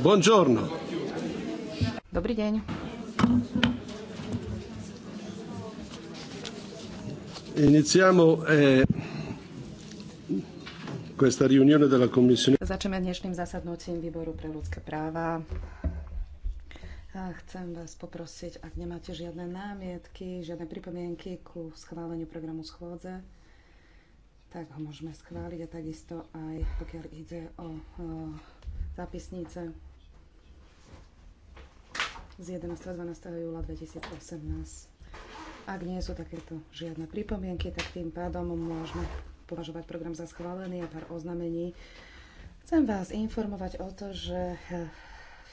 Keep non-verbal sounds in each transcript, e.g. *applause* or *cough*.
Buongiorno. Dobrý deň. Iniziamo eh, questa riunione della Commissione. Začneme dnešným zasadnutím výboru pre ľudské práva. A chcem vás poprosiť, ak nemáte žiadne námietky, žiadne pripomienky ku schváleniu programu schôdze, tak ho môžeme schváliť a takisto aj pokiaľ ide o, zápisnice z 11. a 12. júla 2018. Ak nie sú takéto žiadne pripomienky, tak tým pádom môžeme považovať program za schválený a pár oznamení. Chcem vás informovať o to, že eh,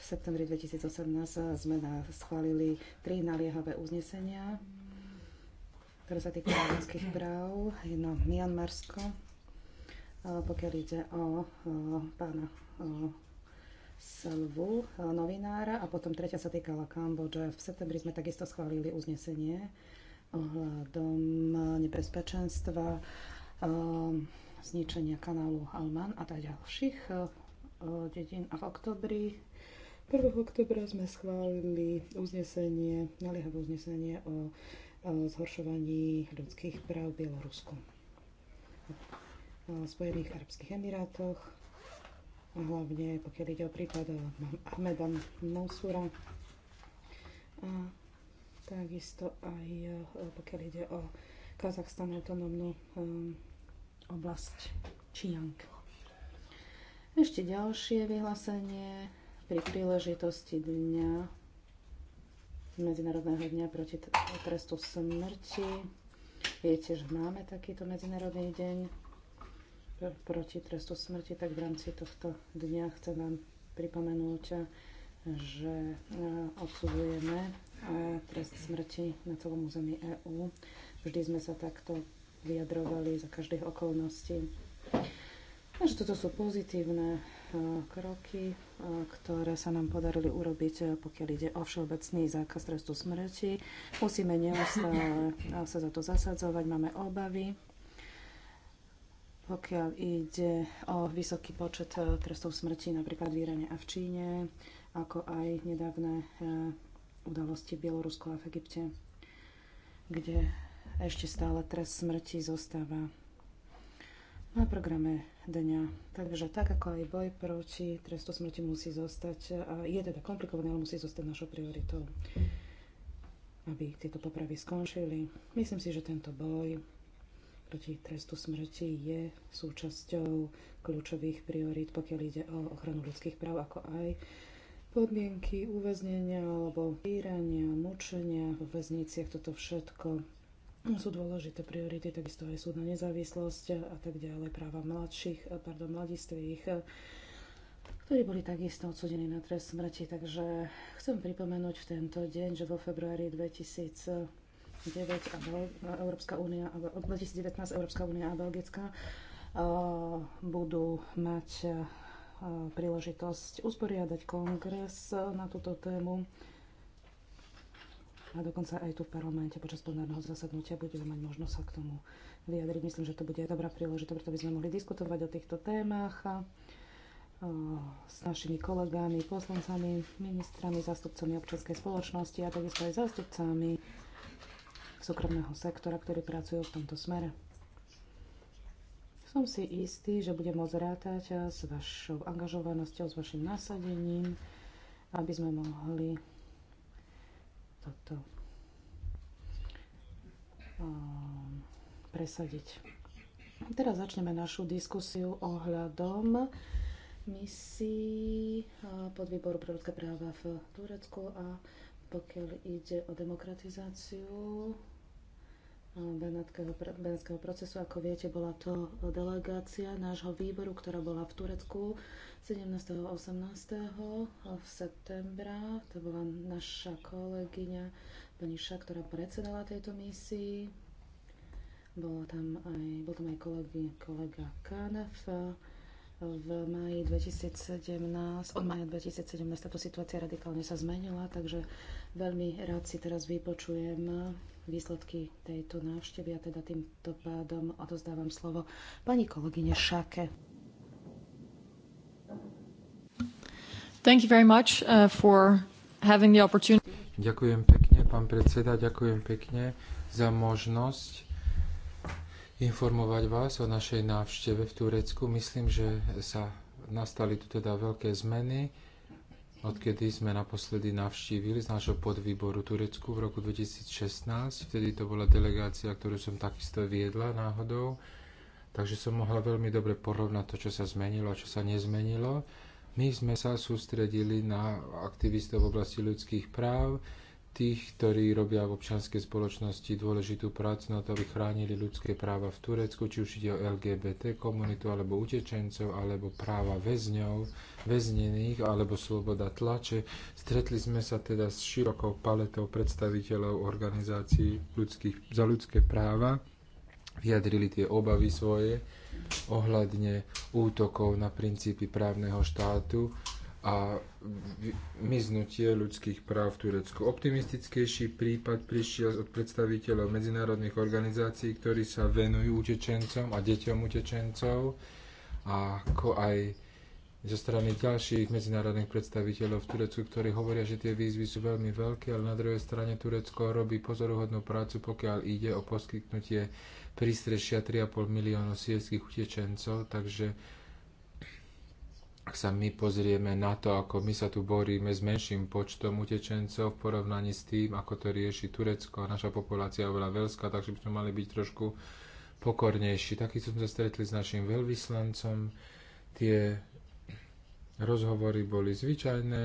v septembri 2018 sme schválili tri naliehavé uznesenia ktoré sa týkajú ľudských práv. Jedno Mianmarsko, pokiaľ ide o, o pána o, Salvu, e, novinára. A potom tretia sa týkala Kambodže. V septembri sme takisto schválili uznesenie ohľadom e, nebezpečenstva e, zničenia kanálu Alman a tak ďalších dedín. A v oktobri 1. oktobra sme schválili uznesenie, naliehavé uznesenie o zhoršovaní ľudských práv v Bielorusku, v Spojených Arabských Emirátoch, a hlavne pokiaľ ide o prípad Ahmeda Mansura a takisto aj e, pokiaľ ide o Kazachstan autonómnu um, e, oblasť Čiang. Ešte ďalšie vyhlásenie pri príležitosti dňa Medzinárodného dňa proti trestu smrti. Viete, tiež máme takýto medzinárodný deň proti trestu smrti, tak v rámci tohto dňa chcem vám pripomenúť, že eh, odsudujeme eh, trest smrti na celom území EÚ. Vždy sme sa takto vyjadrovali za každých okolností. Takže toto sú pozitívne kroky, e, ktoré sa nám podarili urobiť, e, pokiaľ ide o všeobecný zákaz trestu smrti. Musíme neustále sa za to zasadzovať, máme obavy, pokiaľ ide o vysoký počet e, trestov smrti napríklad v Iráne a v Číne, ako aj nedávne udalosti v Bielorusku a v Egypte, kde ešte stále trest smrti zostáva na programe dňa. Takže tak ako aj boj proti trestu smrti musí zostať, e, je teda komplikovaný, ale musí zostať našou prioritou, aby tieto popravy skončili. Myslím si, že tento boj proti trestu smrti je súčasťou kľúčových priorít, pokiaľ ide o ochranu ľudských práv, ako aj podmienky uväznenia alebo týrania, mučenia v väzniciach, toto všetko sú dôležité priority, takisto aj súdna nezávislosť a tak ďalej, práva mladších, eh, pardon, mladistvých, eh, ktorí boli takisto odsudení na trest smrti. Takže chcem pripomenúť v tento deň, že vo februári 2009 a Európska únia, 2019 Európska únia a Belgická eh, budú mať príležitosť usporiadať kongres na túto tému a dokonca aj tu v parlamente počas plenárneho zasadnutia budeme mať možnosť sa k tomu vyjadriť. Myslím, že to bude aj dobrá príležitosť, preto by sme mohli diskutovať o týchto témach s našimi kolegami, poslancami, ministrami, zástupcami občianskej spoločnosti a takisto aj zástupcami súkromného sektora, ktorí pracujú v tomto smere. Som si istý, že budem môcť rátať s vašou angažovanosťou, s vašim nasadením, aby sme mohli toto ehm, presadiť. Teraz začneme našu diskusiu ohľadom misií eh, podvýboru pre ľudské práva v Turecku a pokiaľ ide o demokratizáciu Benátkeho procesu. Ako viete, bola to delegácia nášho výboru, ktorá bola v Turecku 17. 18. septembra. To bola naša kolegyňa Beniša, ktorá predsedala tejto misii. Bolo tam aj, bol tam aj kolegy, kolega Kanef v maji 2017, od maja 2017 táto situácia radikálne sa zmenila, takže veľmi rád si teraz vypočujem výsledky tejto návštevy a teda týmto pádom odozdávam slovo pani kolegyne Šake. Thank you very much uh, for having the opportunity. Ďakujem pekne, pán predseda, ďakujem pekne za možnosť informovať vás o našej návšteve v Turecku. Myslím, že sa nastali tu teda veľké zmeny odkedy sme naposledy navštívili z nášho podvýboru Turecku v roku 2016. Vtedy to bola delegácia, ktorú som takisto viedla náhodou. Takže som mohla veľmi dobre porovnať to, čo sa zmenilo a čo sa nezmenilo. My sme sa sústredili na aktivistov v oblasti ľudských práv, tých, ktorí robia v občianskej spoločnosti dôležitú prácu na to, aby chránili ľudské práva v Turecku, či už ide o LGBT komunitu, alebo utečencov, alebo práva väzňov, väznených, alebo sloboda tlače. Stretli sme sa teda s širokou paletou predstaviteľov organizácií ľudských, za ľudské práva, vyjadrili tie obavy svoje ohľadne útokov na princípy právneho štátu a miznutie ľudských práv v Turecku. Optimistickejší prípad prišiel od predstaviteľov medzinárodných organizácií, ktorí sa venujú utečencom a deťom utečencov, ako aj zo strany ďalších medzinárodných predstaviteľov v Turecku, ktorí hovoria, že tie výzvy sú veľmi veľké, ale na druhej strane Turecko robí pozoruhodnú prácu, pokiaľ ide o poskytnutie prístrešia 3,5 miliónov sírskych utečencov, takže ak sa my pozrieme na to, ako my sa tu boríme s menším počtom utečencov v porovnaní s tým, ako to rieši Turecko, naša populácia je oveľa veľská, takže by sme mali byť trošku pokornejší. Takýto sme sa stretli s našim veľvyslancom, tie rozhovory boli zvyčajné,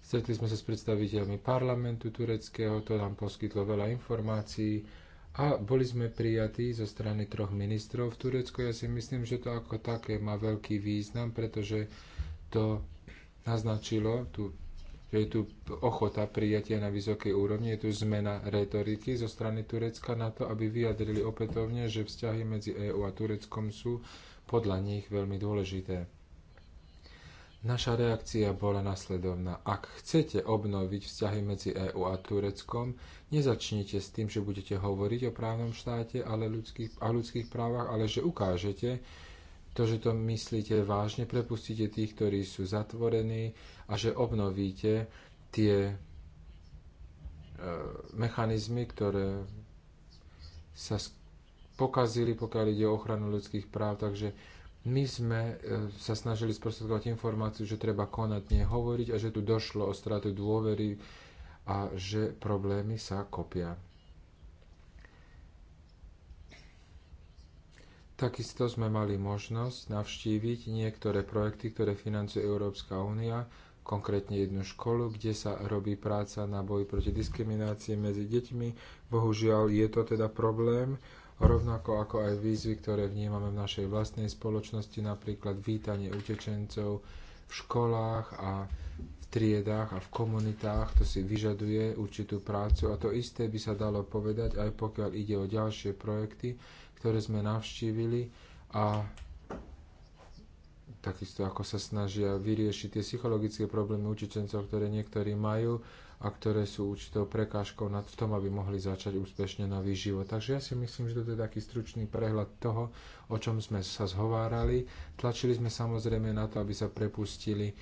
stretli sme sa s predstaviteľmi parlamentu tureckého, to nám poskytlo veľa informácií, a boli sme prijatí zo strany troch ministrov v Turecku. Ja si myslím, že to ako také má veľký význam, pretože to naznačilo, tu, že je tu ochota prijatia na vysokej úrovni, je tu zmena retoriky zo strany Turecka na to, aby vyjadrili opätovne, že vzťahy medzi EÚ a Tureckom sú podľa nich veľmi dôležité. Naša reakcia bola nasledovná. Ak chcete obnoviť vzťahy medzi EÚ a Tureckom, nezačnite s tým, že budete hovoriť o právnom štáte ale ľudských, a ľudských právach, ale že ukážete, to, že to myslíte vážne, prepustíte tých, ktorí sú zatvorení a že obnovíte tie e, mechanizmy, ktoré sa pokazili, pokiaľ ide o ochranu ľudských práv. Takže my sme e, sa snažili sprostredkovať informáciu, že treba konať, nie hovoriť a že tu došlo o stratu dôvery a že problémy sa kopia. Takisto sme mali možnosť navštíviť niektoré projekty, ktoré financuje Európska únia, konkrétne jednu školu, kde sa robí práca na boji proti diskriminácii medzi deťmi. Bohužiaľ je to teda problém rovnako ako aj výzvy, ktoré vnímame v našej vlastnej spoločnosti, napríklad vítanie utečencov v školách a v triedách a v komunitách, to si vyžaduje určitú prácu a to isté by sa dalo povedať aj pokiaľ ide o ďalšie projekty, ktoré sme navštívili a takisto ako sa snažia vyriešiť tie psychologické problémy utečencov, ktoré niektorí majú a ktoré sú určitou prekážkou nad v tom, aby mohli začať úspešne nový život. Takže ja si myslím, že to je taký stručný prehľad toho, o čom sme sa zhovárali. Tlačili sme samozrejme na to, aby sa prepustili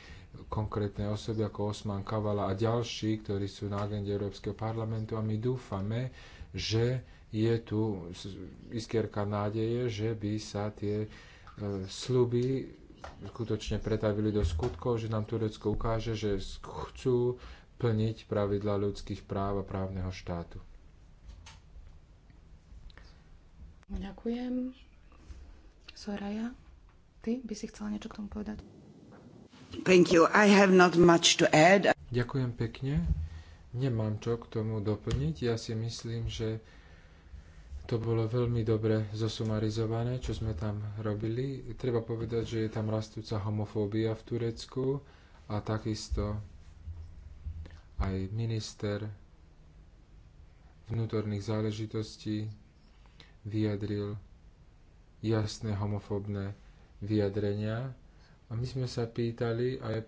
konkrétne osoby ako Osman Kavala a ďalší, ktorí sú na agende Európskeho parlamentu a my dúfame, že je tu iskierka nádeje, že by sa tie e, sluby skutočne pretavili do skutkov, že nám Turecko ukáže, že chcú plniť pravidla ľudských práv a právneho štátu. Ďakujem. Soraya, ty by si chcela niečo k tomu povedať? Thank you. I have not much to add. Ďakujem pekne. Nemám čo k tomu doplniť. Ja si myslím, že to bolo veľmi dobre zosumarizované, čo sme tam robili. Treba povedať, že je tam rastúca homofóbia v Turecku a takisto aj minister vnútorných záležitostí vyjadril jasné homofobné vyjadrenia. A my sme sa pýtali, aj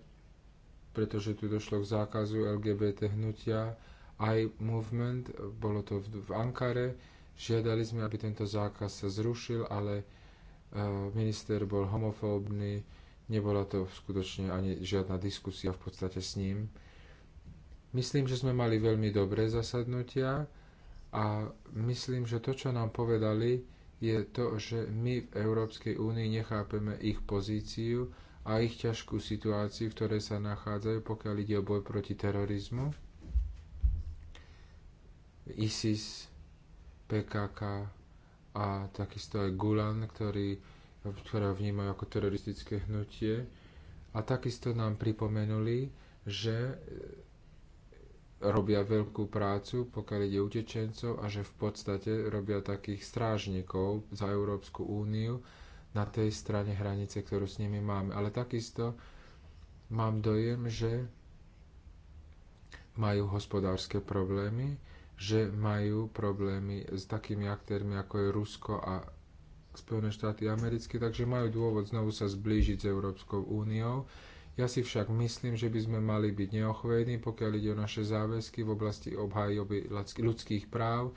pretože tu došlo k zákazu LGBT hnutia, aj movement, bolo to v, v Ankare, žiadali sme, aby tento zákaz sa zrušil, ale e, minister bol homofóbny, nebola to skutočne ani žiadna diskusia v podstate s ním. Myslím, že sme mali veľmi dobré zasadnutia a myslím, že to, čo nám povedali, je to, že my v Európskej únii nechápeme ich pozíciu a ich ťažkú situáciu, v ktorej sa nachádzajú, pokiaľ ide o boj proti terorizmu. ISIS, PKK a takisto aj Gulan, ktorý, ktorého vnímajú ako teroristické hnutie. A takisto nám pripomenuli, že robia veľkú prácu, pokiaľ ide utečencov a že v podstate robia takých strážnikov za Európsku úniu na tej strane hranice, ktorú s nimi máme. Ale takisto mám dojem, že majú hospodárske problémy, že majú problémy s takými aktérmi ako je Rusko a Spojené štáty americké, takže majú dôvod znovu sa zblížiť s Európskou úniou ja si však myslím, že by sme mali byť neochvejní, pokiaľ ide o naše záväzky v oblasti obhajoby ľudských práv,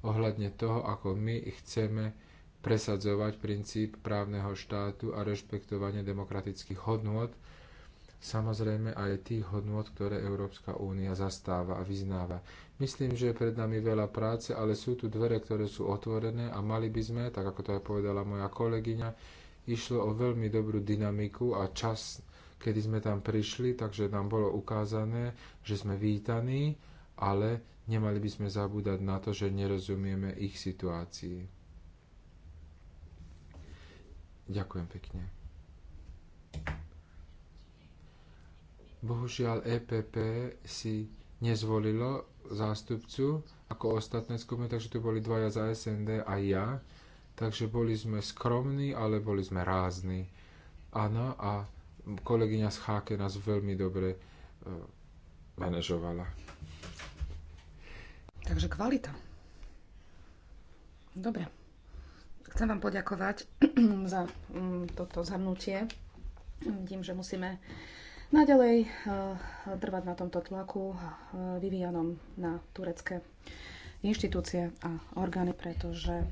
ohľadne toho, ako my chceme presadzovať princíp právneho štátu a rešpektovanie demokratických hodnôt, samozrejme aj tých hodnôt, ktoré Európska únia zastáva a vyznáva. Myslím, že je pred nami veľa práce, ale sú tu dvere, ktoré sú otvorené a mali by sme, tak ako to aj povedala moja kolegyňa, išlo o veľmi dobrú dynamiku a čas kedy sme tam prišli, takže nám bolo ukázané, že sme vítaní, ale nemali by sme zabúdať na to, že nerozumieme ich situácii. Ďakujem pekne. Bohužiaľ EPP si nezvolilo zástupcu ako ostatné skupiny, takže tu boli dvaja za SND a ja. Takže boli sme skromní, ale boli sme rázni. Áno, a kolegyňa z Háke nás veľmi dobre e, manažovala. Takže kvalita. Dobre. Chcem vám poďakovať *clears throat* za mm, toto zhrnutie. Vidím, že musíme naďalej e, trvať na tomto tlaku e, vyvíjanom na turecké inštitúcie a orgány, pretože e,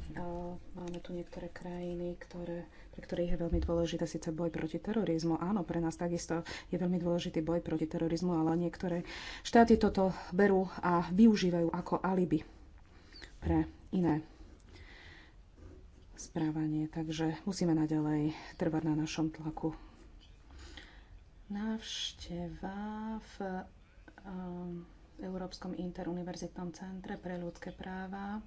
máme tu niektoré krajiny, ktoré, pre ktorých je veľmi dôležité síce boj proti terorizmu. Áno, pre nás takisto je veľmi dôležitý boj proti terorizmu, ale niektoré štáty toto berú a využívajú ako alibi pre iné správanie. Takže musíme naďalej trvať na našom tlaku. Návšteva v um, v Európskom interuniverzitnom centre pre ľudské práva,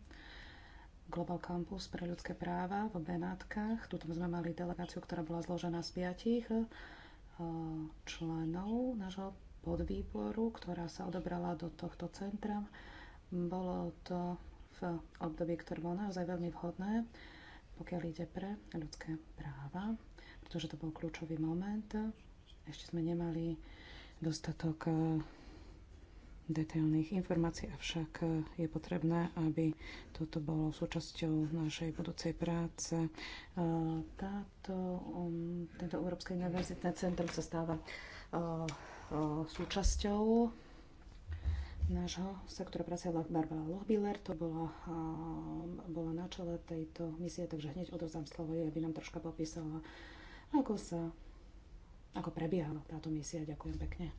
Global Campus pre ľudské práva v Benátkach. Tuto sme mali delegáciu, ktorá bola zložená z piatich eh, členov nášho podvýboru, ktorá sa odobrala do tohto centra. Bolo to v období, ktoré bolo naozaj veľmi vhodné, pokiaľ ide pre ľudské práva, pretože to bol kľúčový moment. Ešte sme nemali dostatok eh, detailných informácií, avšak e, je potrebné, aby toto bolo súčasťou našej budúcej práce. E, táto, um, tento Európske univerzitné centrum sa stáva e, súčasťou nášho sektora práce Barbara Lohbiller, to bola, bola na čele tejto misie, takže hneď odovzdám slovo jej, aby nám troška popísala, ako sa, ako prebiehala táto misia. Ďakujem pekne.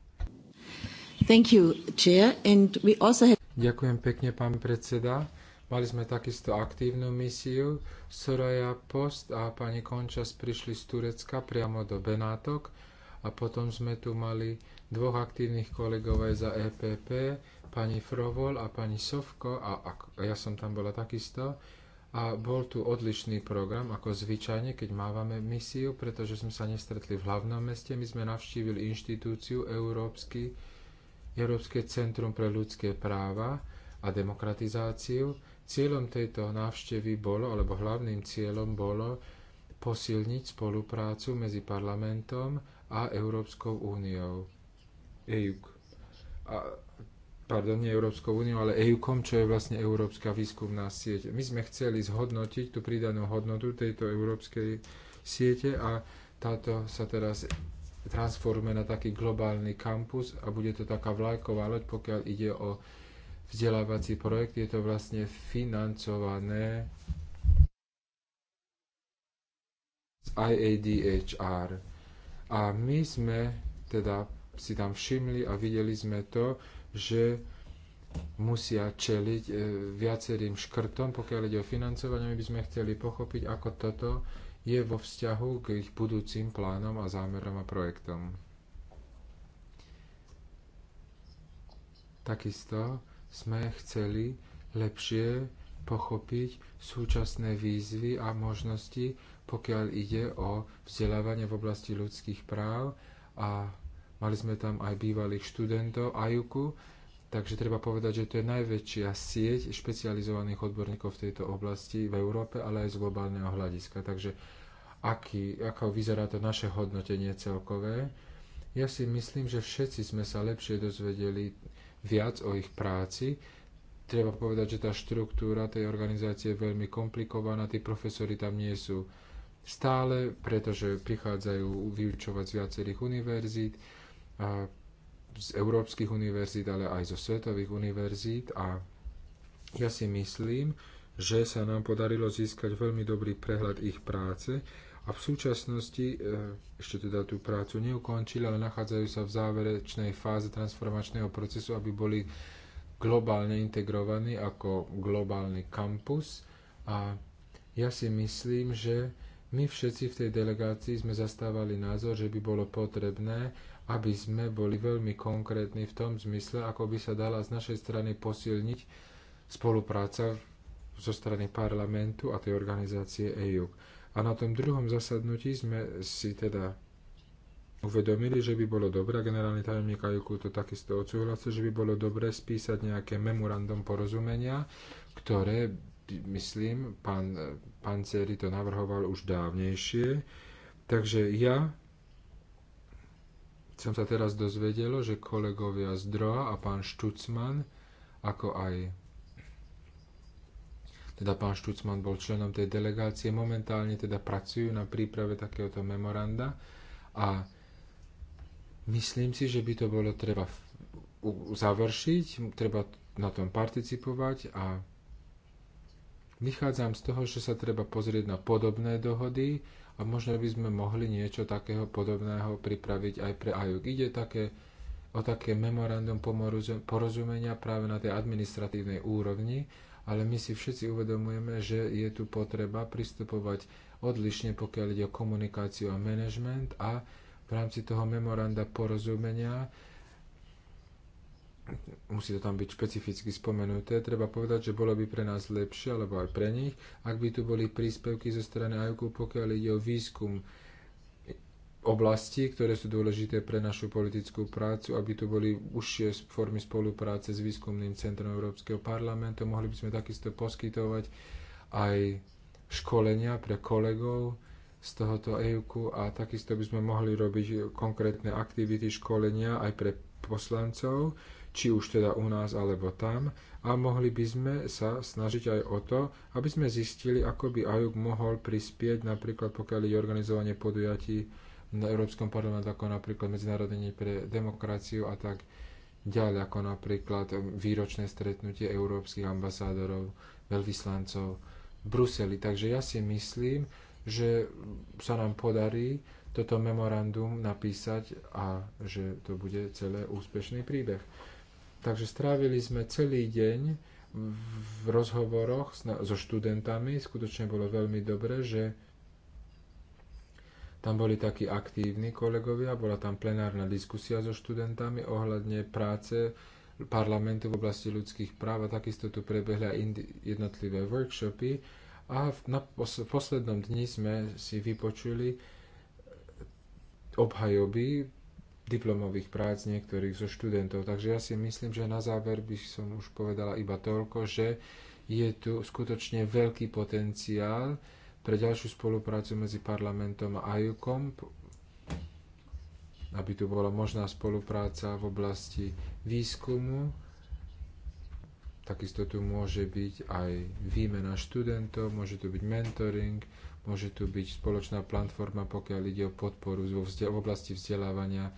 Thank you, Chair. And we also have... Ďakujem pekne, pán predseda. Mali sme takisto aktívnu misiu. Soraya Post a pani Končas prišli z Turecka priamo do Benátok a potom sme tu mali dvoch aktívnych kolegov aj za EPP, pani Frovol a pani Sovko a, a ja som tam bola takisto. A bol tu odlišný program, ako zvyčajne, keď mávame misiu, pretože sme sa nestretli v hlavnom meste. My sme navštívili inštitúciu Európsky Európske centrum pre ľudské práva a demokratizáciu. Cieľom tejto návštevy bolo, alebo hlavným cieľom bolo posilniť spoluprácu medzi parlamentom a Európskou úniou. EUK. A, pardon, nie Európskou úniou, ale EUKom, čo je vlastne Európska výskumná sieť. My sme chceli zhodnotiť tú pridanú hodnotu tejto európskej siete a táto sa teraz transformuje na taký globálny kampus a bude to taká vlajková loď, pokiaľ ide o vzdelávací projekt. Je to vlastne financované z IADHR. A my sme teda si tam všimli a videli sme to, že musia čeliť e, viacerým škrtom, pokiaľ ide o financovanie. My by sme chceli pochopiť, ako toto je vo vzťahu k ich budúcim plánom a zámerom a projektom. Takisto sme chceli lepšie pochopiť súčasné výzvy a možnosti, pokiaľ ide o vzdelávanie v oblasti ľudských práv a mali sme tam aj bývalých študentov AJUKu, Takže treba povedať, že to je najväčšia sieť špecializovaných odborníkov v tejto oblasti v Európe, ale aj z globálneho hľadiska. Takže aký, ako vyzerá to naše hodnotenie celkové? Ja si myslím, že všetci sme sa lepšie dozvedeli viac o ich práci. Treba povedať, že tá štruktúra tej organizácie je veľmi komplikovaná, tí profesori tam nie sú stále, pretože prichádzajú vyučovať z viacerých univerzít. A z európskych univerzít, ale aj zo svetových univerzít a ja si myslím, že sa nám podarilo získať veľmi dobrý prehľad ich práce a v súčasnosti e, ešte teda tú prácu neukončili, ale nachádzajú sa v záverečnej fáze transformačného procesu, aby boli globálne integrovaní ako globálny kampus a ja si myslím, že my všetci v tej delegácii sme zastávali názor, že by bolo potrebné, aby sme boli veľmi konkrétni v tom zmysle, ako by sa dala z našej strany posilniť spolupráca zo strany parlamentu a tej organizácie EUK. A na tom druhom zasadnutí sme si teda uvedomili, že by bolo dobré, generálny tajomník Ajuku to takisto odsúhlasil, že by bolo dobré spísať nejaké memorandum porozumenia, ktoré, myslím, pán Panceri to navrhoval už dávnejšie. Takže ja som sa teraz dozvedelo, že kolegovia z Droha a pán Štucman, ako aj teda pán Štucman bol členom tej delegácie, momentálne teda pracujú na príprave takéhoto memoranda a myslím si, že by to bolo treba završiť, treba na tom participovať a vychádzam z toho, že sa treba pozrieť na podobné dohody, a možno by sme mohli niečo takého podobného pripraviť aj pre IOG. Ide také, o také memorandum porozumenia práve na tej administratívnej úrovni, ale my si všetci uvedomujeme, že je tu potreba pristupovať odlišne, pokiaľ ide o komunikáciu a management a v rámci toho memoranda porozumenia musí to tam byť špecificky spomenuté. Treba povedať, že bolo by pre nás lepšie, alebo aj pre nich, ak by tu boli príspevky zo strany AJUKU, pokiaľ ide o výskum oblasti, ktoré sú dôležité pre našu politickú prácu, aby tu boli užšie formy spolupráce s výskumným centrom Európskeho parlamentu. Mohli by sme takisto poskytovať aj školenia pre kolegov z tohoto EUK a takisto by sme mohli robiť konkrétne aktivity školenia aj pre poslancov, či už teda u nás alebo tam, a mohli by sme sa snažiť aj o to, aby sme zistili, ako by AJUK mohol prispieť, napríklad pokiaľ je organizovanie podujatí na Európskom parlamentu, ako napríklad Medzinárodný pre demokraciu a tak ďalej, ako napríklad výročné stretnutie európskych ambasádorov, veľvyslancov v Bruseli. Takže ja si myslím, že sa nám podarí toto memorandum napísať a že to bude celé úspešný príbeh. Takže strávili sme celý deň v rozhovoroch so študentami. Skutočne bolo veľmi dobré, že tam boli takí aktívni kolegovia, bola tam plenárna diskusia so študentami ohľadne práce parlamentu v oblasti ľudských práv a takisto tu prebehli aj jednotlivé workshopy. A v, na pos- poslednom dni sme si vypočuli obhajoby diplomových prác niektorých zo študentov. Takže ja si myslím, že na záver by som už povedala iba toľko, že je tu skutočne veľký potenciál pre ďalšiu spoluprácu medzi parlamentom a IUCOM, aby tu bola možná spolupráca v oblasti výskumu. Takisto tu môže byť aj výmena študentov, môže tu byť mentoring, môže tu byť spoločná platforma, pokiaľ ide o podporu v oblasti vzdelávania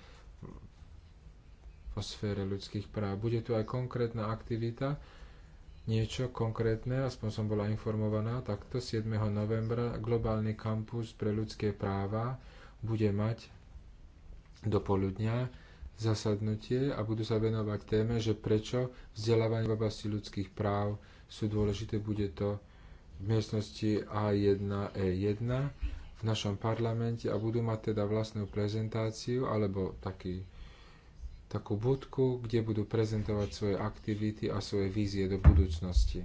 vo sfére ľudských práv. Bude tu aj konkrétna aktivita, niečo konkrétne, aspoň som bola informovaná, takto 7. novembra globálny kampus pre ľudské práva bude mať do poludnia zasadnutie a budú sa venovať téme, že prečo vzdelávanie v oblasti ľudských práv sú dôležité. Bude to v miestnosti A1E1 e v našom parlamente a budú mať teda vlastnú prezentáciu alebo taký takú budku, kde budú prezentovať svoje aktivity a svoje vízie do budúcnosti.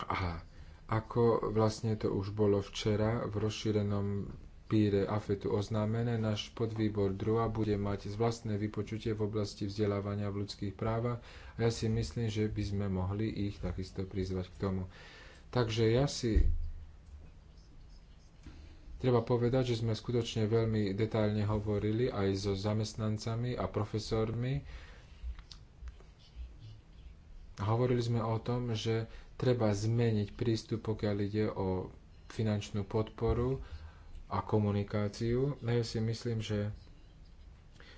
A ako vlastne to už bolo včera v rozšírenom píre AFETu oznámené, náš podvýbor druhá bude mať vlastné vypočutie v oblasti vzdelávania v ľudských právach a ja si myslím, že by sme mohli ich takisto prizvať k tomu. Takže ja si Treba povedať, že sme skutočne veľmi detailne hovorili aj so zamestnancami a profesormi. Hovorili sme o tom, že treba zmeniť prístup, pokiaľ ide o finančnú podporu a komunikáciu. No ja si myslím, že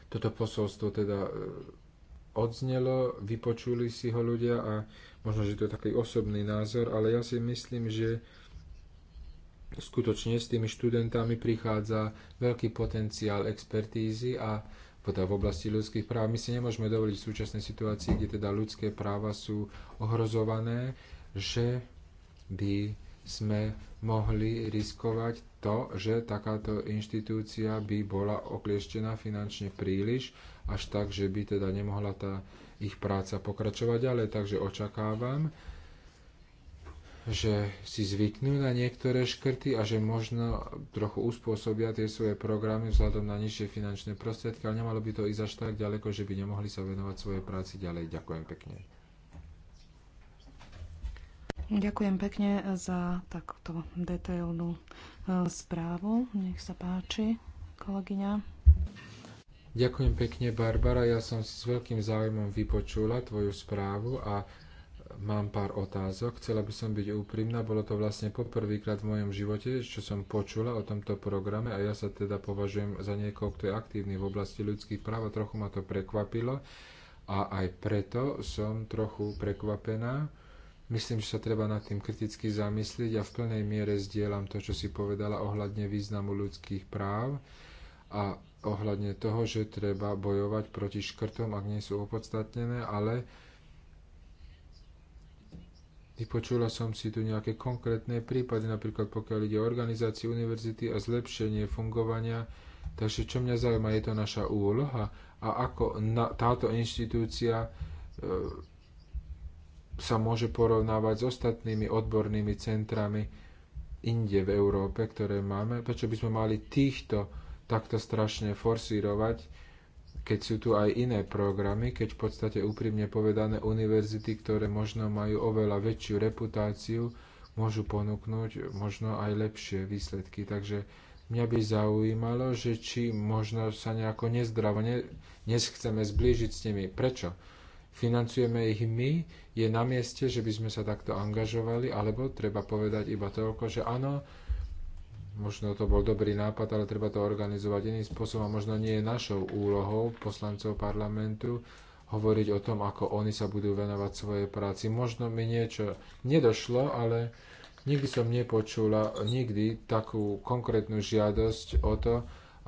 toto posolstvo teda e, odznelo, vypočuli si ho ľudia a možno, že to je taký osobný názor, ale ja si myslím, že skutočne s tými študentami prichádza veľký potenciál expertízy a teda v oblasti ľudských práv. My si nemôžeme dovoliť v súčasnej situácii, kde teda ľudské práva sú ohrozované, že by sme mohli riskovať to, že takáto inštitúcia by bola oklieštená finančne príliš, až tak, že by teda nemohla tá ich práca pokračovať ďalej. Takže očakávam, že si zvyknú na niektoré škrty a že možno trochu uspôsobia tie svoje programy vzhľadom na nižšie finančné prostriedky, ale nemalo by to ísť až tak ďaleko, že by nemohli sa venovať svojej práci ďalej. Ďakujem pekne. Ďakujem pekne za takúto detailnú e, správu. Nech sa páči, kolegyňa. Ďakujem pekne, Barbara. Ja som si s veľkým záujmom vypočula tvoju správu a mám pár otázok. Chcela by som byť úprimná. Bolo to vlastne poprvýkrát v mojom živote, čo som počula o tomto programe a ja sa teda považujem za niekoho, kto je aktívny v oblasti ľudských práv. a Trochu ma to prekvapilo a aj preto som trochu prekvapená. Myslím, že sa treba nad tým kriticky zamyslieť a v plnej miere zdieľam to, čo si povedala ohľadne významu ľudských práv a ohľadne toho, že treba bojovať proti škrtom, ak nie sú opodstatnené, ale Vypočula som si tu nejaké konkrétne prípady, napríklad pokiaľ ide o organizáciu univerzity a zlepšenie fungovania. Takže čo mňa zaujíma, je to naša úloha a ako na, táto inštitúcia e, sa môže porovnávať s ostatnými odbornými centrami inde v Európe, ktoré máme. Prečo by sme mali týchto takto strašne forsírovať? keď sú tu aj iné programy, keď v podstate úprimne povedané univerzity, ktoré možno majú oveľa väčšiu reputáciu, môžu ponúknuť možno aj lepšie výsledky. Takže mňa by zaujímalo, že či možno sa nejako nezdravo ne, nechceme zblížiť s nimi. Prečo? Financujeme ich my, je na mieste, že by sme sa takto angažovali, alebo treba povedať iba toľko, že áno, možno to bol dobrý nápad, ale treba to organizovať iným spôsobom a možno nie je našou úlohou poslancov parlamentu hovoriť o tom, ako oni sa budú venovať svojej práci. Možno mi niečo nedošlo, ale nikdy som nepočula nikdy takú konkrétnu žiadosť o to,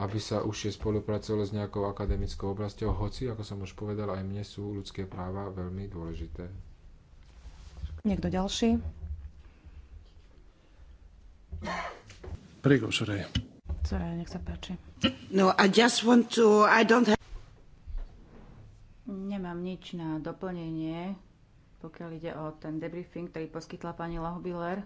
aby sa už je spolupracovalo s nejakou akademickou oblasťou, hoci, ako som už povedal, aj mne sú ľudské práva veľmi dôležité. Niekto ďalší? Prego, Soraya. Soraya, nech sa páči. No, I just want to... I don't have... Nemám nič na doplnenie, pokiaľ ide o ten debriefing, ktorý poskytla pani Lohbiller.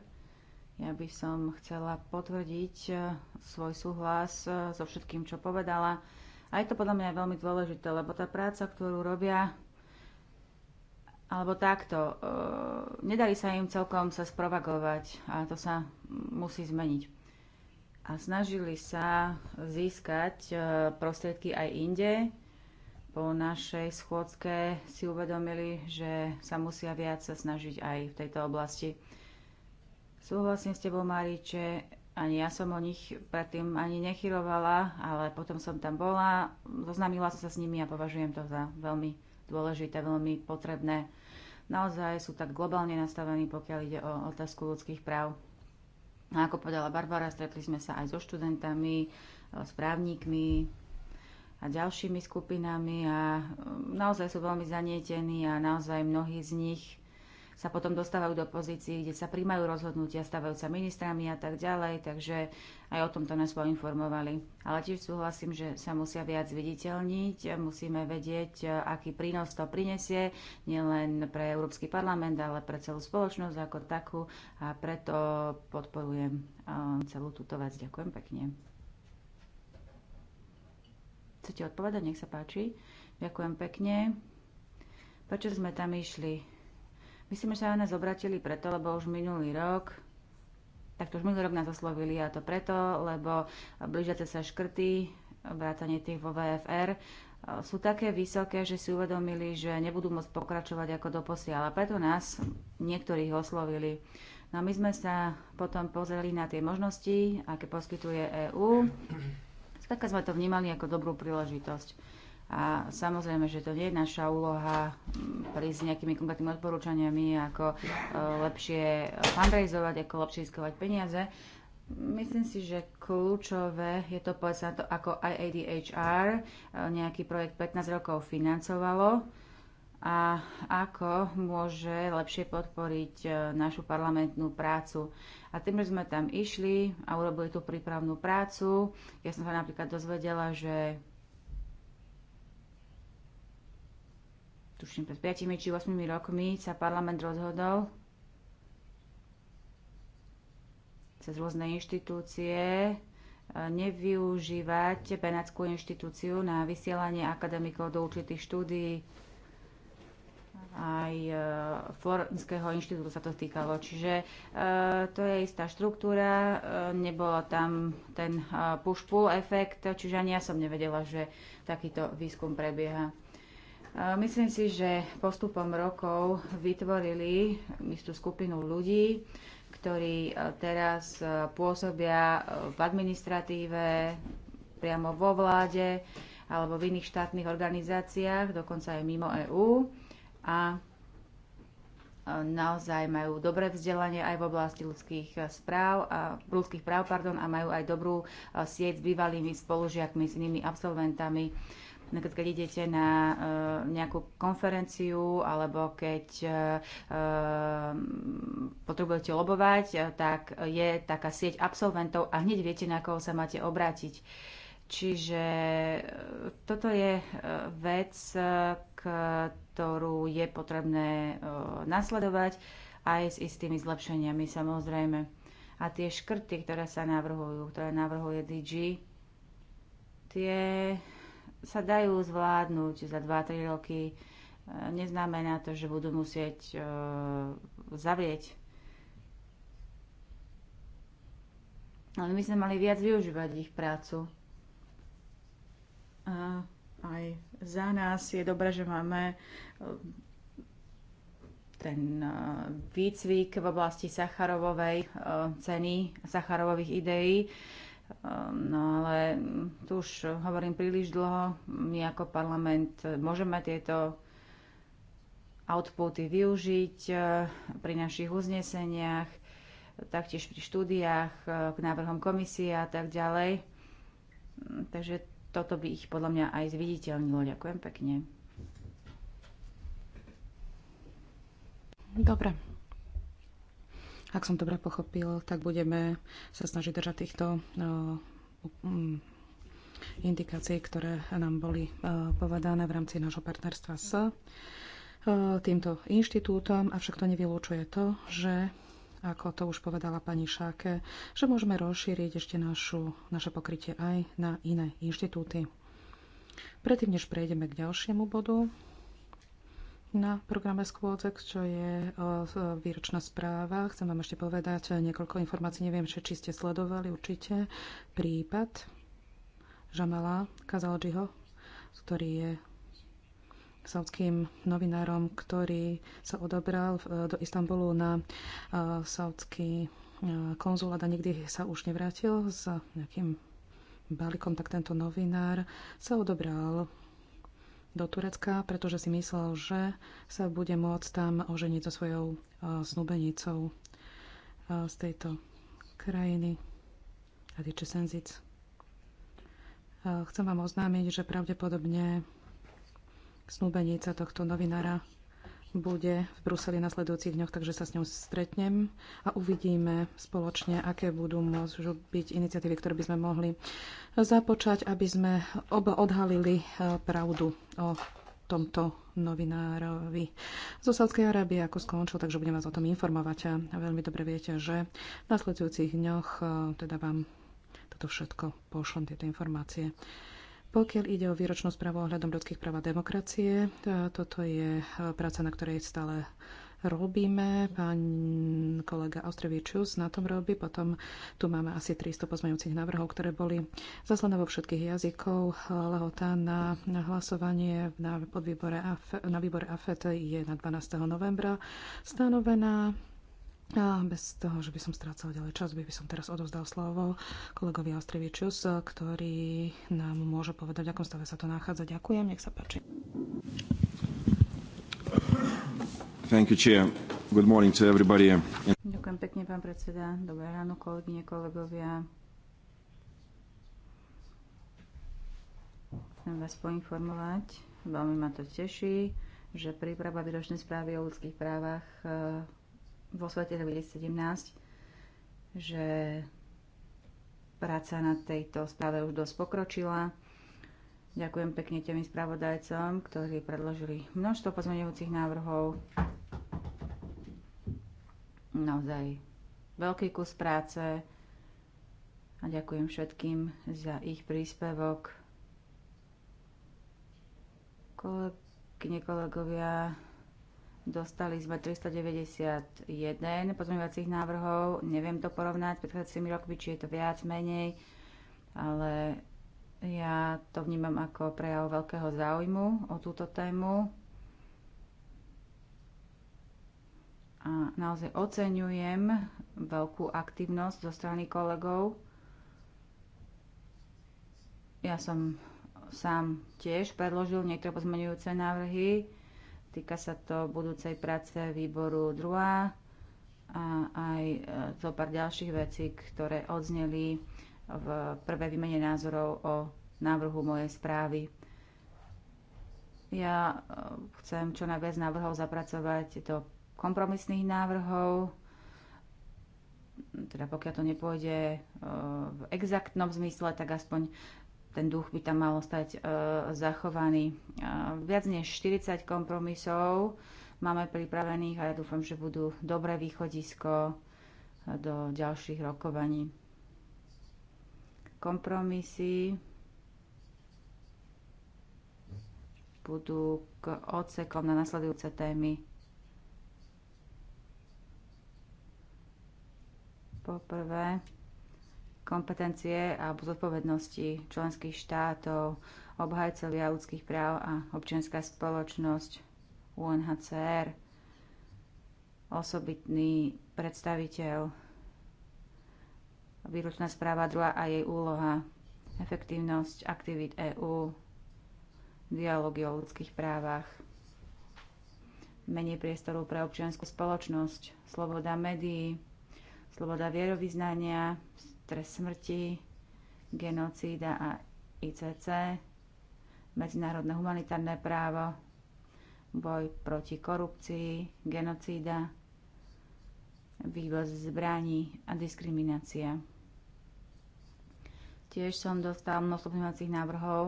Ja by som chcela potvrdiť eh, svoj súhlas eh, so všetkým, čo povedala. A je to podľa mňa veľmi dôležité, lebo tá práca, ktorú robia, alebo takto, e, nedarí sa im celkom sa spropagovať a to sa musí zmeniť a snažili sa získať e, prostriedky aj inde. Po našej schôdzke si uvedomili, že sa musia viac sa snažiť aj v tejto oblasti. Súhlasím s tebou, Mariče, ani ja som o nich predtým ani nechyrovala, ale potom som tam bola, zoznámila som sa s nimi a považujem to za veľmi dôležité, veľmi potrebné. Naozaj sú tak globálne nastavení, pokiaľ ide o otázku ľudských práv. A no, ako povedala Barbara, stretli sme sa aj so študentami, e, s právnikmi a ďalšími skupinami a e, naozaj sú veľmi zanietení a naozaj mnohí z nich sa potom dostávajú do pozícií, kde sa príjmajú rozhodnutia, stávajú sa ministrami a tak ďalej, takže aj o tomto nás poinformovali. Ale tiež súhlasím, že sa musia viac viditeľniť, musíme vedieť, aký prínos to prinesie, nielen pre Európsky parlament, ale pre celú spoločnosť ako takú a preto podporujem celú túto vec. Ďakujem pekne. Chcete odpovedať? Nech sa páči. Ďakujem pekne. Prečo sme tam išli? Myslíme, že sa nás obratili preto, lebo už minulý rok tak to už minulý rok nás oslovili a to preto, lebo blížiace sa škrty, vrátanie tých vo VFR, sú také vysoké, že si uvedomili, že nebudú môcť pokračovať ako posiaľ. A preto nás niektorých oslovili. No a my sme sa potom pozreli na tie možnosti, aké poskytuje EÚ. Skladka sme to vnímali ako dobrú príležitosť. A samozrejme, že to nie je naša úloha mm, prísť s nejakými konkrétnymi odporúčaniami, ako e, lepšie fundraizovať, ako lepšie získovať peniaze. Myslím si, že kľúčové je to povedať na to, ako IADHR e, nejaký projekt 15 rokov financovalo a ako môže lepšie podporiť e, našu parlamentnú prácu. A tým, že sme tam išli a urobili tú prípravnú prácu, ja som sa napríklad dozvedela, že tuším, pred 5 či 8 rokmi sa parlament rozhodol cez rôzne inštitúcie e, nevyužívať Benátskú inštitúciu na vysielanie akademikov do určitých štúdií. Aj e, Florenského inštitútu sa to týkalo. Čiže e, to je istá štruktúra, nebolo tam ten push-pull efekt, čiže ani ja som nevedela, že takýto výskum prebieha. Myslím si, že postupom rokov vytvorili istú skupinu ľudí, ktorí e, teraz e, pôsobia e, v administratíve, priamo vo vláde alebo v iných štátnych organizáciách, dokonca aj mimo EÚ. A naozaj majú dobré vzdelanie aj v oblasti ľudských, správ ľudských práv pardon, a majú aj dobrú sieť s bývalými spolužiakmi, s inými absolventami. Napríklad, no, keď idete na eh, nejakú konferenciu alebo keď eh, eh, potrebujete lobovať, tak je taká sieť absolventov a hneď viete, na koho sa máte obrátiť. Čiže toto je vec, ktorú je potrebné nasledovať aj s istými zlepšeniami samozrejme. A tie škrty, ktoré sa navrhujú, ktoré navrhuje DG, tie sa dajú zvládnuť za 2-3 roky. E, neznamená to, že budú musieť e, zavrieť. Ale my sme mali viac využívať ich prácu. A aj za nás je dobré, že máme e, ten výcvik v oblasti Sacharovovej ceny, Sacharovových ideí Ehm, no ale tu už hovorím príliš dlho. My ako parlament môžeme tieto outputy využiť eh, pri našich uzneseniach, taktiež pri štúdiách, eh, k návrhom komisie a tak ďalej. Takže toto by ich podľa mňa aj zviditeľnilo. Ďakujem pekne. Dobre, ak som dobre pochopil, tak budeme sa snažiť držať týchto eh, mm, indikácií, ktoré nám boli eh, povedané v rámci nášho partnerstva s eh, týmto inštitútom, avšak to nevylúčuje to, že ako to už povedala pani Šáke, že môžeme rozšíriť ešte našu, naše pokrytie aj na iné inštitúty. Predtým, než prejdeme k ďalšiemu bodu, na programe Skôdzex, čo je výročná správa. Chcem vám ešte povedať e, niekoľko informácií. Neviem, či, ste sledovali určite prípad Žamala Kazalžiho, ktorý je saudským novinárom, ktorý sa odobral e, do Istanbulu na e, saudský konzulát a nikdy sa už nevrátil s nejakým balikom, tak tento novinár sa odobral do Turecka, pretože si myslel, že sa bude môcť tam oženiť so svojou e, snúbenicou e, z tejto krajiny a tie Senzic. E, chcem vám oznámiť, že pravdepodobne snúbenica tohto novinára bude v Bruseli nasledujúcich dňoch, takže sa s ňou stretnem a uvidíme spoločne, aké budú môžu byť iniciatívy, ktoré by sme mohli započať, aby sme odhalili eh, pravdu o tomto novinárovi zo Sádskej Arábie, ako skončil, takže budem vás o tom informovať a veľmi dobre viete, že v nasledujúcich dňoch eh, teda vám toto všetko pošlem, tieto informácie. Pokiaľ ide o výročnú správu ohľadom ľudských práv a demokracie, toto je e, práca, na ktorej stále robíme. Pán kolega Austrevičus na tom robí. Potom tu máme asi 300 pozmeňujúcich návrhov, ktoré boli zaslané vo všetkých jazykov. Lehota na, hlasovanie na, podvýbore na výbore AFET je na 12. novembra stanovená. A bez toho, že by som strácal ďalej čas, by, by som teraz odovzdal slovo kolegovi Ostrevičus, ktorý nám môže povedať, v akom stave sa to nachádza. Ďakujem, nech sa páči. Thank you, Chair. Good morning to everybody. Ďakujem pekne, pán predseda. Dobré ráno, kolegyne, kolegovia. Chcem vás poinformovať, veľmi ma to teší, že príprava výročnej správy o ľudských právach vo svete 2017, že práca na tejto správe už dosť pokročila. Ďakujem pekne tým spravodajcom, ktorí predložili množstvo pozmeňujúcich návrhov. Naozaj veľký kus práce a ďakujem všetkým za ich príspevok. Kolegyne, kolegovia, Dostali sme 391 pozmeňovacích návrhov. Neviem to porovnať s predchádzajúcimi rokmi, či je to viac, menej, ale ja to vnímam ako prejav veľkého záujmu o túto tému. A naozaj oceňujem veľkú aktivnosť zo strany kolegov. Ja som sám tiež predložil niektoré pozmeňujúce návrhy Týka sa to budúcej práce výboru 2 a aj e, zo pár ďalších vecí, ktoré odzneli v prvé výmene názorov o návrhu mojej správy. Ja e, chcem čo najviac návrhov zapracovať do kompromisných návrhov, teda pokiaľ to nepôjde e, v exaktnom zmysle, tak aspoň ten duch by tam mal e, zachovaný. E, viac než 40 kompromisov máme pripravených a ja dúfam, že budú dobré východisko e, do ďalších rokovaní. Kompromisy budú k odsekom na nasledujúce témy. Poprvé, kompetencie alebo zodpovednosti členských štátov, obhajcovia ľudských práv a občianská spoločnosť UNHCR, osobitný predstaviteľ, výročná správa druhá a jej úloha, efektívnosť aktivít EÚ, dialógy o ľudských právach, menej priestoru pre občianskú spoločnosť, sloboda médií, sloboda vierovýznania, trest smrti, genocída a ICC, medzinárodné humanitárne právo, boj proti korupcii, genocída, vývoz zbraní a diskriminácia. Tiež som dostal množstvo pozmeňovacích návrhov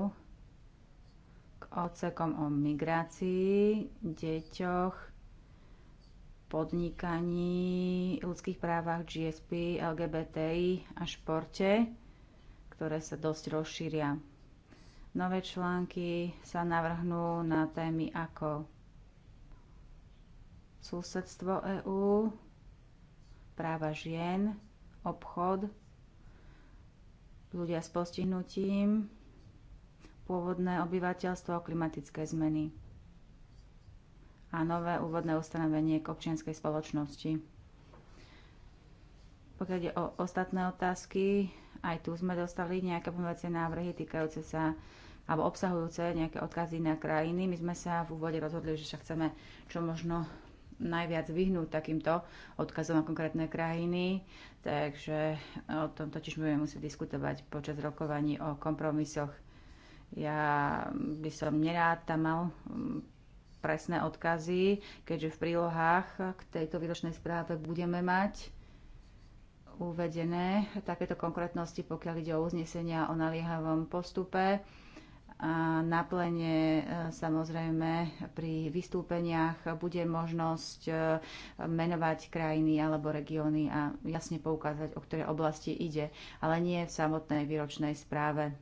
k odsekom o migrácii, deťoch, podnikaní, ľudských právach, GSP, LGBTI a športe, ktoré sa dosť rozšíria. Nové články sa navrhnú na témy ako susedstvo EÚ, práva žien, obchod, ľudia s postihnutím, pôvodné obyvateľstvo a klimatické zmeny a nové úvodné ustanovenie k občianskej spoločnosti. Pokiaľ ide o ostatné otázky, aj tu sme dostali nejaké pomocné návrhy týkajúce sa alebo obsahujúce nejaké odkazy na krajiny. My sme sa v úvode rozhodli, že sa chceme čo možno najviac vyhnúť takýmto odkazom na konkrétne krajiny. Takže o tom totiž budeme musieť diskutovať počas rokovaní o kompromisoch. Ja by som nerád tam mal presné odkazy, keďže v prílohách k tejto výročnej správe budeme mať uvedené takéto konkrétnosti, pokiaľ ide o uznesenia o naliehavom postupe. A na plene e, samozrejme pri vystúpeniach bude možnosť e, menovať krajiny alebo regióny a jasne poukázať, o ktoré oblasti ide, ale nie v samotnej výročnej správe,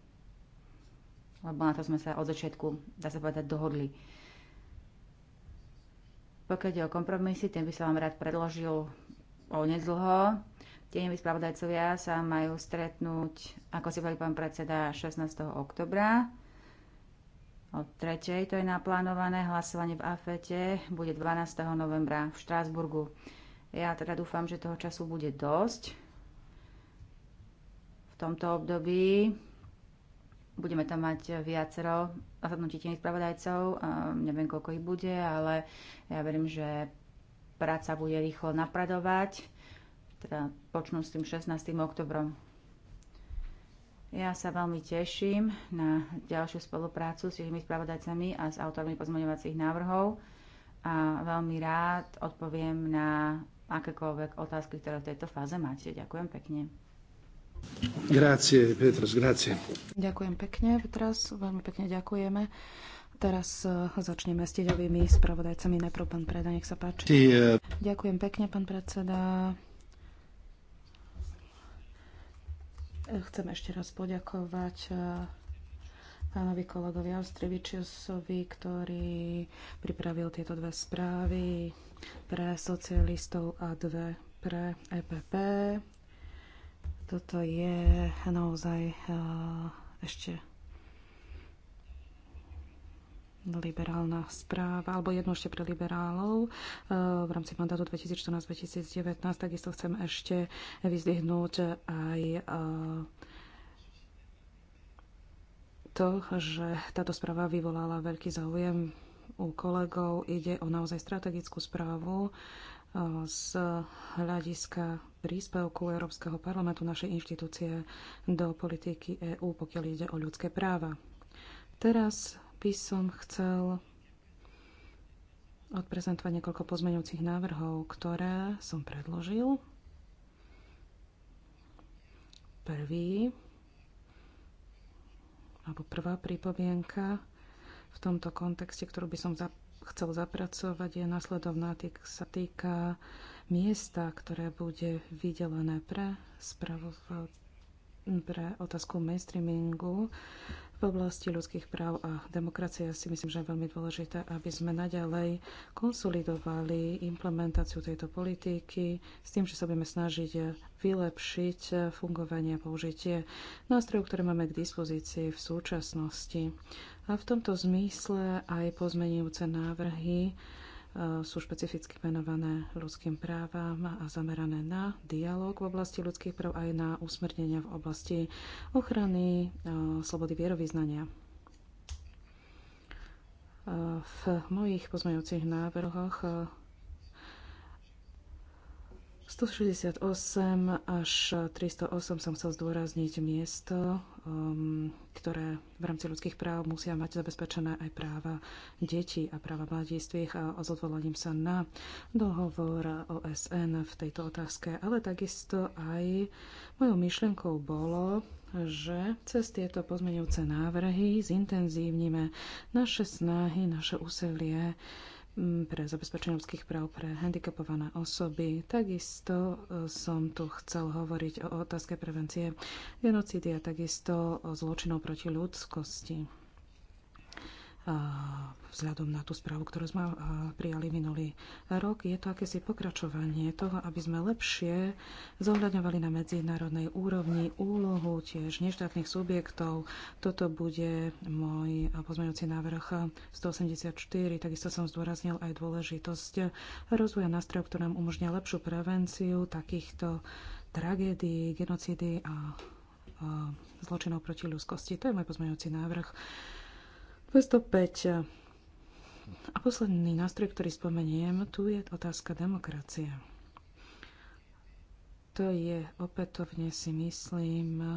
lebo na to sme sa od začiatku, dá sa povedať, dohodli. Pokiaľ ide o kompromisy, ten by som vám rád predložil o nedlho. Tieňoví spravodajcovia sa majú stretnúť, ako si povedal pán predseda, 16. oktobra. O 3. to je naplánované. Hlasovanie v AFETE bude 12. novembra v Štrásburgu. Ja teda dúfam, že toho času bude dosť v tomto období Budeme tam mať viacero zasadnutí tých spravodajcov, ehm, neviem koľko ich bude, ale ja verím, že práca bude rýchlo napradovať, teda počnú s tým 16. oktobrom. Ja sa veľmi teším na ďalšiu spoluprácu s tými spravodajcami a s autormi pozmeňovacích návrhov a veľmi rád odpoviem na akékoľvek otázky, ktoré v tejto fáze máte. Ďakujem pekne. Grazie, Petras, grazie. Ďakujem pekne, Petras, veľmi pekne ďakujeme. Teraz e, začneme s tieňovými spravodajcami. Najprv pán Preda, nech sa páči. uh... Ďakujem pekne, pán predseda. Chcem ešte raz poďakovať e, pánovi kolegovi Austrivičiusovi, ktorý pripravil tieto dve správy pre socialistov a dve pre EPP. Toto je naozaj eh, ešte liberálna správa, alebo jedno ešte pre liberálov eh, v rámci mandátu 2014-2019. Takisto chcem ešte vyzdvihnúť aj eh, to, že táto správa vyvolala veľký záujem u kolegov. Ide o naozaj strategickú správu z hľadiska príspevku Európskeho parlamentu našej inštitúcie do politiky EÚ, pokiaľ ide o ľudské práva. Teraz by som chcel odprezentovať niekoľko pozmeňujúcich návrhov, ktoré som predložil. Prvý alebo prvá pripomienka v tomto kontexte, ktorú by som chcel zapracovať, je nasledovná, týk, sa týka miesta, ktoré bude vydelené pre, spravo, pre otázku mainstreamingu v oblasti ľudských práv a demokracie si myslím, že je veľmi dôležité, aby sme naďalej konsolidovali implementáciu tejto politiky s tým, že sa budeme snažiť vylepšiť fungovanie a použitie nástrojov, ktoré máme k dispozícii v súčasnosti. A v tomto zmysle aj pozmenujúce návrhy e, sú špecificky menované ľudským právam a zamerané na dialog v oblasti ľudských práv aj na usmernenia v oblasti ochrany e, slobody vierovýznania. E, v mojich pozmeňujúcich návrhoch 168 až 308 som chcel zdôrazniť miesto, um, ktoré v rámci ľudských práv musia mať zabezpečené aj práva detí a práva mladistvých a, a s odvolaním sa na dohovor OSN v tejto otázke. Ale takisto aj mojou myšlienkou bolo, že cez tieto pozmeňujúce návrhy zintenzívnime naše snahy, naše úsilie pre zabezpečenie ľudských práv pre handikapované osoby. Takisto e, som tu chcel hovoriť o otázke prevencie genocídy a takisto o zločinov proti ľudskosti vzhľadom na tú správu, ktorú sme prijali minulý rok. Je to akési pokračovanie toho, aby sme lepšie zohľadňovali na medzinárodnej úrovni úlohu tiež neštátnych subjektov. Toto bude môj pozmeňujúci návrh 184. Takisto som zdôraznil aj dôležitosť rozvoja nástrojov, ktoré nám umožnia lepšiu prevenciu takýchto tragédií, genocídy a zločinov proti ľudskosti. To je môj pozmeňujúci návrh. 205. A posledný nástroj, ktorý spomeniem, tu je otázka demokracie. To je opätovne si myslím eh,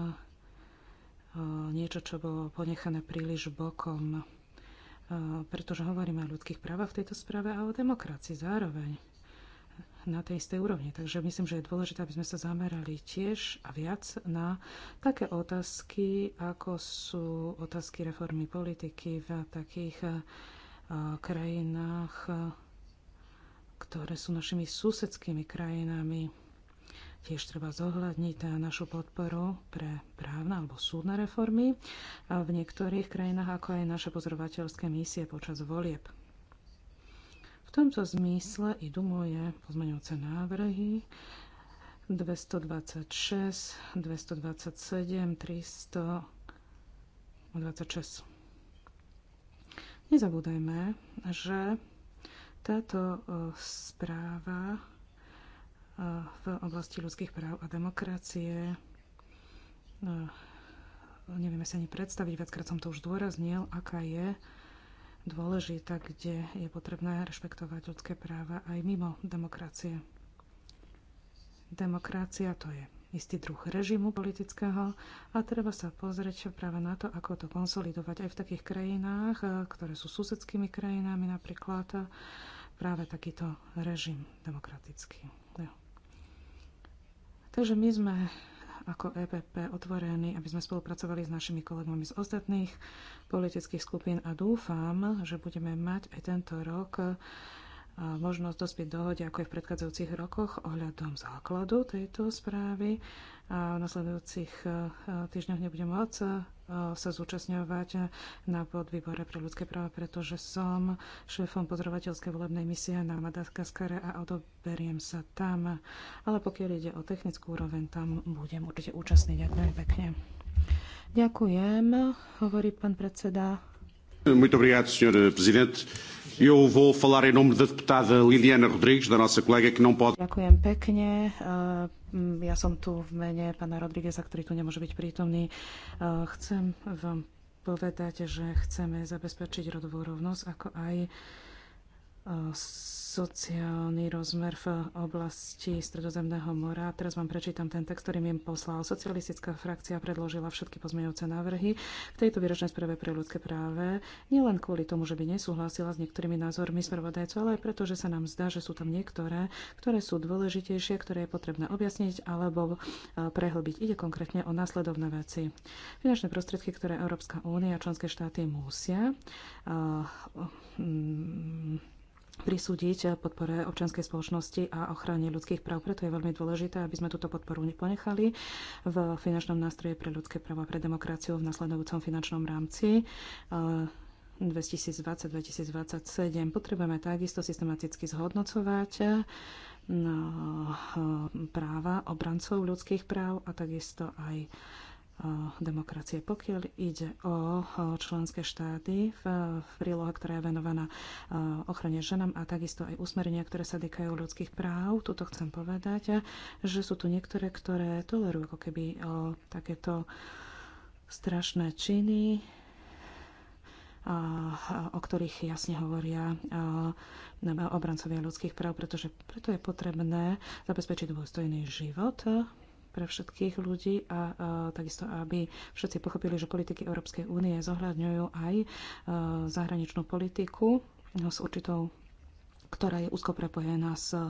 niečo, čo bolo ponechané príliš bokom, eh, pretože hovoríme o ľudských právach v tejto správe a o demokracii zároveň na tej istej úrovni. Takže myslím, že je dôležité, aby sme sa zamerali tiež a viac na také otázky, ako sú otázky reformy politiky v takých eh, krajinách, ktoré sú našimi susedskými krajinami. Tiež treba zohľadniť eh, našu podporu pre právne alebo súdne reformy eh, v niektorých krajinách, ako aj naše pozorovateľské misie počas volieb. V tomto zmysle idú moje pozmeňujúce návrhy 226, 227, 300, 26. Nezabúdajme, že táto e, správa e, v oblasti ľudských práv a demokracie e, nevieme si ani predstaviť, viackrát som to už dôraznil, aká je dôležitá, kde je potrebné rešpektovať ľudské práva aj mimo demokracie. Demokracia to je istý druh režimu politického a treba sa pozrieť práve na to, ako to konsolidovať aj v takých krajinách, e, ktoré sú susedskými krajinami napríklad, e, práve takýto režim demokratický. No. Takže my sme ako EPP otvorení, aby sme spolupracovali s našimi kolegami z ostatných politických skupín a dúfam, že budeme mať aj tento rok možnosť dospieť dohode, ako je v predchádzajúcich rokoch, ohľadom základu tejto správy. A v nasledujúcich týždňoch nebudem môcť sa zúčastňovať na podvýbore pre ľudské práva, pretože som šéfom pozorovateľskej volebnej misie na Madagaskare a odoberiem sa tam. Ale pokiaľ ide o technickú úroveň, tam budem určite účastný. Ďakujem pekne. Ďakujem, hovorí pán predseda. Muito obrigado, Sr. Eh, presidente. Eu vou falar em nome da deputada Liliana Rodrigues, da nossa colega, que não pode... Ďakujem pekne. Eh, ja som tu v mene pána Rodrigueza, ktorý tu nemôže byť prítomný. Eh, chcem vám povedať, že chceme zabezpečiť rodovú rovnosť, ako aj sociálny rozmer v oblasti Stredozemného mora. Teraz vám prečítam ten text, ktorý im poslal. Socialistická frakcia predložila všetky pozmeňujúce návrhy k tejto výročnej sprave pre ľudské práve, nielen kvôli tomu, že by nesúhlasila s niektorými názormi spravodajcov, ale aj preto, že sa nám zdá, že sú tam niektoré, ktoré sú dôležitejšie, ktoré je potrebné objasniť alebo e, prehlbiť. Ide konkrétne o následovné veci. Finančné prostriedky, ktoré Európska únia a členské štáty musia uh, um, prisúdiť podpore občianskej spoločnosti a ochrane ľudských práv. Preto je veľmi dôležité, aby sme túto podporu neponechali v finančnom nástroje pre ľudské práva pre demokraciu v nasledujúcom finančnom rámci. 2020-2027. Eh, Potrebujeme takisto systematicky zhodnocovať eh, eh, práva obrancov ľudských práv a takisto aj demokracie. Pokiaľ ide o členské štáty v, prílohe, ktorá je venovaná ochrane ženám a takisto aj usmerenia, ktoré sa týkajú ľudských práv, tuto chcem povedať, že sú tu niektoré, ktoré tolerujú ako keby takéto strašné činy, o ktorých jasne hovoria obrancovia ľudských práv, pretože preto je potrebné zabezpečiť dôstojný život pre všetkých ľudí a, takisto, aby všetci pochopili, že politiky Európskej únie zohľadňujú aj e, zahraničnú politiku s určitou ktorá je úzko prepojená s e,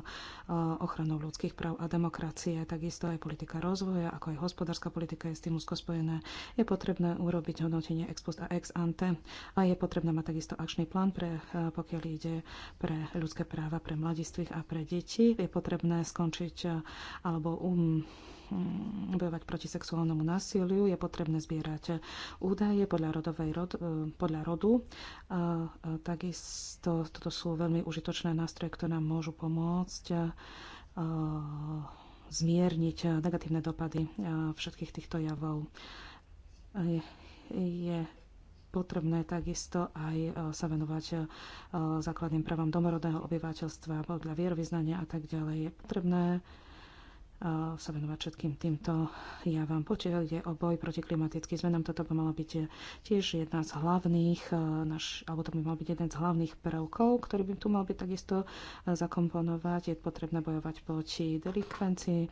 ochranou ľudských práv a demokracie. Takisto aj politika rozvoja, ako aj hospodárska politika je s tým úzko spojená. Je potrebné urobiť hodnotenie ex post a ex ante a je potrebné mať takisto akčný plán, pre, e, pokiaľ ide pre ľudské práva pre mladistvých a pre deti. Je potrebné skončiť alebo um, Hm, bojovať proti sexuálnemu násiliu, je potrebné zbierať údaje podľa, rodovej rod, e, podľa rodu. A e, takisto toto sú veľmi užitočné nástroje, ktoré nám môžu pomôcť e, zmierniť negatívne dopady všetkých týchto javov. Je, je potrebné takisto aj sa venovať základným právam domorodného obyvateľstva podľa vierovýznania a tak ďalej. Je potrebné sa venovať všetkým týmto vám Potiaľ ide o boj proti klimatickým zmenám, toto by malo byť tiež jedna z hlavných, e, naš, alebo to by mal byť jeden z hlavných prvkov, ktorý by tu mal byť takisto e, zakomponovať. Je potrebné bojovať proti delikvencii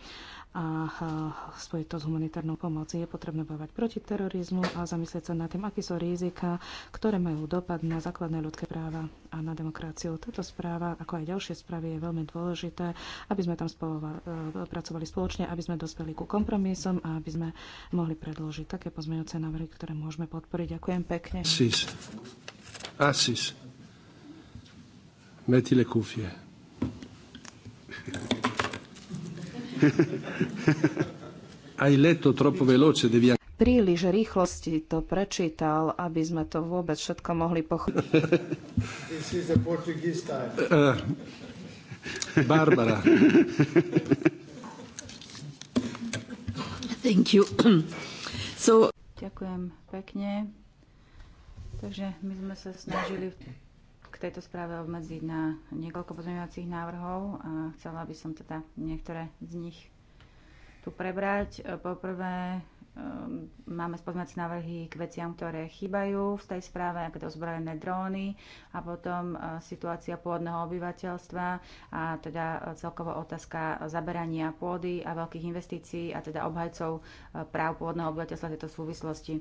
a e, spojiť to s humanitárnou pomoci. Je potrebné bojovať proti terorizmu a zamyslieť sa nad tým, aké sú rizika, ktoré majú dopad na základné ľudské práva a na demokraciu. Táto správa, ako aj ďalšie správy, je veľmi dôležité, aby sme tam spolu pracovali pracovali spoločne, aby sme dospeli ku kompromisom a aby sme mohli predložiť také pozmeňujúce návrhy, ktoré môžeme podporiť. Ďakujem pekne. Asis. Asis. Metti le cuffie. *laughs* Hai letto troppo veloce, devi príliš rýchlosti to prečítal, aby sme to vôbec všetko mohli pochopiť. *laughs* Eh, Barbara. *laughs* Thank you. *clears throat* So... Ďakujem pekne. Takže my sme sa snažili k tejto správe obmedziť na niekoľko pozmeňovacích návrhov a chcela by som teda niektoré z nich tu prebrať. Poprvé Ehm, máme spozmeť návrhy k veciam, ktoré chýbajú v tej správe, ako to zbrojené dróny a potom e, situácia pôdneho obyvateľstva a teda e, celkovo otázka zaberania pôdy a veľkých investícií a teda obhajcov e, práv pôdneho obyvateľstva v tejto súvislosti.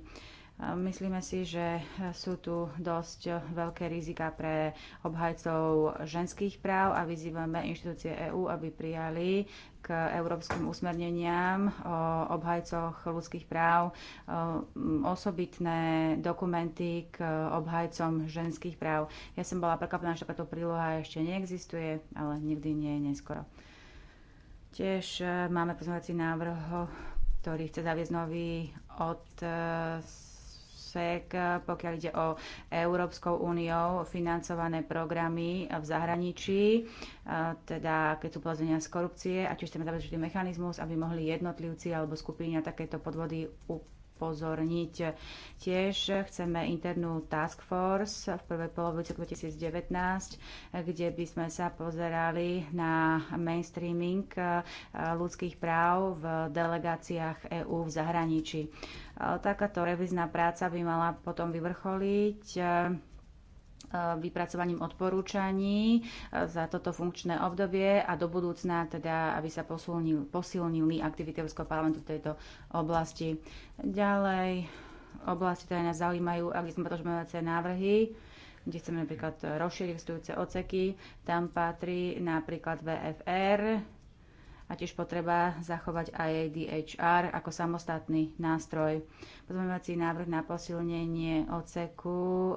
Myslíme si, že sú tu dosť veľké rizika pre obhajcov ženských práv a vyzývame inštitúcie EÚ, aby prijali k európskym usmerneniam o obhajcoch ľudských práv osobitné dokumenty k obhajcom ženských práv. Ja som bola prekvapená, že takáto príloha ešte neexistuje, ale nikdy nie je neskoro. Tiež e, máme pozmeňovací návrh, ktorý chce zaviesť nový od úsek, eh, pokiaľ ide o Európskou úniou financované programy v zahraničí, eh, teda keď sú plazenia z korupcie a tiež chceme zabezpečiť mechanizmus, aby mohli jednotlivci alebo skupiny na takéto podvody upozorniť. Tiež chceme internú task force v prvej polovici 2019, kde by sme sa pozerali na mainstreaming eh, ľudských práv v delegáciách EÚ v zahraničí. Eh, takáto revizná práca by mala potom vyvrcholiť eh, E, vypracovaním odporúčaní e, za toto funkčné obdobie a do budúcna teda, aby sa posilnili, posilnili aktivity Európskeho parlamentu v tejto oblasti. Ďalej, oblasti, ktoré nás zaujímajú, ak sme potrebujeme návrhy, kde chceme napríklad rozšíriť existujúce oceky. Tam patrí napríklad VFR, a tiež potreba zachovať DHR ako samostatný nástroj. Pozmeňovací návrh na posilnenie OCEKu, e,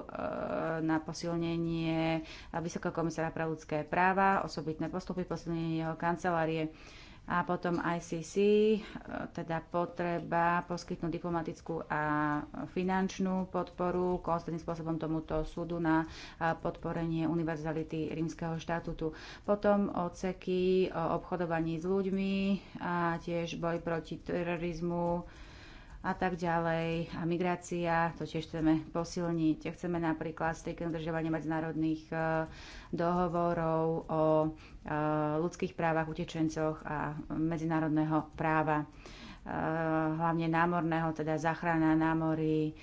na posilnenie Vysokého komisára pre ľudské práva, osobitné postupy, posilnenie jeho kancelárie a potom ICC, e, teda potreba poskytnúť diplomatickú a finančnú podporu konstantným spôsobom tomuto súdu na e, podporenie univerzality rímskeho štatútu. Potom oceky o obchodovaní s ľuďmi a tiež boj proti terorizmu, a tak ďalej. A migrácia, to tiež chceme posilniť. Chceme napríklad striktne udržovanie medzinárodných e, dohovorov o e, ľudských právach, utečencoch a medzinárodného práva e, hlavne námorného, teda záchrana námory.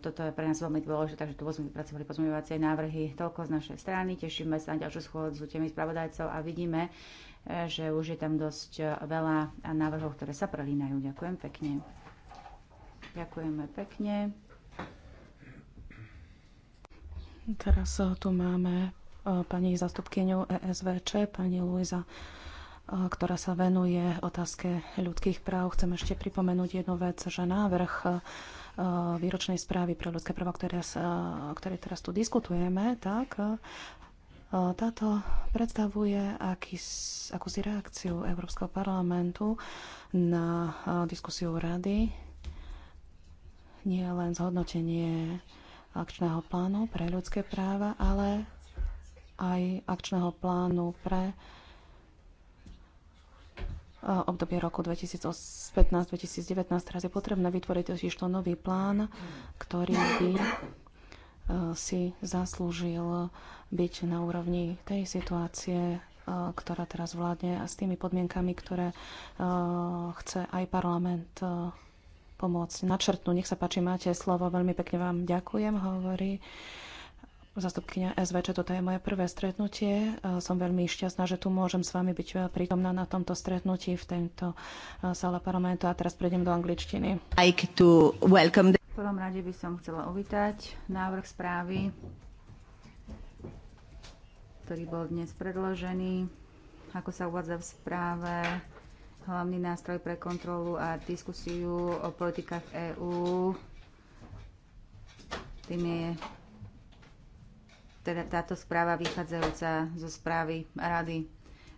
Toto je pre nás veľmi dôležité, takže tu sme vypracovali pozmeňovacie návrhy. Toľko z našej strany. Tešíme sa na ďalšiu schôdzu tými spravodajcov a vidíme, že už je tam dosť veľa návrhov, ktoré sa prelínajú. Ďakujem pekne. Ďakujeme pekne. Teraz eh, tu máme eh, pani zastupkyňu ESVČ, pani Luisa eh, ktorá sa venuje otázke ľudských práv. Chcem ešte pripomenúť jednu vec, že návrh výročnej správy pre ľudské práva, ktoré, ktoré teraz tu diskutujeme, tak táto predstavuje akúsi reakciu Európskeho parlamentu na diskusiu rady nie len zhodnotenie akčného plánu pre ľudské práva, ale aj akčného plánu pre e, obdobie roku 2015-2019. Teraz je potrebné vytvoriť totiž to nový plán, ktorý by e, si zaslúžil byť na úrovni tej situácie, e, ktorá teraz vládne a s tými podmienkami, ktoré chce aj parlament pomôcť načrtnúť. Nech sa páči, máte slovo. Veľmi pekne vám ďakujem, hovorí zastupkynia SVČ. Toto je moje prvé stretnutie. Eh, som veľmi šťastná, že tu môžem s vami byť eh, prítomná na tomto stretnutí v tejto eh, sále parlamentu. A teraz prejdem do angličtiny. V prvom rade by som chcela uvítať návrh správy, ktorý bol dnes predložený. Ako sa uvádza v správe, hlavný nástroj pre kontrolu a diskusiu o politikách EÚ. Tým je teda táto správa vychádzajúca zo správy rady.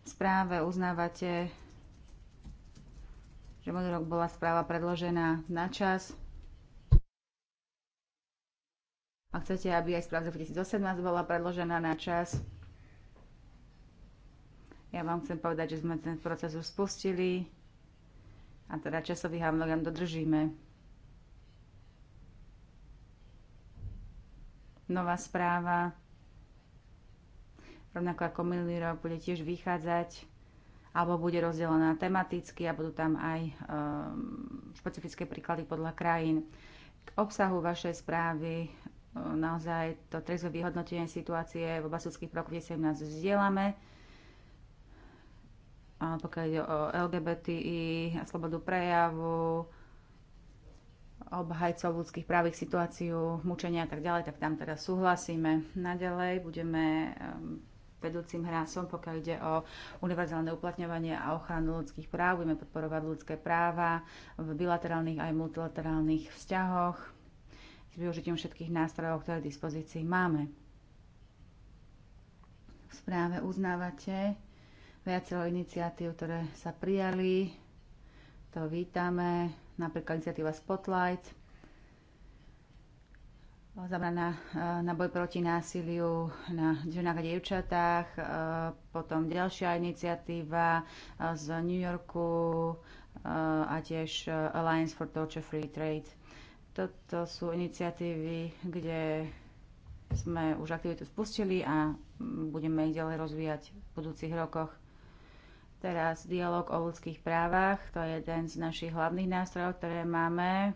V správe uznávate, že môj rok bola správa predložená na čas. A chcete, aby aj správa 2018 bola predložená na čas. Ja vám chcem povedať, že sme ten proces už spustili a teda časový harmonogram dodržíme. Nová správa, rovnako ako minulý rok, bude tiež vychádzať alebo bude rozdelená tematicky a budú tam aj um, špecifické príklady podľa krajín. K obsahu vašej správy um, naozaj to trezové vyhodnotenie situácie v oblasti ľudských krokov 17 vzdielame pokiaľ ide o LGBTI, slobodu prejavu, obhajcov ľudských právnych situáciu, mučenia a tak ďalej, tak tam teda súhlasíme. Naďalej budeme vedúcim hrásom, pokiaľ ide o univerzálne uplatňovanie a ochranu ľudských práv. Budeme podporovať ľudské práva v bilaterálnych aj multilaterálnych vzťahoch s využitím všetkých nástrojov, ktoré v dispozícii máme. V správe uznávate, viacero iniciatív, ktoré sa prijali. To vítame, napríklad iniciatíva Spotlight, zameraná eh, na boj proti násiliu na ženách a dievčatách. Eh, potom ďalšia iniciatíva eh, z New Yorku a tiež Alliance for Torture Free Trade. Toto sú iniciatívy, kde sme už aktivitu spustili a mm, budeme ich ďalej rozvíjať v budúcich rokoch. Teraz dialog o ľudských právach, to je jeden z našich hlavných nástrojov, ktoré máme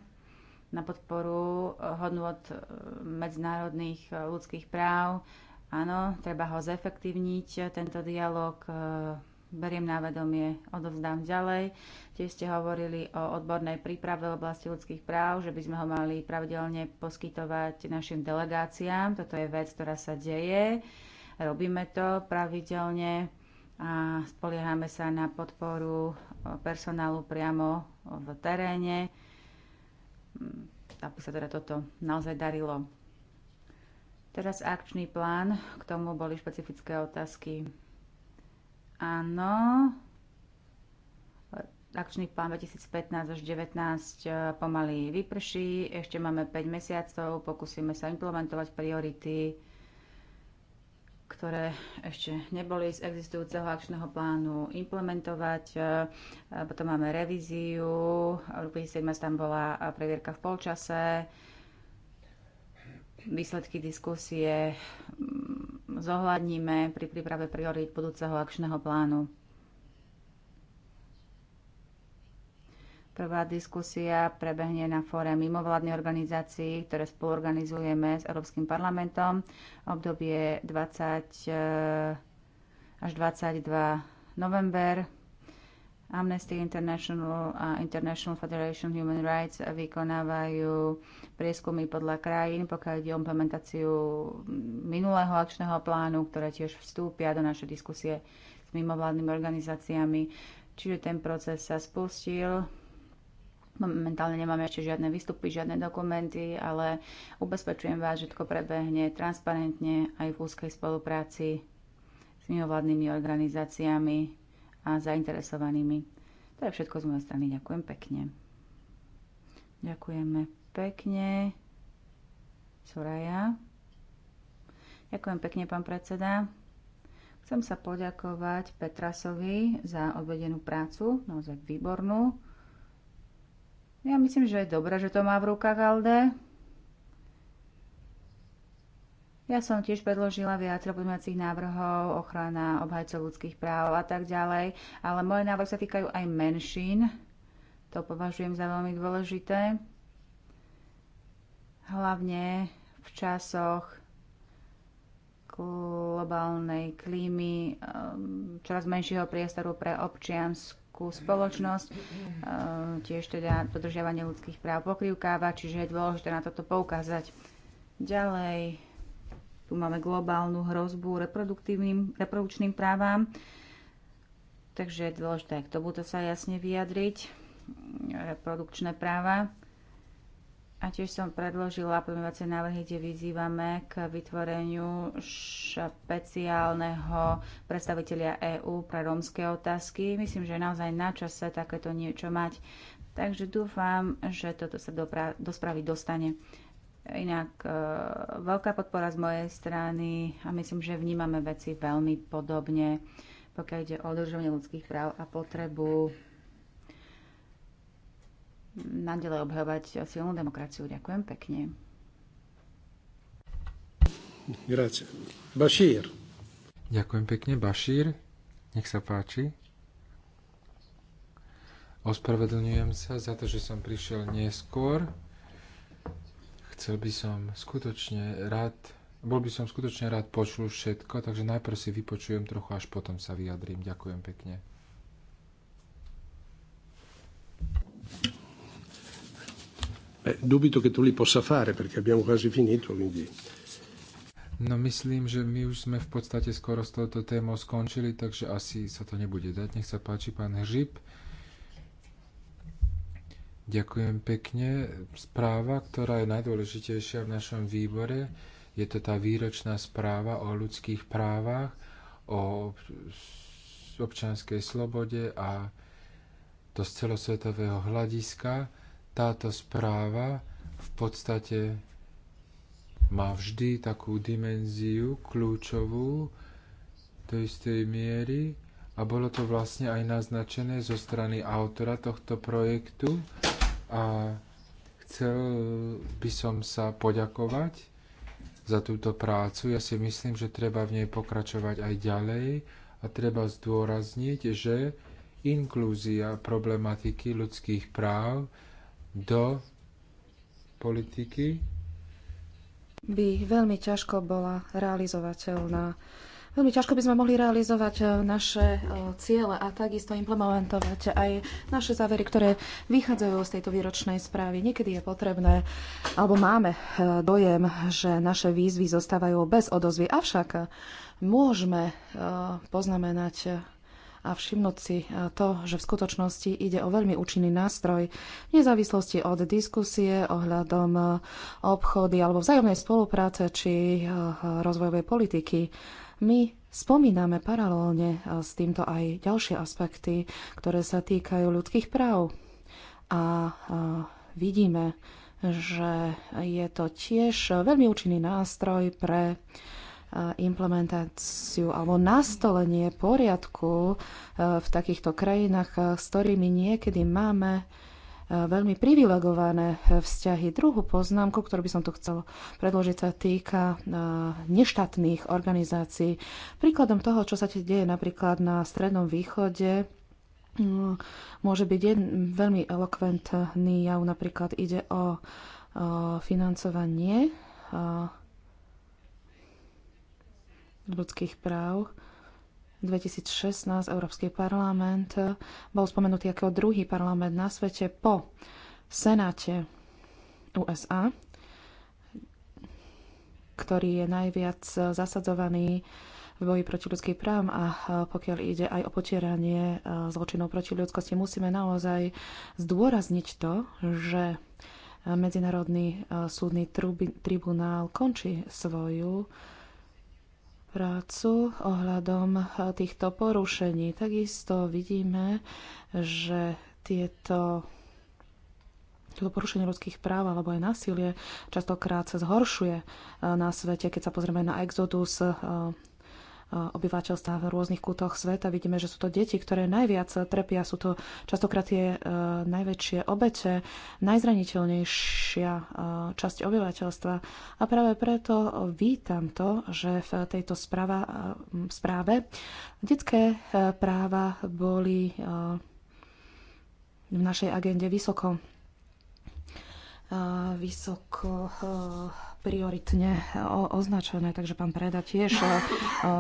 na podporu eh, hodnot eh, medzinárodných eh, ľudských práv. Áno, treba ho zefektívniť, tento dialog beriem na vedomie, odovzdám ďalej. Tiež ste hovorili o odbornej príprave v oblasti ľudských práv, že by sme ho mali pravidelne poskytovať našim delegáciám. Toto je vec, ktorá sa deje. Robíme to pravidelne a spoliehame sa na podporu e, personálu priamo v teréne, hm, aby sa teda toto naozaj darilo. Teraz akčný plán, k tomu boli špecifické otázky. Áno, akčný plán 2015 až 2019 e, pomaly vyprší, ešte máme 5 mesiacov, pokúsime sa implementovať priority, ktoré ešte neboli z existujúceho akčného plánu implementovať. E, potom máme revíziu. V roku 2017 tam bola previerka v polčase. Výsledky diskusie mm, zohľadníme pri príprave priorít budúceho akčného plánu. Prvá diskusia prebehne na fóre mimovládnych organizácií, ktoré spoluorganizujeme s Európskym parlamentom. Obdobie 20 eh, až 22 november. Amnesty International a International Federation Human Rights vykonávajú prieskumy podľa krajín, pokiaľ ide o implementáciu minulého akčného plánu, ktoré tiež vstúpia do našej diskusie s mimovládnymi organizáciami. Čiže ten proces sa spustil Momentálne no, nemáme ešte žiadne výstupy, žiadne dokumenty, ale ubezpečujem vás, že to prebehne transparentne aj v úzkej spolupráci s mimovládnymi organizáciami a zainteresovanými. To je všetko z mojej strany. Ďakujem pekne. Ďakujeme pekne. Soraya. Ďakujem pekne, pán predseda. Chcem sa poďakovať Petrasovi za odvedenú prácu, naozaj výbornú. Ja myslím, že je dobré, že to má v rukách Alde. Ja som tiež predložila viacero pozmeňovacích návrhov, ochrana obhajcov ľudských práv a tak ďalej, ale moje návrhy sa týkajú aj menšín. To považujem za veľmi dôležité. Hlavne v časoch globálnej klímy, ehm, čoraz menšieho priestoru pre občiansku občianskú spoločnosť, e, tiež teda dodržiavanie ľudských práv pokrývkáva, čiže je dôležité na toto poukázať. Ďalej, tu máme globálnu hrozbu reproduktívnym, reprodukčným právam, takže je dôležité k tomuto sa jasne vyjadriť. Reprodukčné práva a tiež som predložila pozmeňovacie návrhy, kde vyzývame k vytvoreniu špeciálneho predstavitelia EÚ pre rómske otázky. Myslím, že je naozaj na čase takéto niečo mať. Takže dúfam, že toto sa dopra- do správy dostane. Inak e, veľká podpora z mojej strany a myslím, že vnímame veci veľmi podobne, pokiaľ ide o dodržovanie ľudských práv a potrebu nadalej obhávať silnú demokraciu. Ďakujem pekne. Grazie. Bašír. Ďakujem pekne, Bašír. Nech sa páči. Ospravedlňujem sa za to, že som prišiel neskôr. Chcel by som skutočne rád, bol by som skutočne rád počul všetko, takže najprv si vypočujem trochu, až potom sa vyjadrím. Ďakujem pekne. Beh, dubito che tu li possa fare perché abbiamo quasi finito, quindi... No myslím, že my už sme v podstate skoro s touto témou skončili, takže asi sa to nebude dať. Nech sa páči, pán Hřib. Ďakujem pekne. Správa, ktorá je najdôležitejšia v našom výbore, je to tá výročná správa o ľudských právach, o občianskej slobode a to z celosvetového hľadiska táto správa v podstate má vždy takú dimenziu kľúčovú do istej miery a bolo to vlastne aj naznačené zo strany autora tohto projektu a chcel by som sa poďakovať za túto prácu. Ja si myslím, že treba v nej pokračovať aj ďalej a treba zdôrazniť, že inklúzia problematiky ľudských práv do politiky by veľmi ťažko bola realizovateľná. Veľmi ťažko by sme mohli realizovať e, naše e, ciele a takisto implementovať aj naše závery, ktoré vychádzajú z tejto výročnej správy. Niekedy je potrebné, alebo máme e, dojem, že naše výzvy zostávajú bez odozvy. Avšak môžeme poznamenať a všimnúť si e, to, že v skutočnosti ide o veľmi účinný nástroj v nezávislosti od diskusie ohľadom e, obchody alebo vzájomnej spolupráce či e, rozvojovej politiky. My spomíname paralelne s týmto aj ďalšie aspekty, ktoré sa týkajú ľudských práv. A vidíme, že je to tiež veľmi účinný nástroj pre implementáciu alebo nastolenie poriadku e, v takýchto krajinách, e, s ktorými niekedy máme e, veľmi privilegované vzťahy. Druhú poznámku, ktorú by som tu chcel predložiť, sa týka neštátnych organizácií. Príkladom toho, čo sa deje napríklad na Strednom východe, môže byť veľmi elokventný jav. Napríklad ide o financovanie ľudských práv. 2016 Európsky parlament eh, bol spomenutý ako druhý parlament na svete po Senáte USA, ktorý je najviac eh, zasadzovaný v boji proti ľudským právam a eh, pokiaľ ide aj o potieranie zločinov proti ľudskosti, musíme naozaj zdôrazniť to, že Medzinárodný súdny tribunál končí svoju prácu ohľadom eh, týchto porušení. Takisto vidíme, že tieto toto porušenie ľudských práv alebo aj násilie častokrát sa zhoršuje eh, na svete, keď sa pozrieme na exodus eh, obyvateľstva v rôznych kútoch sveta. Vidíme, že sú to deti, ktoré najviac trpia, sú to častokrát tie e, najväčšie obete, najzraniteľnejšia e, časť obyvateľstva. A práve preto vítam to, že v tejto správa, správe detské e, práva boli v našej agende vysoko vysoko prioritne e, označené, takže pán Preda tiež e, e,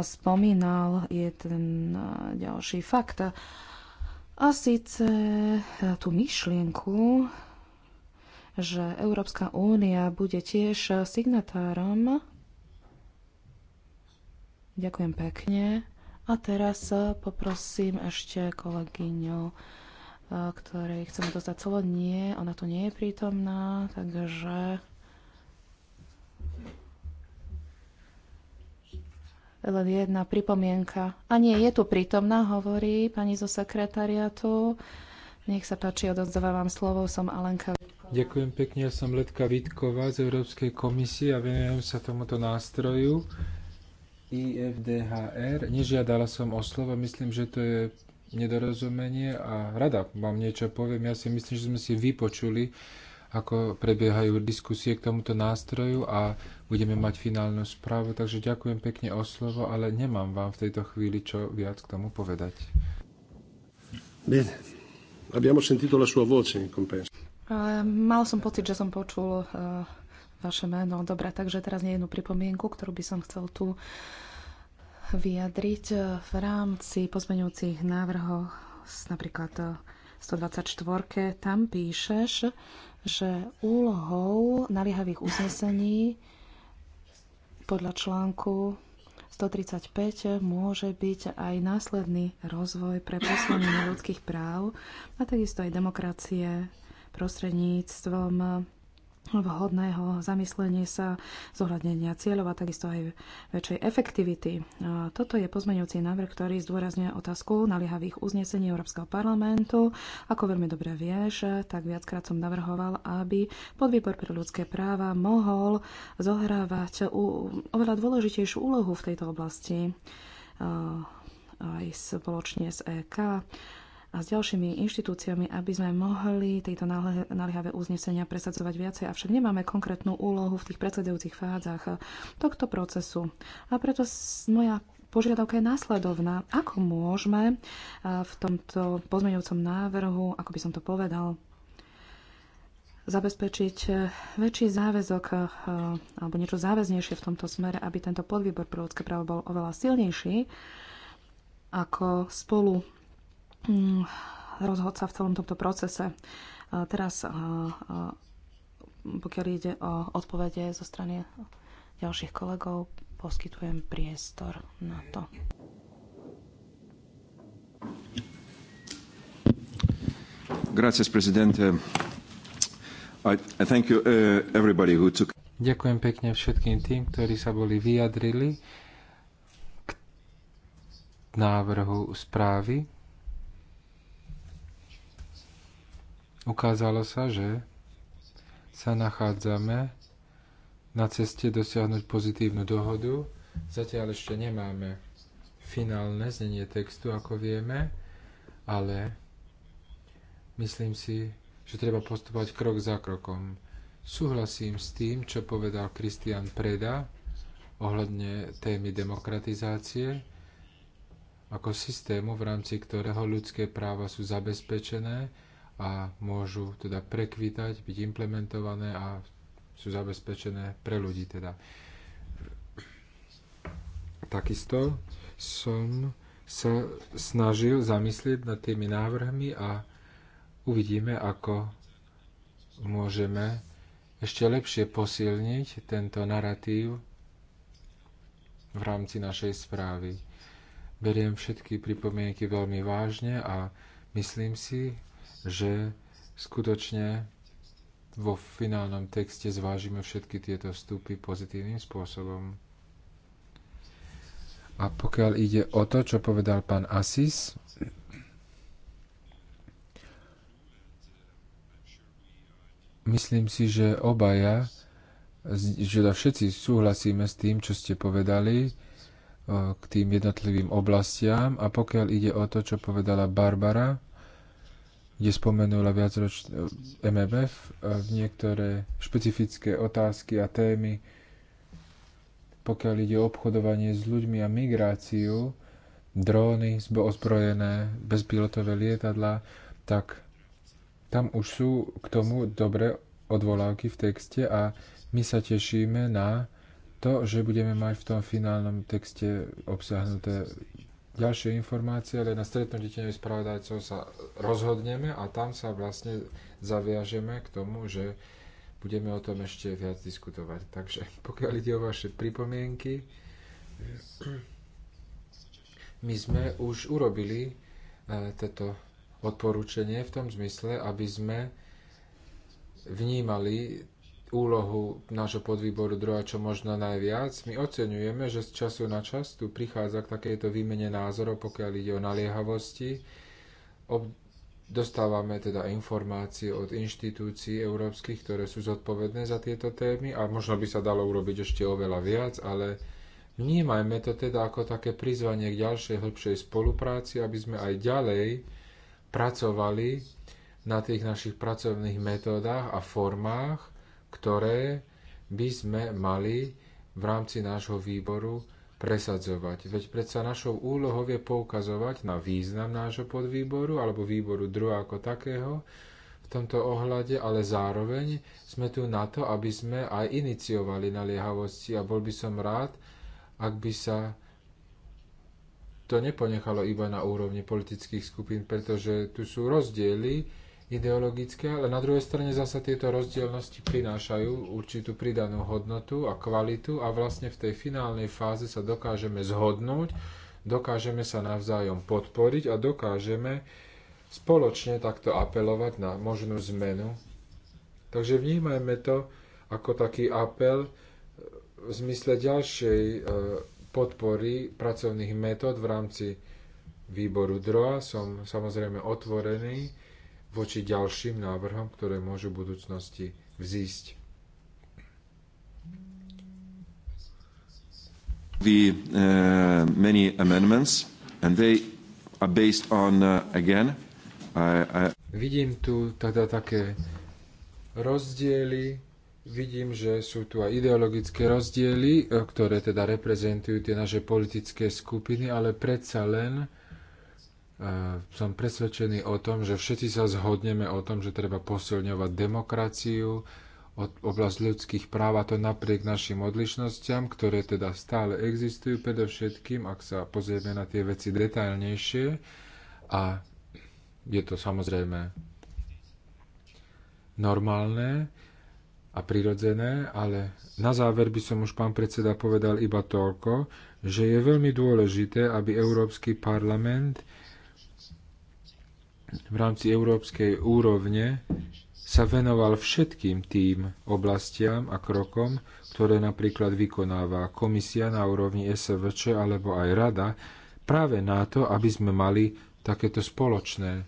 spomínal je ten ďalší fakt. A síce tú myšlienku, že Európska únia bude tiež signatárom. Ďakujem pekne. A teraz poprosím ešte kolegyňu Eh, ktorej chceme dostať slovo. Nie, ona tu nie je prítomná, takže len jedna pripomienka. A nie, je tu prítomná, hovorí pani zo sekretariatu. Nech sa páči, odozdávam slovo, som Alenka. Ďakujem pekne, ja som Letka Vítková z Európskej komisie a venujem sa tomuto nástroju. IFDHR. Nežiadala som o slovo, myslím, že to je nedorozumenie a rada vám niečo poviem. Ja si myslím, že sme si vypočuli, ako prebiehajú diskusie k tomuto nástroju a budeme mať finálnu správu. Takže ďakujem pekne o slovo, ale nemám vám v tejto chvíli čo viac k tomu povedať. Mal som pocit, že som počul eh, vaše meno. Dobre, takže teraz nie jednu pripomienku, ktorú by som chcel tu vyjadriť eh, v rámci pozmeňujúcich návrhov, napríklad 124. Eh, tam píšeš, že úlohou naliehavých uznesení podľa článku 135 môže byť aj následný rozvoj pre poslanie ľudských práv a takisto aj demokracie prostredníctvom vhodného zamyslenie sa, zohľadnenia cieľov a takisto aj väčšej efektivity. Toto je pozmeňujúci návrh, ktorý zdôrazňuje otázku naliehavých uznesení Európskeho parlamentu. Ako veľmi dobre vieš, tak viackrát som navrhoval, aby podvýbor pre ľudské práva mohol zohrávať oveľa dôležitejšiu úlohu v tejto oblasti aj spoločne s EK a s ďalšími inštitúciami, aby sme mohli tieto naliehavé uznesenia presadzovať viacej, avšak nemáme konkrétnu úlohu v tých predsedujúcich fázach tohto procesu. A preto moja požiadavka je následovná. Ako môžeme v tomto pozmeňujúcom návrhu, ako by som to povedal, zabezpečiť e, väčší záväzok e, alebo niečo záväznejšie v tomto smere, aby tento podvýbor pre ľudské právo bol oveľa silnejší ako spolu Mm, rozhodca v celom tomto procese. E, teraz, e, e, pokiaľ ide o odpovede zo strany ďalších kolegov, poskytujem priestor na to. presidente. I, I thank you, uh, everybody who took... Ďakujem pekne všetkým tým, ktorí sa boli vyjadrili k návrhu správy Ukázalo sa, že sa nachádzame na ceste dosiahnuť pozitívnu dohodu. Zatiaľ ešte nemáme finálne znenie textu, ako vieme, ale myslím si, že treba postupovať krok za krokom. Súhlasím s tým, čo povedal Kristian Preda ohľadne témy demokratizácie ako systému, v rámci ktorého ľudské práva sú zabezpečené a môžu teda prekvitať, byť implementované a sú zabezpečené pre ľudí teda. Takisto som sa snažil zamyslieť nad tými návrhmi a uvidíme, ako môžeme ešte lepšie posilniť tento narratív v rámci našej správy. Beriem všetky pripomienky veľmi vážne a myslím si, že skutočne vo finálnom texte zvážime všetky tieto vstupy pozitívnym spôsobom. A pokiaľ ide o to, čo povedal pán Asis, myslím si, že obaja, že všetci súhlasíme s tým, čo ste povedali e, k tým jednotlivým oblastiam. A pokiaľ ide o to, čo povedala Barbara, kde spomenula viacroč MMF e, v niektoré špecifické otázky a témy, pokiaľ ide o obchodovanie s ľuďmi a migráciu, dróny, ozbrojené, bezpilotové lietadla, tak tam už sú k tomu dobré odvolávky v texte a my sa tešíme na to, že budeme mať v tom finálnom texte obsahnuté ďalšie informácie, ale na stretnutí tieňových spravodajcov sa rozhodneme a tam sa vlastne zaviažeme k tomu, že budeme o tom ešte viac diskutovať. Takže *laughs* pokiaľ ide o vaše pripomienky, my sme už urobili e, toto odporúčanie v tom zmysle, aby sme vnímali úlohu nášho podvýboru druhá čo možno najviac. My oceňujeme, že z času na čas tu prichádza k takejto výmene názorov, pokiaľ ide o naliehavosti. Ob- dostávame teda informácie od inštitúcií európskych, ktoré sú zodpovedné za tieto témy a možno by sa dalo urobiť ešte oveľa viac, ale vnímajme to teda ako také prizvanie k ďalšej hĺbšej spolupráci, aby sme aj ďalej pracovali na tých našich pracovných metódach a formách, ktoré by sme mali v rámci nášho výboru presadzovať. Veď predsa našou úlohou je poukazovať na význam nášho podvýboru alebo výboru druhého ako takého v tomto ohľade, ale zároveň sme tu na to, aby sme aj iniciovali naliehavosti a bol by som rád, ak by sa to neponechalo iba na úrovni politických skupín, pretože tu sú rozdiely ideologické, ale na druhej strane zasa tieto rozdielnosti prinášajú určitú pridanú hodnotu a kvalitu a vlastne v tej finálnej fáze sa dokážeme zhodnúť, dokážeme sa navzájom podporiť a dokážeme spoločne takto apelovať na možnú zmenu. Takže vnímajme to ako taký apel v zmysle ďalšej e, podpory pracovných metód v rámci výboru DROA. Som samozrejme otvorený voči ďalším návrhom, ktoré môžu v budúcnosti vzísť. The uh, many amendments and they are based on uh, again I, I... Vidím tu teda také rozdiely, vidím, že sú tu aj ideologické rozdiely, e, ktoré teda reprezentujú tie naše politické skupiny, ale predsa len Eh, som presvedčený o tom, že všetci sa zhodneme o tom, že treba posilňovať demokraciu, oblasť ľudských práv a to napriek našim odlišnostiam, ktoré teda stále existujú, predovšetkým, ak sa pozrieme na tie veci detailnejšie. A je to samozrejme normálne a prirodzené, ale na záver by som už pán predseda povedal iba toľko, že je veľmi dôležité, aby Európsky parlament v rámci európskej úrovne sa venoval všetkým tým oblastiam a krokom, ktoré napríklad vykonáva komisia na úrovni SVČ alebo aj rada, práve na to, aby sme mali takéto spoločné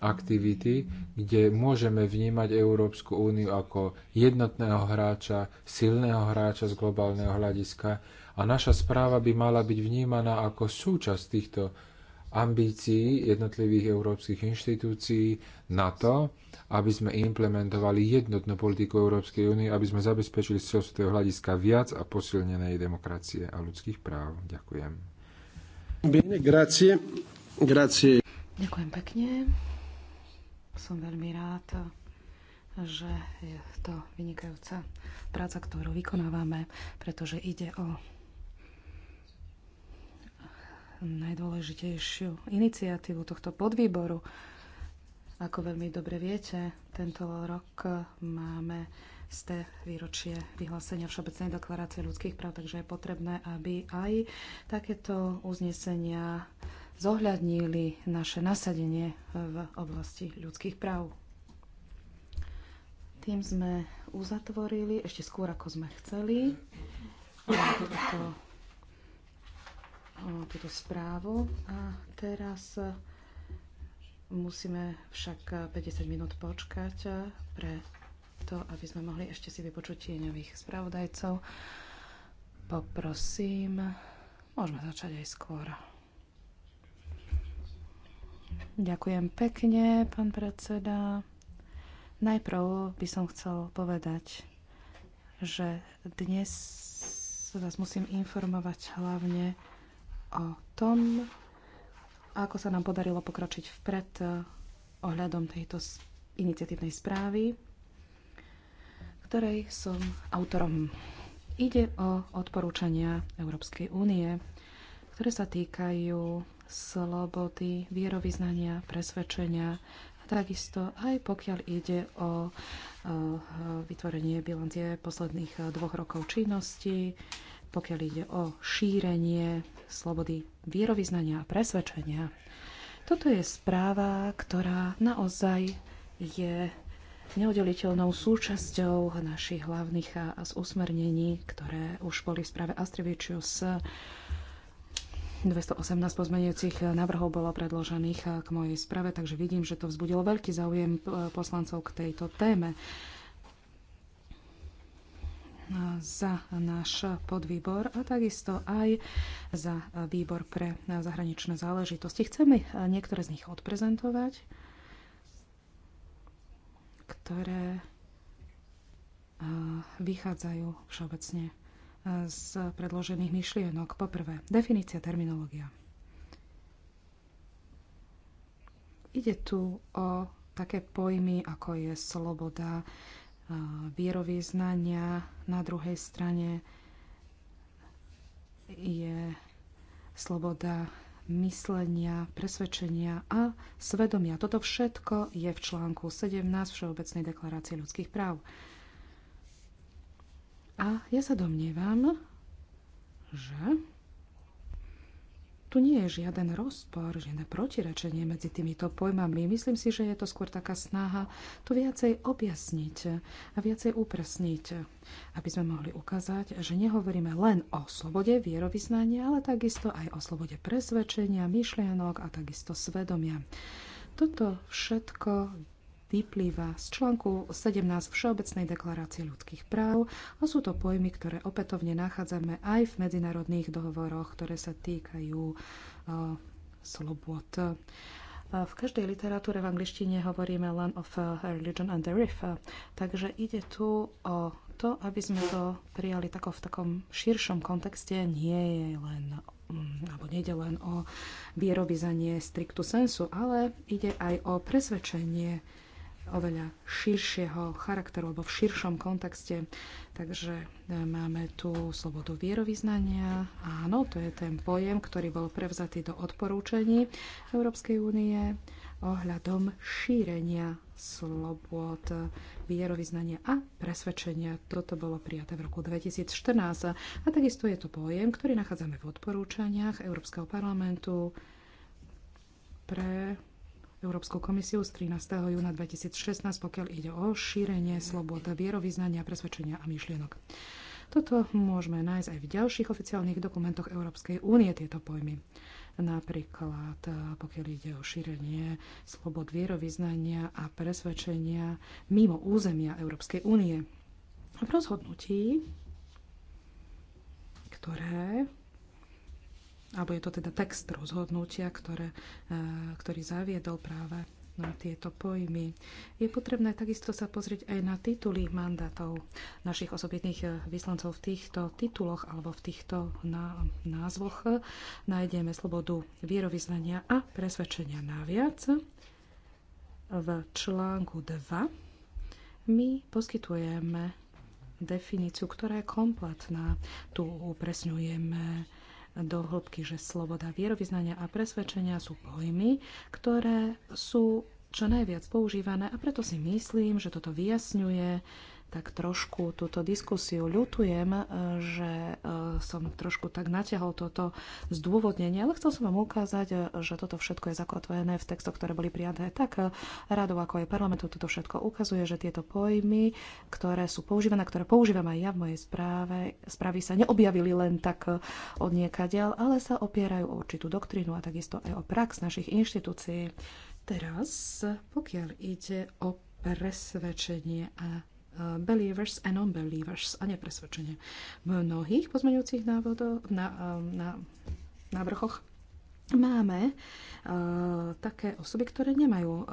aktivity, kde môžeme vnímať Európsku úniu ako jednotného hráča, silného hráča z globálneho hľadiska a naša správa by mala byť vnímaná ako súčasť týchto ambícií jednotlivých európskych inštitúcií na to, aby sme implementovali jednotnú politiku Európskej únie, aby sme zabezpečili z celosvetového hľadiska viac a posilnenej demokracie a ľudských práv. Ďakujem. Bene, grazie. Grazie. Ďakujem pekne. Som veľmi rád, že je to vynikajúca práca, ktorú vykonávame, pretože ide o najdôležitejšiu iniciatívu tohto podvýboru. Ako veľmi dobre viete, tento rok máme ste výročie vyhlásenia Všeobecnej deklarácie ľudských práv, takže je potrebné, aby aj takéto uznesenia zohľadnili naše nasadenie v oblasti ľudských práv. Tým sme uzatvorili, ešte skôr ako sme chceli, toto túto správu. A teraz musíme však 50 minút počkať pre to, aby sme mohli ešte si vypočuť tieňových spravodajcov. Poprosím, môžeme začať aj skôr. Ďakujem pekne, pán predseda. Najprv by som chcel povedať, že dnes vás musím informovať hlavne o tom, ako sa nám podarilo pokročiť vpred eh, ohľadom tejto iniciatívnej správy, ktorej som autorom. Ide o odporúčania Európskej únie, ktoré sa týkajú slobody, vierovýznania, presvedčenia a takisto aj pokiaľ ide o eh, vytvorenie bilancie posledných eh, dvoch rokov činnosti, pokiaľ ide o šírenie slobody vierovýznania a presvedčenia. Toto je správa, ktorá naozaj je neoddeliteľnou súčasťou našich hlavných a, z usmernení, ktoré už boli v správe Astrivičius 218 pozmeniacich návrhov bolo predložených k mojej sprave, takže vidím, že to vzbudilo veľký záujem e, poslancov k tejto téme za náš podvýbor a takisto aj za výbor pre zahraničné záležitosti. Chceme niektoré z nich odprezentovať, ktoré vychádzajú všeobecne z predložených myšlienok. Poprvé, definícia terminológia. Ide tu o také pojmy, ako je sloboda, vierovýznania. Na druhej strane je sloboda myslenia, presvedčenia a svedomia. Toto všetko je v článku 17 Všeobecnej deklarácie ľudských práv. A ja sa domnievam, že tu nie je žiaden rozpor, žiadne protirečenie medzi týmito pojmami. Myslím si, že je to skôr taká snaha to viacej objasniť a viacej upresniť, aby sme mohli ukázať, že nehovoríme len o slobode vierovýznania, ale takisto aj o slobode presvedčenia, myšlienok a takisto svedomia. Toto všetko vyplýva z článku 17 Všeobecnej deklarácie ľudských práv a sú to pojmy, ktoré opätovne nachádzame aj v medzinárodných dohovoroch, ktoré sa týkajú uh, e, slobod. E, v každej literatúre v angličtine hovoríme len o e, religion and the riff, takže ide tu o to, aby sme to prijali tako, v takom širšom kontexte, nie je len mm, alebo nejde len o vierovizanie striktu sensu, ale ide aj o presvedčenie oveľa širšieho charakteru alebo v širšom kontexte. Takže e, máme tu slobodu vierovýznania. Áno, to je ten pojem, ktorý bol prevzatý do odporúčaní Európskej únie ohľadom šírenia slobod vierovýznania a presvedčenia. Toto bolo prijaté v roku 2014. A takisto je to pojem, ktorý nachádzame v odporúčaniach Európskeho parlamentu pre Európskou komisiou z 13. júna 2016, pokiaľ ide o šírenie slobod vierovýznania, presvedčenia a myšlienok. Toto môžeme nájsť aj v ďalších oficiálnych dokumentoch Európskej únie, tieto pojmy. Napríklad, eh, pokiaľ ide o šírenie slobod vierovýznania a presvedčenia mimo územia Európskej únie. V rozhodnutí, ktoré alebo je to teda text rozhodnutia, ktoré, e, ktorý zaviedol práve na tieto pojmy. Je potrebné takisto sa pozrieť aj na tituly mandátov našich osobitných e, vyslancov. V týchto tituloch alebo v týchto názvoch nájdeme slobodu vierovýznania a presvedčenia naviac. V článku 2 my poskytujeme definíciu, ktorá je kompletná. Tu upresňujeme do hĺbky, že sloboda vierovýznania a presvedčenia sú pojmy, ktoré sú čo najviac používané a preto si myslím, že toto vyjasňuje tak trošku túto diskusiu. Ľutujem, eh, že eh, som trošku tak natiahol toto zdôvodnenie, ale chcel som vám ukázať, eh, že toto všetko je zakotvené v textoch, ktoré boli prijaté tak radou, ako aj parlamentu. Toto všetko ukazuje, že tieto pojmy, ktoré sú používané, ktoré používam aj ja v mojej správe, správy sa neobjavili len tak od niekadeľ, ale sa opierajú o určitú doktrínu a takisto aj o prax našich inštitúcií. Teraz, pokiaľ ide o presvedčenie a Eh, believers and non-believers a nepresvedčenie. V mnohých pozmeňujúcich návodoch na, eh, na, vrchoch máme uh, také osoby, ktoré nemajú uh,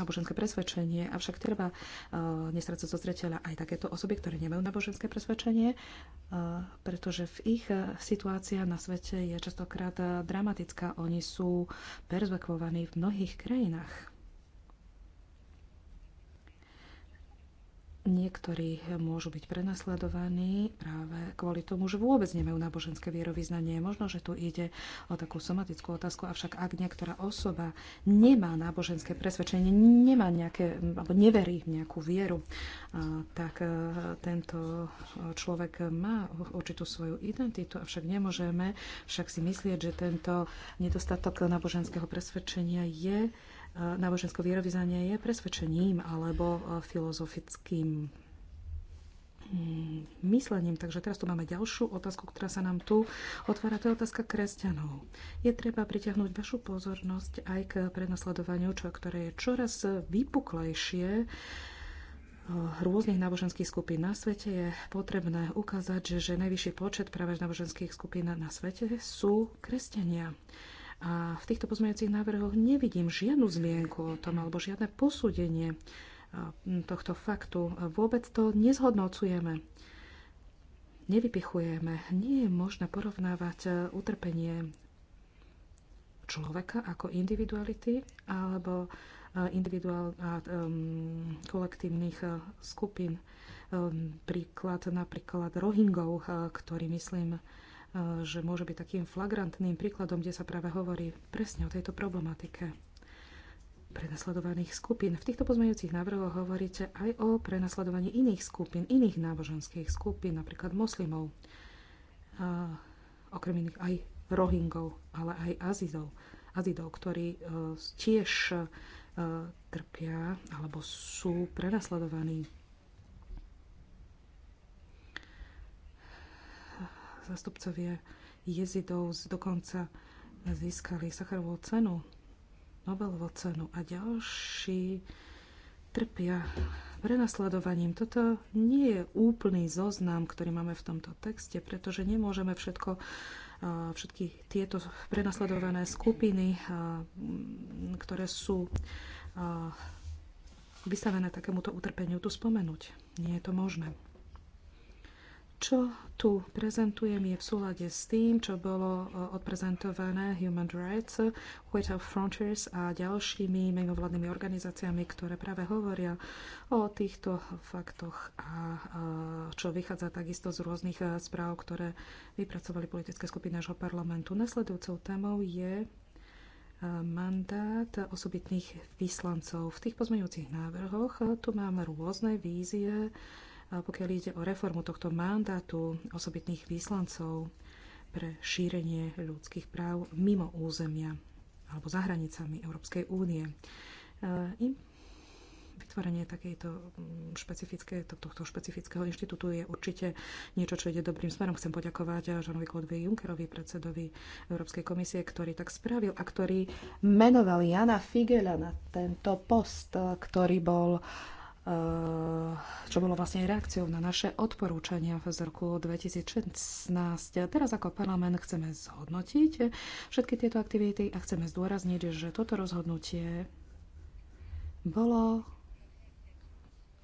náboženské presvedčenie, avšak treba uh, nestrácať zo zreteľa aj takéto osoby, ktoré nemajú náboženské presvedčenie, uh, pretože v ich uh, situácia na svete je častokrát uh, dramatická. Oni sú perzvekvovaní v mnohých krajinách Niektorí môžu byť prenasledovaní práve kvôli tomu, že vôbec nemajú náboženské vierovýznanie. Možno, že tu ide o takú somatickú otázku, avšak ak niektorá osoba nemá náboženské presvedčenie, nemá nejaké, alebo neverí v nejakú vieru, tak e, tento človek má určitú svoju identitu, avšak nemôžeme však si myslieť, že tento nedostatok náboženského presvedčenia je náboženské vierovýznanie je presvedčením alebo e, filozofickým mm, myslením. Takže teraz tu máme ďalšiu otázku, ktorá sa nám tu otvára. To je otázka kresťanov. Je treba priťahnuť vašu pozornosť aj k prenasledovaniu, čo, ktoré je čoraz vypuklejšie e, rôznych náboženských skupín na svete je potrebné ukázať, že, že najvyšší počet práve náboženských skupín na svete sú kresťania. A v týchto pozmeňujúcich návrhoch nevidím žiadnu zmienku o tom alebo žiadne posúdenie e, tohto faktu. Vôbec to nezhodnocujeme, nevypichujeme. Nie je možné porovnávať e, utrpenie človeka ako individuality alebo e, individuál a um, kolektívnych skupín. Um, príklad napríklad Rohingov, ktorý myslím E, že môže byť takým flagrantným príkladom, kde sa práve hovorí presne o tejto problematike prenasledovaných skupín. V týchto pozmeňujúcich návrhoch hovoríte aj o prenasledovaní iných skupín, iných náboženských skupín, napríklad moslimov, a, e, okrem iných aj rohingov, ale aj azidov, azidov ktorí e, tiež trpia alebo sú prenasledovaní zastupcovia jezidov dokonca získali Sacharovú cenu, Nobelovú cenu a ďalší trpia prenasledovaním. Toto nie je úplný zoznam, ktorý máme v tomto texte, pretože nemôžeme všetko všetky tieto prenasledované skupiny, ktoré sú vystavené takémuto utrpeniu, tu spomenúť. Nie je to možné. Čo tu prezentujem je v súlade s tým, čo bolo e, odprezentované Human Rights, Without Frontiers a ďalšími menovladnými organizáciami, ktoré práve hovoria o týchto faktoch a e, čo vychádza takisto z rôznych e, správ, ktoré vypracovali politické skupiny nášho parlamentu. Nasledujúcou témou je mandát osobitných vyslancov. V tých pozmeňujúcich návrhoch tu máme rôzne vízie pokiaľ ide o reformu tohto mandátu osobitných výslancov pre šírenie ľudských práv mimo územia alebo za hranicami Európskej únie. E, Im vytvorenie takejto mm, špecifické, tohto špecifického inštitútu je určite niečo, čo ide dobrým smerom. Chcem poďakovať e, Žanovi Klodvi Junkerovi, predsedovi Európskej komisie, ktorý tak spravil a ktorý menoval Jana Figela na tento post, e, ktorý bol uh, čo bolo vlastne reakciou na naše odporúčania z roku 2016. Teraz ako parlament chceme zhodnotiť všetky tieto aktivity a chceme zdôrazniť, že toto rozhodnutie bolo,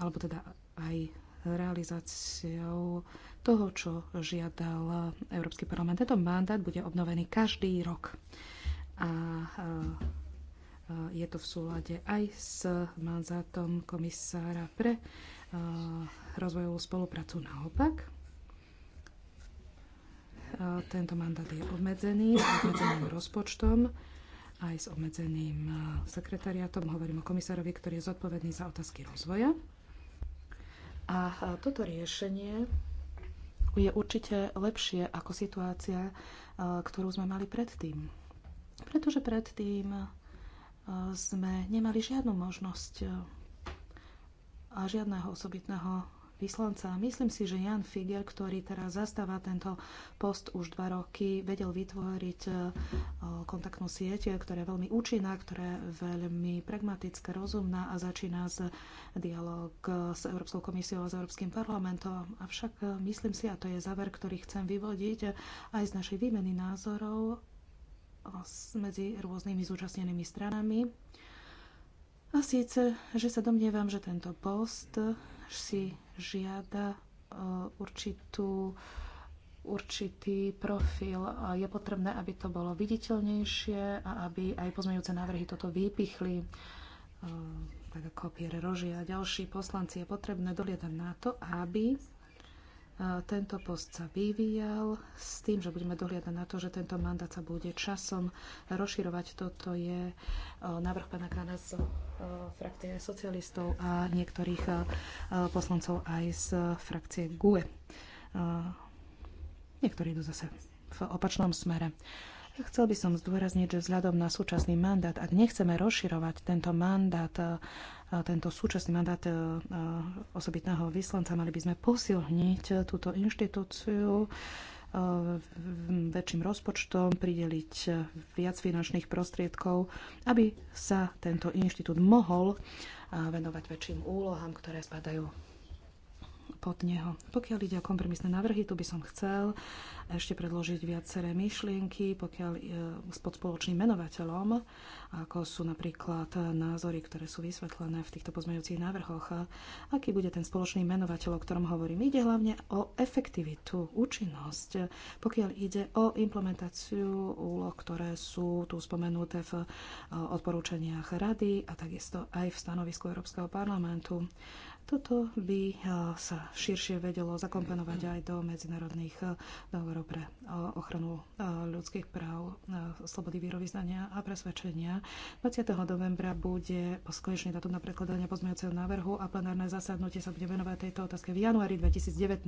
alebo teda aj realizáciou toho, čo žiadal Európsky parlament. Tento mandát bude obnovený každý rok. A Eh, je to v súlade aj s mandátom komisára pre eh, rozvojovú spoluprácu. Naopak, eh, tento mandát je obmedzený s obmedzeným rozpočtom aj s obmedzeným sekretariatom. Hovorím o komisárovi, ktorý je zodpovedný za otázky rozvoja. A toto riešenie je určite lepšie ako situácia, ktorú sme mali predtým. Pretože predtým sme nemali žiadnu možnosť e, a žiadneho osobitného vyslanca. Myslím si, že Jan Figer, ktorý teraz zastáva tento post už dva roky, vedel vytvoriť e, kontaktnú sieť, ktorá je veľmi účinná, ktorá je veľmi pragmatická, rozumná a začína s dialog s Európskou komisiou a s Európskym parlamentom. Avšak e, myslím si, a to je záver, ktorý chcem vyvodiť aj z našej výmeny názorov, medzi rôznymi zúčastnenými stranami. A síce, že sa domnievam, že tento post si žiada e, určitú, určitý profil. Je potrebné, aby to bolo viditeľnejšie a aby aj pozmejúce návrhy toto vypichli e, tak ako Pierre Roži a ďalší poslanci, je potrebné dohliadať na to, aby tento post sa vyvíjal s tým, že budeme dohliadať na to, že tento mandát sa bude časom rozširovať. Toto je e, návrh pána Krana z e, frakcie socialistov a niektorých e, poslancov aj z frakcie GUE. Niektorí idú zase v opačnom smere. Chcel by som zdôrazniť, že vzhľadom na súčasný mandát, ak nechceme rozširovať tento mandát, e, e, tento súčasný mandát e, osobitného vyslanca, mali by sme posilniť túto inštitúciu väčším rozpočtom, prideliť viac finančných prostriedkov, aby sa tento inštitút mohol venovať väčším úlohám, ktoré spadajú pod neho. Pokiaľ ide o kompromisné návrhy, tu by som chcel ešte predložiť viaceré myšlienky, pokiaľ e, s spoločným menovateľom, ako sú napríklad názory, ktoré sú vysvetlené v týchto pozmeňujúcich návrhoch. Aký bude ten spoločný menovateľ, o ktorom hovorím? Ide hlavne o efektivitu, účinnosť, pokiaľ ide o implementáciu úloh, ktoré sú tu spomenuté v e, odporúčaniach rady a takisto aj v stanovisku Európskeho parlamentu. Toto by eh, sa širšie vedelo zakomponovať aj do medzinárodných eh, dohovorov pre eh, ochranu ľudských práv, slobody výrovýznania a presvedčenia. 20. novembra bude skonečný datum na prekladanie pozmeňujúceho návrhu a plenárne zasadnutie sa bude venovať tejto otázke v januári 2019.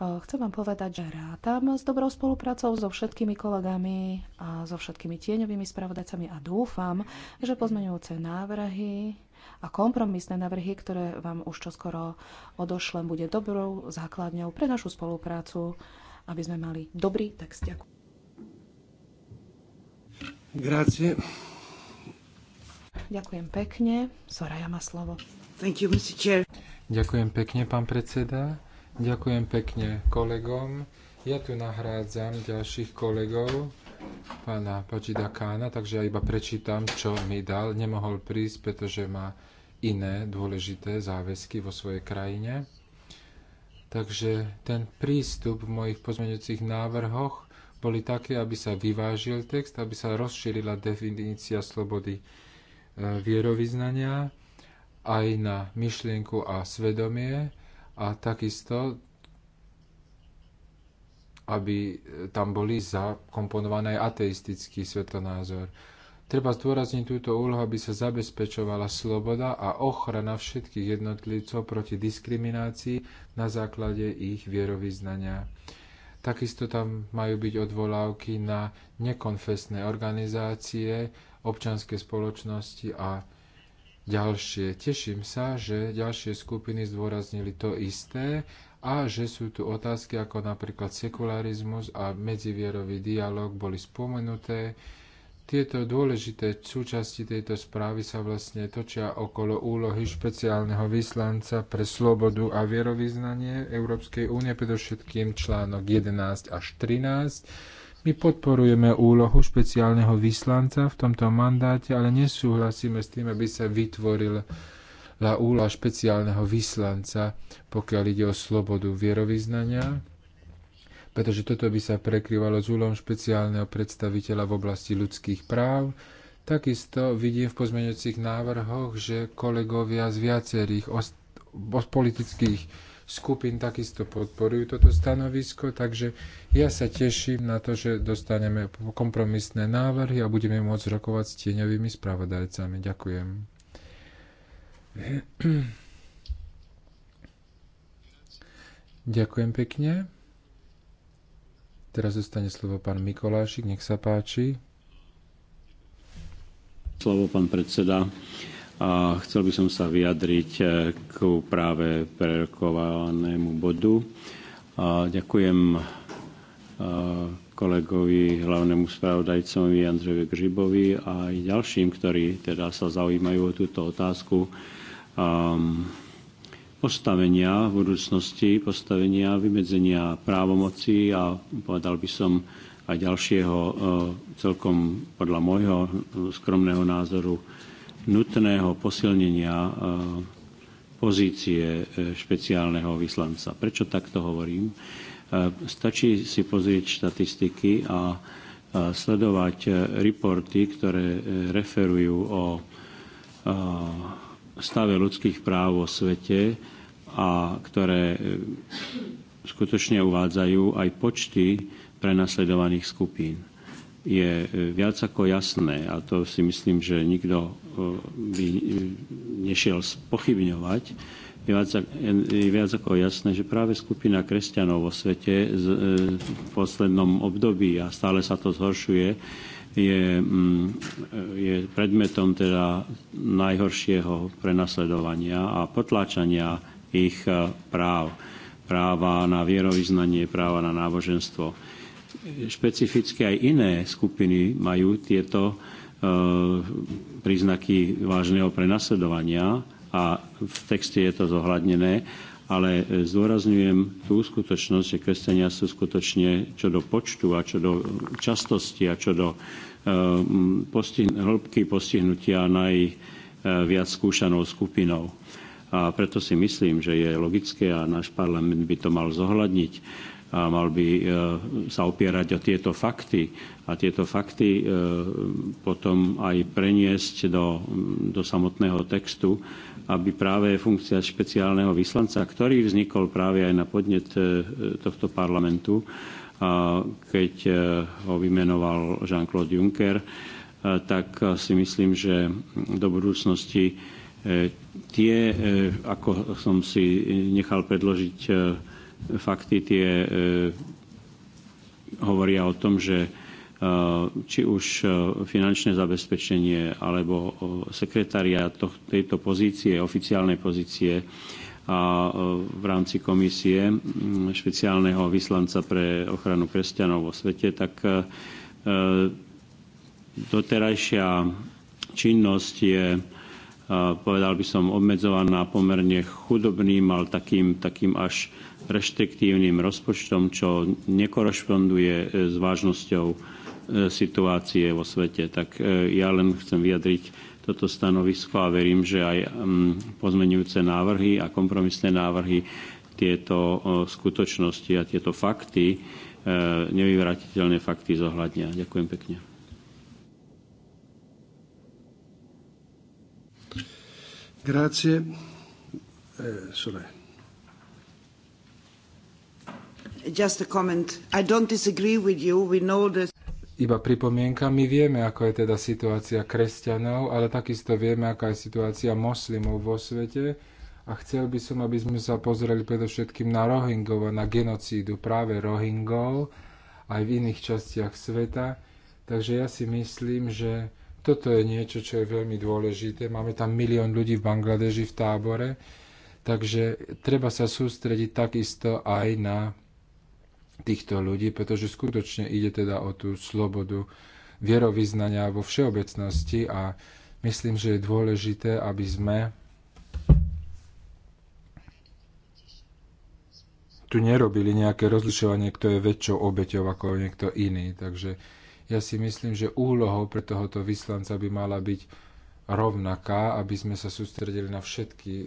Chcem vám povedať, že rátam s dobrou spoluprácou so všetkými kolegami a so všetkými tieňovými spravodajcami a dúfam, že pozmeňujúce návrhy a kompromisné navrhy, ktoré vám už čoskoro odošlem, bude dobrou základňou pre našu spoluprácu, aby sme mali dobrý text. Ďakujem. Grazie. Ďakujem pekne. Soraya má slovo. Thank you, Mr. Chair. Ďakujem pekne, pán predseda. Ďakujem pekne kolegom. Ja tu nahrádzam ďalších kolegov, pána Pačida Kána, takže ja iba prečítam, čo mi dal. Nemohol prísť, pretože má iné dôležité záväzky vo svojej krajine. Takže ten prístup v mojich pozmeňujúcich návrhoch boli také, aby sa vyvážil text, aby sa rozšírila definícia slobody e, vierovýznania aj na myšlienku a svedomie a takisto aby e, tam boli zakomponované ateistický svetonázor. Treba zdôrazniť túto úlohu, aby sa zabezpečovala sloboda a ochrana všetkých jednotlivcov proti diskriminácii na základe ich vierovýznania. Takisto tam majú byť odvolávky na nekonfesné organizácie, občanské spoločnosti a ďalšie. Teším sa, že ďalšie skupiny zdôraznili to isté a že sú tu otázky ako napríklad sekularizmus a medzivierový dialog boli spomenuté. Tieto dôležité súčasti tejto správy sa vlastne točia okolo úlohy špeciálneho vyslanca pre slobodu a vierovýznanie Európskej únie, predovšetkým článok 11 až 13 my podporujeme úlohu špeciálneho vyslanca v tomto mandáte, ale nesúhlasíme s tým, aby sa vytvoril la úla špeciálneho vyslanca, pokiaľ ide o slobodu vierovýznania, pretože toto by sa prekryvalo s úlom špeciálneho predstaviteľa v oblasti ľudských práv. Takisto vidím v pozmeňujúcich návrhoch, že kolegovia z viacerých politických skupín takisto podporujú toto stanovisko, takže ja sa teším na to, že dostaneme kompromisné návrhy a budeme môcť rokovať s tieňovými spravodajcami. Ďakujem. Ďakujem pekne. Teraz zostane slovo pán Mikolášik, nech sa páči. Slovo pán predseda. A chcel by som sa vyjadriť e, k práve prerokovanému bodu. A ďakujem e, kolegovi, hlavnému spravodajcovi Andrejovi Gžibovi a aj ďalším, ktorí teda sa zaujímajú o túto otázku um, postavenia v budúcnosti, postavenia, vymedzenia právomoci a povedal by som aj ďalšieho eh, celkom podľa môjho skromného názoru nutného posilnenia eh, pozície eh, špeciálneho vyslanca. Prečo takto hovorím? Stačí si pozrieť štatistiky a sledovať reporty, ktoré referujú o stave ľudských práv vo svete a ktoré e, skutočne uvádzajú aj počty prenasledovaných skupín. Je e, viac ako jasné, a to si myslím, že nikto e, by nešiel spochybňovať, je viac, je viac ako jasné, že práve skupina kresťanov vo svete v poslednom období, a stále sa to zhoršuje, je, mm, je predmetom teda najhoršieho prenasledovania a potláčania ich e, práv. Práva na vierovýznanie, práva na náboženstvo. Špecificky aj iné skupiny majú tieto e, príznaky vážneho prenasledovania a v texte je to zohľadnené ale e, zdôrazňujem tú skutočnosť, že kresťania sú skutočne čo do počtu a čo do e, častosti a čo do e, postihn- hĺbky postihnutia najviac skúšanou skupinou. A preto si myslím, že je logické a náš parlament by to mal zohľadniť a mal by sa opierať o tieto fakty a tieto fakty potom aj preniesť do, do samotného textu aby práve funkcia špeciálneho vyslanca, ktorý vznikol práve aj na podnet e, tohto parlamentu, keď e, ho vymenoval Jean-Claude Juncker, e, tak si myslím, že do budúcnosti tie, ako som si nechal predložiť fakty, tie hovoria o tom, že Eh, či už eh, finančné zabezpečenie alebo eh, sekretária tejto pozície, oficiálnej pozície a v rámci komisie mm, špeciálneho vyslanca pre ochranu kresťanov vo svete, tak doterajšia činnosť je povedal by som, obmedzovaná pomerne chudobným, ale takým, takým až reštriktívnym rozpočtom, čo nekorešponduje s vážnosťou E, situácie vo svete. Tak e, ja len chcem vyjadriť toto stanovisko a verím, že aj pozmenujúce návrhy a kompromisné návrhy tieto skutočnosti a tieto fakty, e, nevyvratiteľné fakty zohľadnia. Ďakujem pekne. Grazie. Eh, Just a comment. I don't disagree with you. We know the iba pripomienka. My vieme, ako je teda situácia kresťanov, ale takisto vieme, aká je situácia moslimov vo svete. A chcel by som, aby sme sa pozreli predovšetkým na Rohingov a na genocídu práve Rohingov aj v iných častiach sveta. Takže ja si myslím, že toto je niečo, čo je veľmi dôležité. Máme tam milión ľudí v Bangladeži v tábore, takže treba sa sústrediť takisto aj na týchto ľudí, pretože skutočne ide teda o tú slobodu vierovýznania vo všeobecnosti a myslím, že je dôležité, aby sme tu nerobili nejaké rozlišovanie, kto je väčšou obeťou ako niekto iný. Takže ja si myslím, že úlohou pre tohoto vyslanca by mala byť rovnaká, aby sme sa sústredili na všetky e,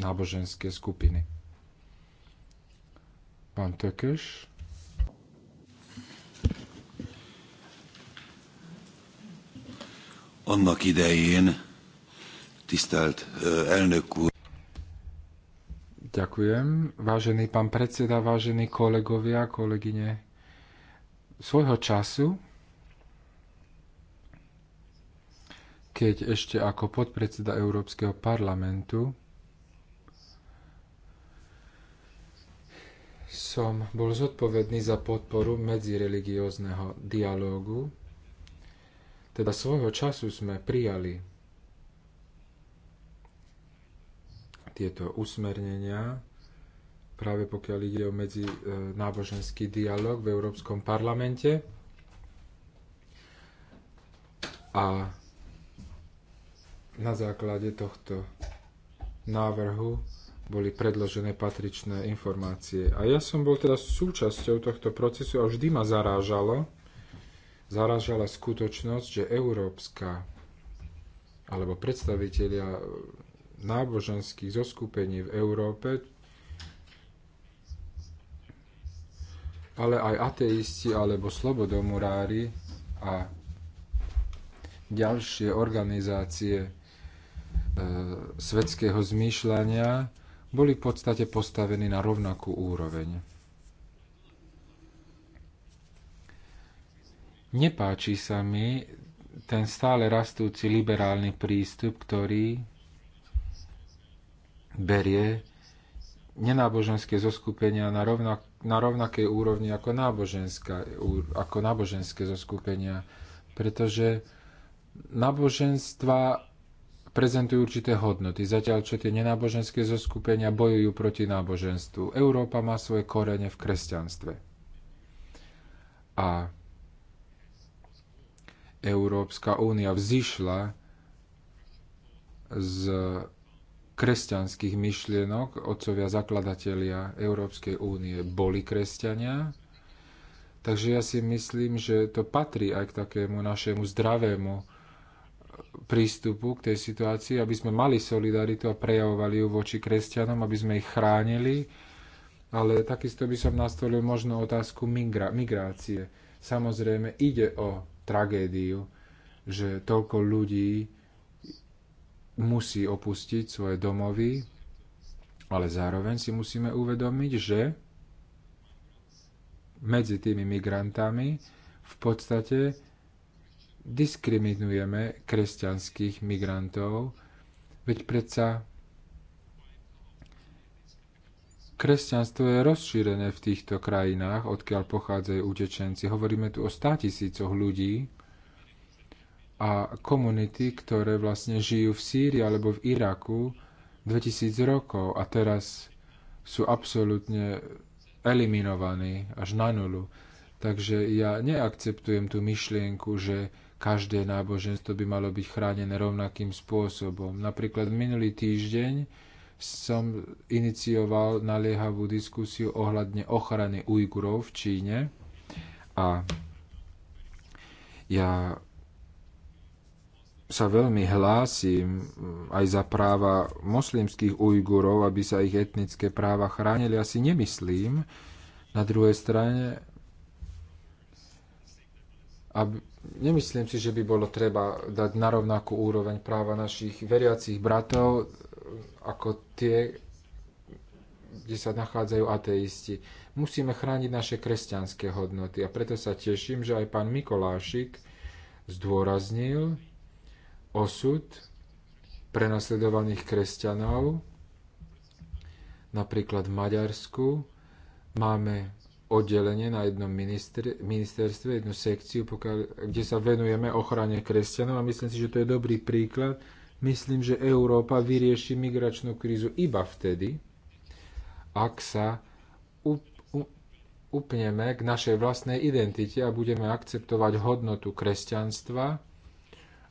náboženské skupiny. Pán Tekeš. Annak idején, tisztelt elnök úr. Ďakujem. Vážený pán predseda, vážení kolegovia, kolegyne, svojho času, keď ešte ako podpredseda Európskeho parlamentu som bol zodpovedný za podporu medzireligiózneho dialógu. Teda svojho času sme prijali tieto usmernenia, práve pokiaľ ide o medzináboženský e, dialog v Európskom parlamente. A na základe tohto návrhu boli predložené patričné informácie. A ja som bol teda súčasťou tohto procesu a vždy ma zarážalo, zarážala skutočnosť, že európska alebo predstavitelia náboženských zoskupení v Európe, ale aj ateisti alebo slobodomurári a ďalšie organizácie e, svetského zmýšľania boli v podstate postavení na rovnakú úroveň. Nepáči sa mi ten stále rastúci liberálny prístup, ktorý berie nenáboženské zoskupenia na, rovnak, na rovnakej úrovni ako, ako náboženské zoskupenia, pretože náboženstva prezentujú určité hodnoty, zatiaľ čo tie nenáboženské zoskupenia bojujú proti náboženstvu. Európa má svoje korene v kresťanstve. A Európska únia vzýšla z kresťanských myšlienok. Otcovia zakladatelia Európskej únie boli kresťania. Takže ja si myslím, že to patrí aj k takému našemu zdravému prístupu k tej situácii, aby sme mali solidaritu a prejavovali ju voči kresťanom, aby sme ich chránili, ale takisto by som nastolil možno otázku migra- migrácie. Samozrejme, ide o tragédiu, že toľko ľudí musí opustiť svoje domovy, ale zároveň si musíme uvedomiť, že medzi tými migrantami v podstate diskriminujeme kresťanských migrantov, veď predsa kresťanstvo je rozšírené v týchto krajinách, odkiaľ pochádzajú utečenci. Hovoríme tu o státisícoch ľudí a komunity, ktoré vlastne žijú v Sýrii alebo v Iraku 2000 rokov a teraz sú absolútne eliminovaní až na nulu. Takže ja neakceptujem tú myšlienku, že každé náboženstvo by malo byť chránené rovnakým spôsobom. Napríklad minulý týždeň som inicioval naliehavú diskusiu ohľadne ochrany Ujgurov v Číne a ja sa veľmi hlásim aj za práva moslimských Ujgurov, aby sa ich etnické práva chránili. Asi nemyslím. Na druhej strane a nemyslím si, že by bolo treba dať na rovnakú úroveň práva našich veriacich bratov ako tie, kde sa nachádzajú ateisti. Musíme chrániť naše kresťanské hodnoty a preto sa teším, že aj pán Mikolášik zdôraznil osud prenasledovaných kresťanov. Napríklad v Maďarsku máme oddelenie na jednom minister, ministerstve, jednu sekciu, pokiaľ, kde sa venujeme ochrane kresťanov a myslím si, že to je dobrý príklad. Myslím, že Európa vyrieši migračnú krízu iba vtedy, ak sa up, upneme k našej vlastnej identite a budeme akceptovať hodnotu kresťanstva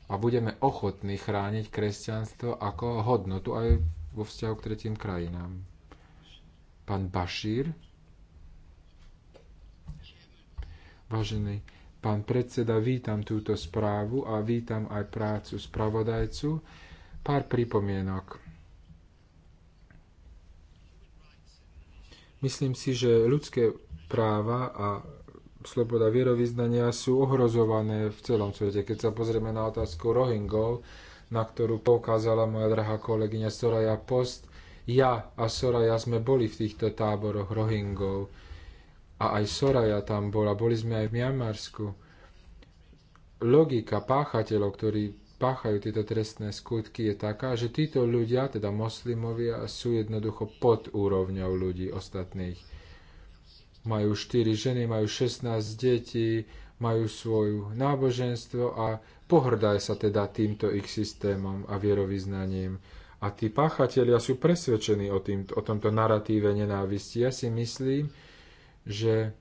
a budeme ochotní chrániť kresťanstvo ako hodnotu aj vo vzťahu k tretím krajinám. Pán Bašír. Vážený pán predseda, vítam túto správu a vítam aj prácu spravodajcu. Pár pripomienok. Myslím si, že ľudské práva a sloboda vierovýznania sú ohrozované v celom svete. Keď sa pozrieme na otázku Rohingov, na ktorú poukázala moja drahá kolegyňa Soraya Post, ja a Soraya sme boli v týchto táboroch Rohingov a aj Soraya tam bola, boli sme aj v Mianmarsku. Logika páchateľov, ktorí páchajú tieto trestné skutky, je taká, že títo ľudia, teda moslimovia, sú jednoducho pod úrovňou ľudí ostatných. Majú 4 ženy, majú 16 detí, majú svoju náboženstvo a pohrdajú sa teda týmto ich systémom a vierovýznaním. A tí páchatelia sú presvedčení o, tým, o tomto naratíve nenávisti. Ja si myslím, že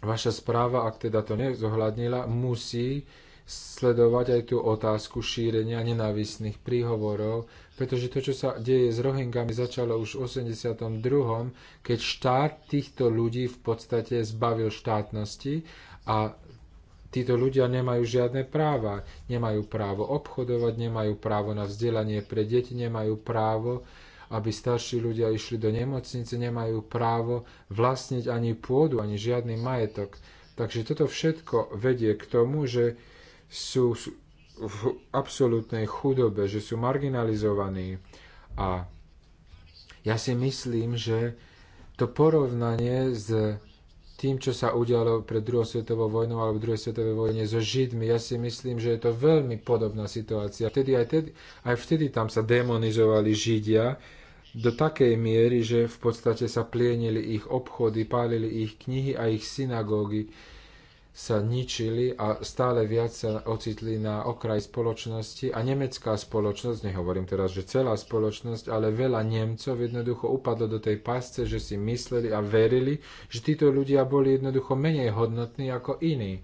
vaša správa, ak teda to nezohľadnila, musí sledovať aj tú otázku šírenia nenávistných príhovorov, pretože to, čo sa deje s Rohingami, začalo už v 82., keď štát týchto ľudí v podstate zbavil štátnosti a títo ľudia nemajú žiadne práva. Nemajú právo obchodovať, nemajú právo na vzdelanie pre deti, nemajú právo aby starší ľudia išli do nemocnice, nemajú právo vlastniť ani pôdu, ani žiadny majetok. Takže toto všetko vedie k tomu, že sú v absolútnej chudobe, že sú marginalizovaní. A ja si myslím, že to porovnanie s tým, čo sa udialo pred druhou svetovou vojnou alebo druhej svetovej vojne so Židmi. Ja si myslím, že je to veľmi podobná situácia. Vtedy aj, tedy, aj vtedy tam sa demonizovali Židia do takej miery, že v podstate sa plienili ich obchody, pálili ich knihy a ich synagógy sa ničili a stále viac sa ocitli na okraj spoločnosti a nemecká spoločnosť, nehovorím teraz, že celá spoločnosť, ale veľa Nemcov jednoducho upadlo do tej pásce, že si mysleli a verili, že títo ľudia boli jednoducho menej hodnotní ako iní.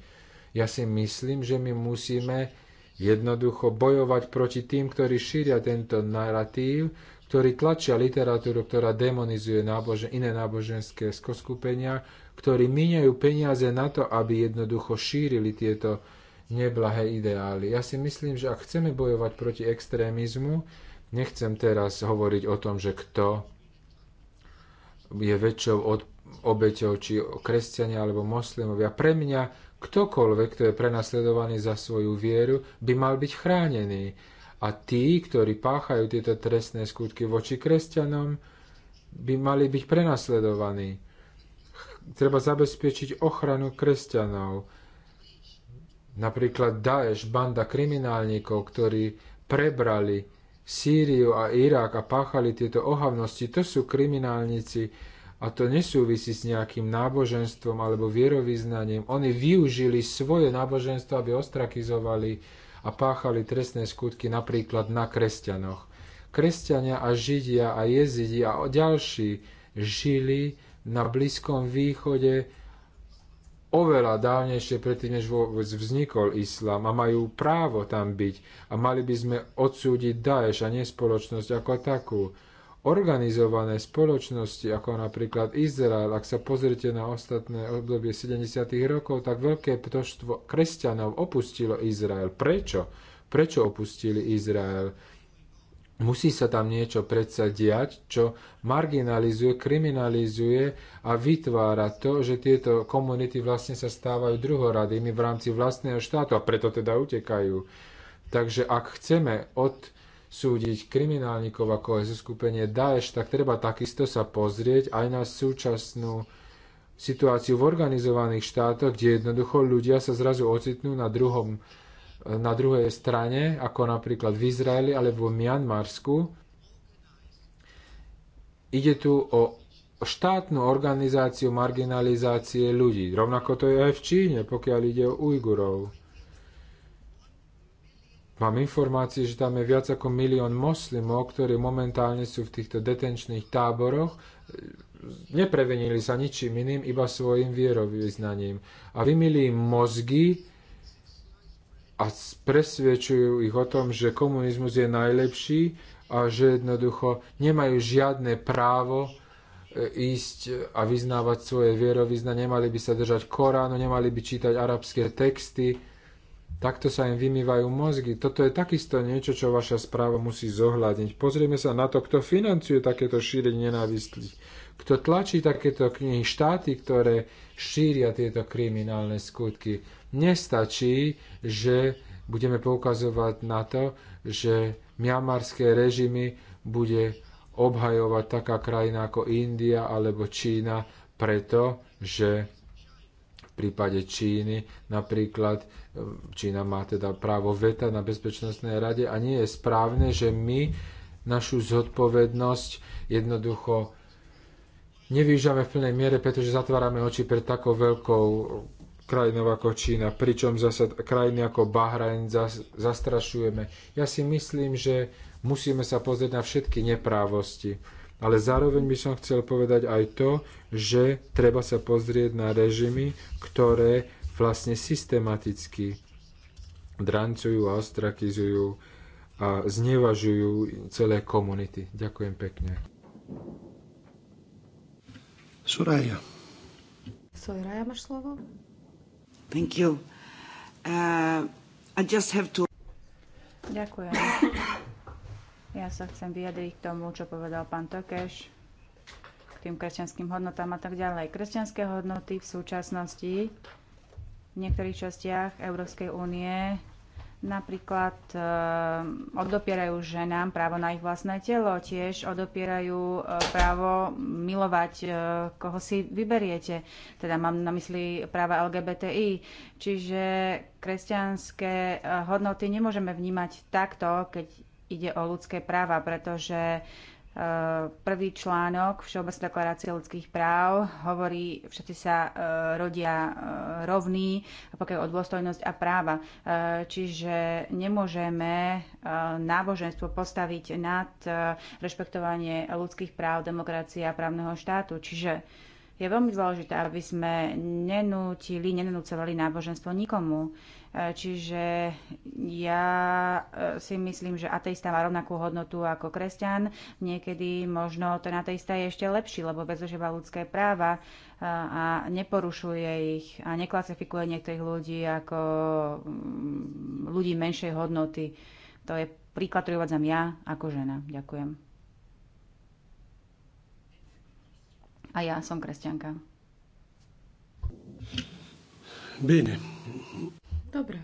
Ja si myslím, že my musíme jednoducho bojovať proti tým, ktorí šíria tento narratív, ktorí tlačia literatúru, ktorá demonizuje nábožen- iné náboženské skoskupenia, ktorí míňajú peniaze na to, aby jednoducho šírili tieto neblahé ideály. Ja si myslím, že ak chceme bojovať proti extrémizmu, nechcem teraz hovoriť o tom, že kto je väčšou od obeťou, či kresťania alebo moslimovia. Pre mňa ktokoľvek, kto je prenasledovaný za svoju vieru, by mal byť chránený a tí, ktorí páchajú tieto trestné skutky voči kresťanom, by mali byť prenasledovaní. Treba zabezpečiť ochranu kresťanov. Napríklad Daesh, banda kriminálnikov, ktorí prebrali Sýriu a Irak a páchali tieto ohavnosti, to sú kriminálnici a to nesúvisí s nejakým náboženstvom alebo vierovýznaním. Oni využili svoje náboženstvo, aby ostrakizovali a páchali trestné skutky napríklad na kresťanoch. Kresťania a Židia a Jezidi a ďalší žili na Blízkom východe oveľa dávnejšie predtým, než vôbec vznikol islám a majú právo tam byť a mali by sme odsúdiť Daesh a nespoločnosť ako takú organizované spoločnosti, ako napríklad Izrael, ak sa pozrite na ostatné obdobie 70. rokov, tak veľké množstvo kresťanov opustilo Izrael. Prečo? Prečo opustili Izrael? Musí sa tam niečo predsa diať, čo marginalizuje, kriminalizuje a vytvára to, že tieto komunity vlastne sa stávajú druhoradými v rámci vlastného štátu a preto teda utekajú. Takže ak chceme od súdiť kriminálnikov ako aj zoskupenie Daesh, tak treba takisto sa pozrieť aj na súčasnú situáciu v organizovaných štátoch, kde jednoducho ľudia sa zrazu ocitnú na, druhom, na druhej strane, ako napríklad v Izraeli alebo v Mianmarsku. Ide tu o štátnu organizáciu marginalizácie ľudí. Rovnako to je aj v Číne, pokiaľ ide o Ujgurov. Mám informácie, že tam je viac ako milión moslimov, ktorí momentálne sú v týchto detenčných táboroch. Neprevenili sa ničím iným, iba svojim vierovýznaním. A vymili im mozgy a presvedčujú ich o tom, že komunizmus je najlepší a že jednoducho nemajú žiadne právo e, ísť a vyznávať svoje vierovýznanie, nemali by sa držať Koránu, nemali by čítať arabské texty, Takto sa im vymývajú mozgy. Toto je takisto niečo, čo vaša správa musí zohľadniť. Pozrieme sa na to, kto financuje takéto šírenie nenávistí. kto tlačí takéto knihy, štáty, ktoré šíria tieto kriminálne skutky. Nestačí, že budeme poukazovať na to, že miamarské režimy bude obhajovať taká krajina ako India alebo Čína, preto, že prípade Číny napríklad e, Čína má teda právo veta na Bezpečnostnej rade a nie je správne, že my našu zodpovednosť jednoducho nevyžame v plnej miere, pretože zatvárame oči pred takou veľkou krajinou ako Čína, pričom zase krajiny ako Bahrajn zastrašujeme. Ja si myslím, že musíme sa pozrieť na všetky neprávosti. Ale zároveň by som chcel povedať aj to, že treba sa pozrieť na režimy, ktoré vlastne systematicky drancujú a ostrakizujú a znevažujú celé komunity. Ďakujem pekne. Soraya. Soraya, máš slovo? Thank you. Uh, I just have to... Ďakujem. Ja sa chcem vyjadriť k tomu, čo povedal pán Tokeš, k tým kresťanským hodnotám a tak ďalej. Kresťanské hodnoty v súčasnosti v niektorých častiach Európskej únie napríklad e, odopierajú ženám právo na ich vlastné telo, tiež odopierajú e, právo milovať, e, koho si vyberiete. Teda mám na mysli práva LGBTI. Čiže kresťanské e, hodnoty nemôžeme vnímať takto, keď ide o ľudské práva, pretože e, prvý článok Všeobecnej deklarácie ľudských práv hovorí, všetci sa e, rodia e, rovní, pokiaľ o dôstojnosť a práva. Čiže nemôžeme náboženstvo postaviť nad rešpektovanie ľudských práv, demokracie a právneho štátu. Čiže je veľmi dôležité, aby sme nenútili, nenúcovali náboženstvo nikomu. Čiže ja e, si myslím, že ateista má rovnakú hodnotu ako kresťan. Niekedy možno ten ateista je ešte lepší, lebo bezožíva ľudské práva e, a neporušuje ich a neklasifikuje niektorých ľudí ako mm, ľudí menšej hodnoty. To je príklad, ktorý uvádzam ja ako žena. Ďakujem. A ja som kresťanka. Bene. Dobre.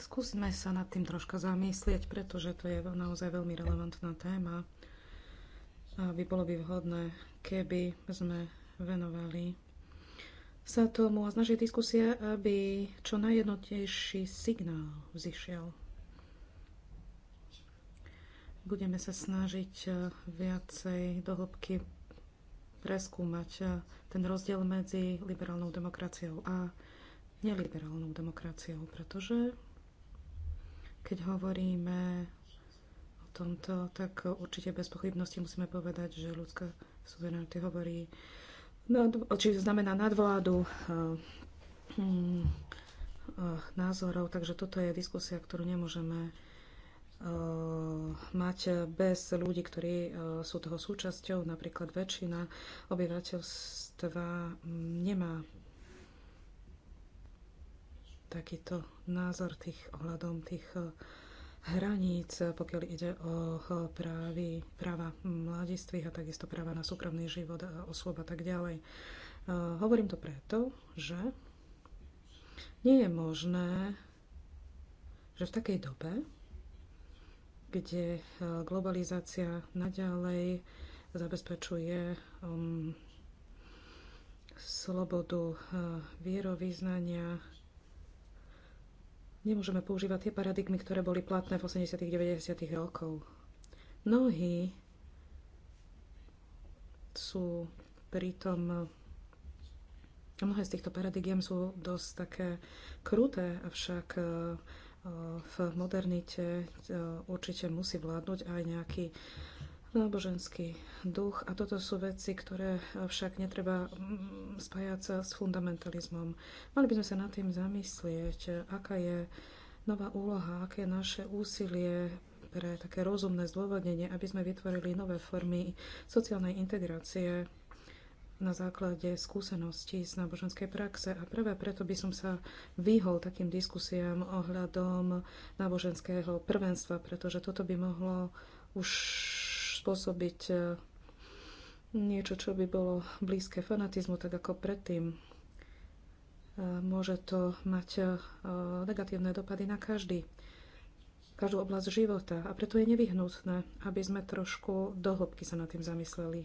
Skúsme sa nad tým troška zamyslieť, pretože to je naozaj veľmi relevantná téma. A by bolo by vhodné, keby sme venovali sa tomu a z našej diskusie, aby čo najjednotnejší signál vzýšiel. Budeme sa snažiť eh, viacej dohlbky preskúmať eh, ten rozdiel medzi liberálnou demokraciou a neliberálnou demokraciou, pretože keď hovoríme o tomto, tak určite bez pochybnosti musíme povedať, že ľudská suverenita hovorí, no, či znamená nadvládu eh, mm, eh, názorov, takže toto je diskusia, ktorú nemôžeme Eh, mať bez ľudí, ktorí eh, sú toho súčasťou. Napríklad väčšina obyvateľstva nemá takýto názor tých ohľadom tých eh, hraníc, pokiaľ ide o právy, práva mladistvých a takisto práva na súkromný život a osôb a tak ďalej. Hovorím to preto, že nie je možné, že v takej dobe, kde eh, globalizácia naďalej zabezpečuje um, slobodu uh, vierovýznania. Nemôžeme používať tie paradigmy, ktoré boli platné v 80. 90. rokov. Mnohí sú pritom eh, Mnohé z týchto paradigiem sú dosť také kruté, avšak uh, v modernite e, určite musí vládnuť aj nejaký náboženský duch. A toto sú veci, ktoré však netreba mm, spájať sa s fundamentalizmom. Mali by sme sa nad tým zamyslieť, aká je nová úloha, aké je naše úsilie pre také rozumné zdôvodnenie, aby sme vytvorili nové formy sociálnej integrácie na základe skúseností z náboženskej praxe a práve preto by som sa vyhol takým diskusiám ohľadom náboženského prvenstva, pretože toto by mohlo už spôsobiť eh, niečo, čo by bolo blízke fanatizmu, tak ako predtým. Eh, môže to mať eh, negatívne dopady na každý, každú oblasť života a preto je nevyhnutné, aby sme trošku dohlbky sa nad tým zamysleli.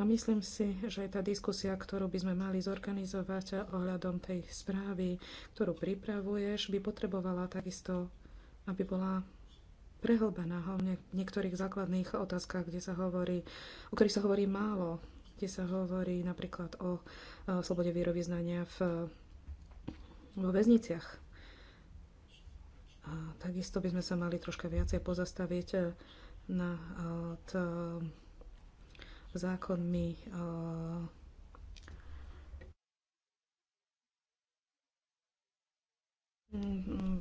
A myslím si, že tá diskusia, ktorú by sme mali zorganizovať ohľadom tej správy, ktorú pripravuješ, by potrebovala takisto, aby bola prehlbená hlavne v niektorých základných otázkach, kde sa hovorí, o ktorých sa hovorí málo, kde sa hovorí napríklad o, o slobode vierovýznania v, vo väzniciach. A takisto by sme sa mali troška viacej pozastaviť eh, na. Eh, zákonmi eh,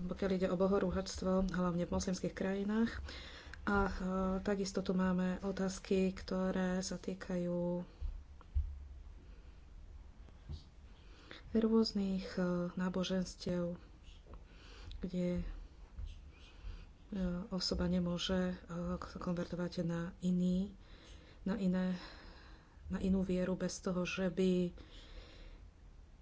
pokiaľ ide o bohorúhačstvo, hlavne v moslimských krajinách. A eh, takisto tu máme otázky, ktoré sa týkajú rôznych eh, náboženstiev, kde osoba nemôže konvertovať na iný na, iné, na inú vieru bez toho, že by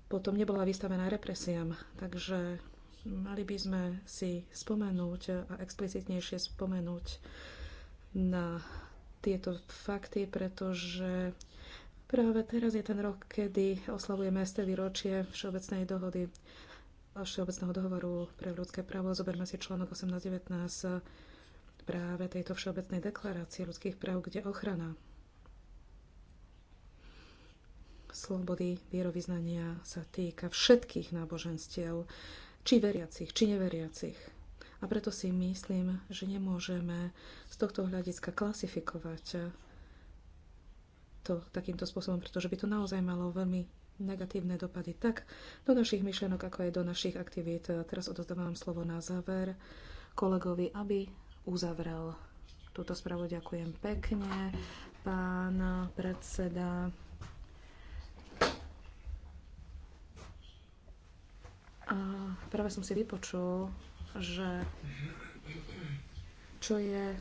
potom nebola vystavená represiám. Takže mali by sme si spomenúť a explicitnejšie spomenúť na tieto fakty, pretože práve teraz je ten rok, kedy oslavujeme ste výročie Všeobecnej dohody Všeobecného dohovoru pre ľudské právo. Zoberme si článok 18.19 práve tejto Všeobecnej deklarácie ľudských práv, kde ochrana slobody vierovýznania sa týka všetkých náboženstiev, či veriacich, či neveriacich. A preto si myslím, že nemôžeme z tohto hľadiska klasifikovať to takýmto spôsobom, pretože by to naozaj malo veľmi negatívne dopady tak do našich myšlienok, ako aj do našich aktivít. Teraz odozdávam slovo na záver kolegovi, aby uzavrel túto správu. Ďakujem pekne, pán predseda. A práve som si vypočul, že čo je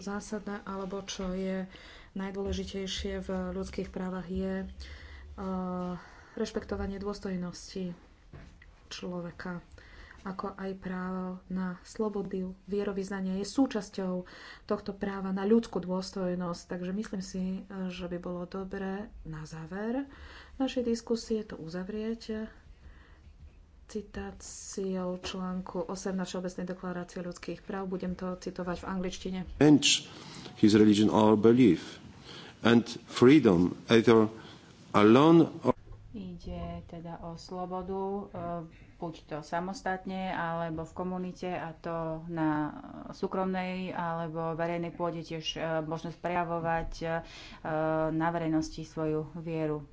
zásadné alebo čo je najdôležitejšie v ľudských právach je rešpektovanie dôstojnosti človeka ako aj právo na slobodu vierovýznania je súčasťou tohto práva na ľudskú dôstojnosť. Takže myslím si, že by bolo dobré na záver našej diskusie to uzavrieť citáciou článku 8 na obecnej deklarácie ľudských práv. Budem to citovať v angličtine. his religion or belief and freedom either alone or... Ide teda o slobodu, e, buď to samostatne, alebo v komunite, a to na súkromnej alebo verejnej pôde tiež e, možnosť prejavovať e, na verejnosti svoju vieru.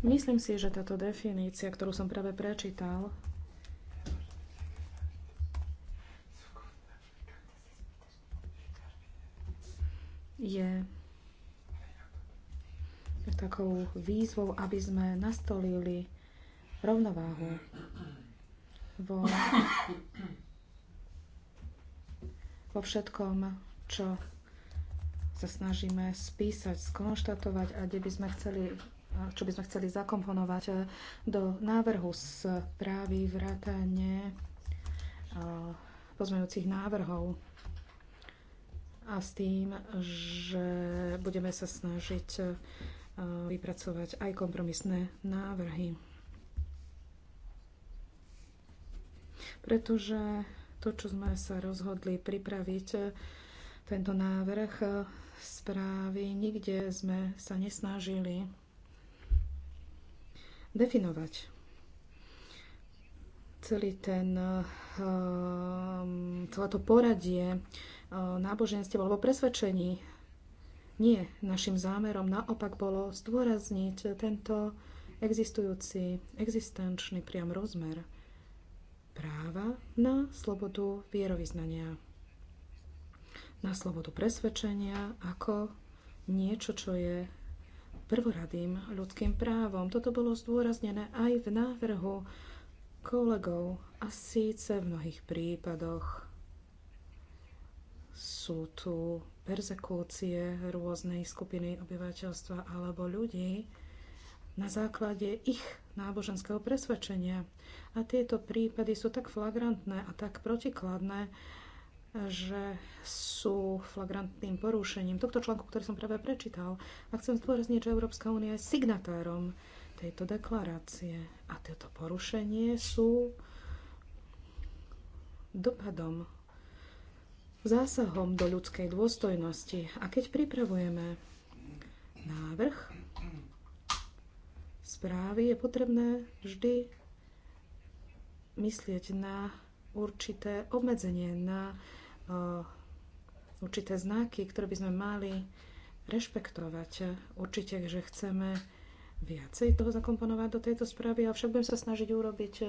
Myslím si, že táto definícia, ktorú som práve prečítal, je takou výzvou, aby sme nastolili rovnováhu vo, vo všetkom, čo sa snažíme spísať, skonštatovať a kde by sme chceli čo by sme chceli zakomponovať e, do návrhu správy vrátane e, pozmeňujúcich návrhov a s tým, že budeme sa snažiť e, vypracovať aj kompromisné návrhy. Pretože to, čo sme sa rozhodli pripraviť, tento návrh správy nikde sme sa nesnažili definovať celý ten, ehm, celé to poradie ehm, náboženstiev alebo presvedčení. Nie, našim zámerom naopak bolo zdôrazniť tento existujúci, existenčný priam rozmer práva na slobodu vierovýznania na slobodu presvedčenia ako niečo, čo je prvoradým ľudským právom. Toto bolo zdôraznené aj v návrhu kolegov a síce v mnohých prípadoch sú tu persekúcie rôznej skupiny obyvateľstva alebo ľudí na základe ich náboženského presvedčenia. A tieto prípady sú tak flagrantné a tak protikladné, že sú flagrantným porušením tohto článku, ktorý som práve prečítal. A chcem zdôrazniť, že Európska únia je signatárom tejto deklarácie. A tieto porušenie sú dopadom, zásahom do ľudskej dôstojnosti. A keď pripravujeme návrh správy, je potrebné vždy myslieť na určité obmedzenie, na určité znaky, ktoré by sme mali rešpektovať. Určite, že chceme viacej toho zakomponovať do tejto správy, avšak budem sa snažiť urobiť, e,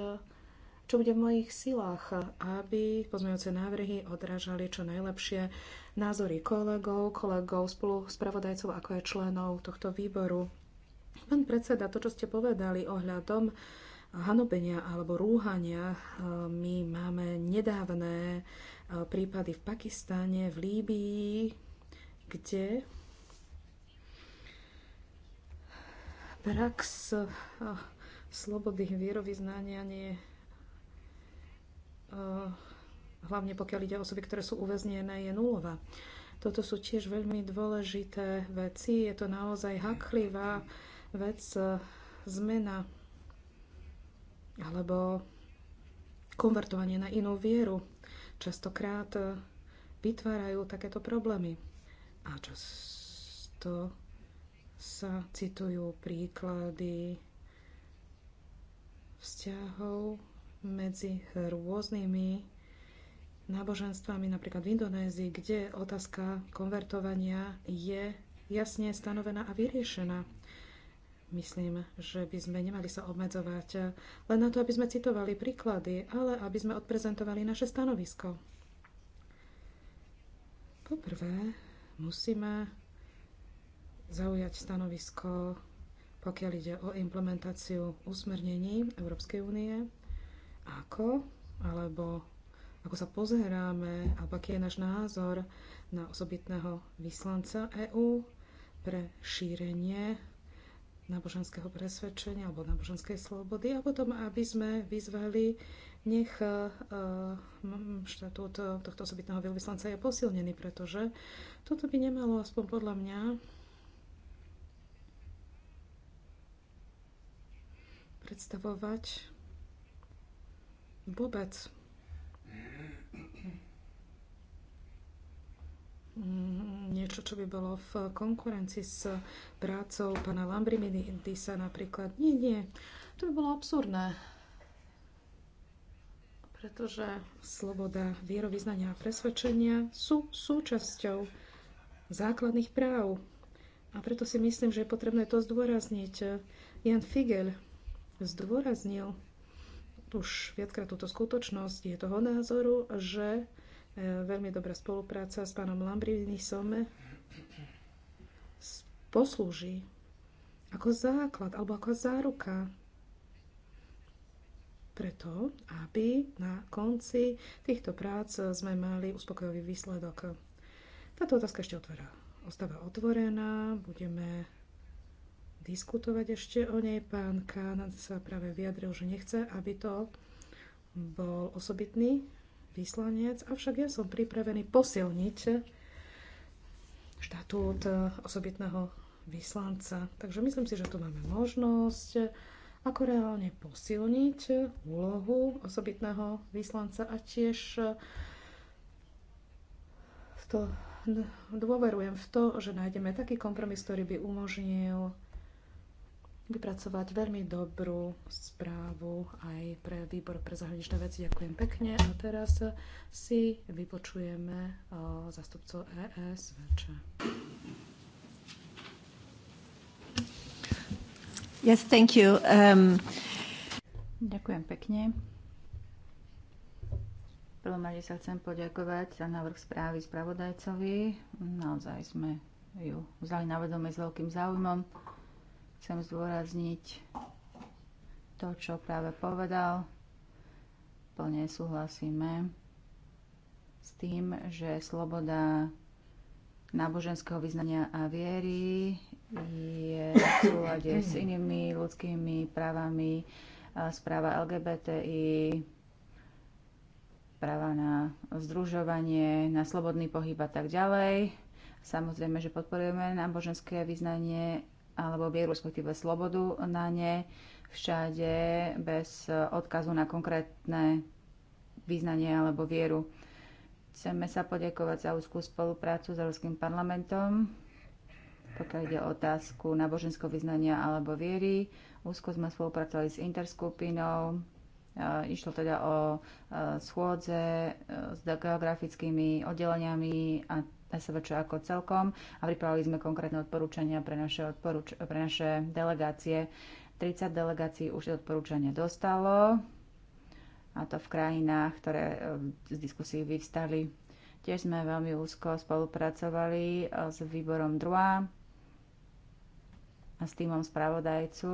čo bude v mojich silách, aby pozmejúce návrhy odrážali čo najlepšie názory kolegov, kolegov, spolu spravodajcov, ako aj členov tohto výboru. Pán predseda, to, čo ste povedali ohľadom hanobenia alebo rúhania. E, my máme nedávne e, prípady v Pakistáne, v Líbii, kde prax e, slobody vierovýznania nie hlavne pokiaľ ide o osoby, ktoré sú uväznené, je nulová. Toto sú tiež veľmi dôležité veci. Je to naozaj haklivá vec, zmena alebo konvertovanie na inú vieru častokrát eh, vytvárajú takéto problémy. A často sa citujú príklady vzťahov medzi rôznymi náboženstvami, napríklad v Indonézii, kde otázka konvertovania je jasne stanovená a vyriešená. Myslím, že by sme nemali sa obmedzovať len na to, aby sme citovali príklady, ale aby sme odprezentovali naše stanovisko. Poprvé, musíme zaujať stanovisko, pokiaľ ide o implementáciu usmernení Európskej únie, ako alebo ako sa pozeráme, alebo aký je náš názor na osobitného vyslanca EÚ pre šírenie náboženského presvedčenia alebo náboženskej slobody a potom, aby sme vyzvali, nech e, štatút tohto osobitného veľvyslanca je posilnený, pretože toto by nemalo, aspoň podľa mňa, predstavovať vôbec Mm, niečo, čo by bolo v konkurencii s prácou pána sa napríklad. Nie, nie. To by bolo absurdné. Pretože sloboda vierovýznania a presvedčenia sú súčasťou základných práv. A preto si myslím, že je potrebné to zdôrazniť. Jan Figel zdôraznil už viackrát túto skutočnosť. Je toho názoru, že E, veľmi dobrá spolupráca s pánom Lambrinisom poslúži ako základ alebo ako záruka preto, aby na konci týchto prác sme mali uspokojový výsledok. Táto otázka ešte otvára. Ostáva otvorená, budeme diskutovať ešte o nej. Pán Kán sa práve vyjadril, že nechce, aby to bol osobitný vyslanec, avšak ja som pripravený posilniť štatút eh, osobitného vyslanca. Takže myslím si, že tu máme možnosť eh, ako reálne posilniť eh, úlohu osobitného vyslanca a tiež to dôverujem v to, že nájdeme taký kompromis, ktorý by umožnil vypracovať veľmi dobrú správu aj pre výbor pre zahraničné veci. Ďakujem pekne a teraz si vypočujeme zastupcov ESVČ. Yes, thank you. Um... Ďakujem pekne. V prvom rade sa chcem poďakovať za návrh správy spravodajcovi. Naozaj sme ju vzali na vedomie s veľkým záujmom Chcem zdôrazniť to, čo práve povedal. Plne súhlasíme s tým, že sloboda náboženského vyznania a viery je v súlade s inými ľudskými právami, správa LGBTI, práva na združovanie, na slobodný pohyb a tak ďalej. Samozrejme, že podporujeme náboženské vyznanie alebo vieru, respektíve slobodu na ne, všade bez odkazu na konkrétne význanie alebo vieru. Chceme sa poďakovať za úzkú spoluprácu s Európskym parlamentom, pokiaľ ide o otázku náboženského vyznania alebo viery. Úzko sme spolupracovali s interskupinou, e, Išlo teda o e, schôdze e, s geografickými oddeleniami a SVČ ako celkom a pripravili sme konkrétne odporúčania pre naše, odporúč- pre naše delegácie. 30 delegácií už odporúčania dostalo a to v krajinách, ktoré e, z diskusí vyvstali. Tiež sme veľmi úzko spolupracovali e, s výborom DRUA a s týmom spravodajcu.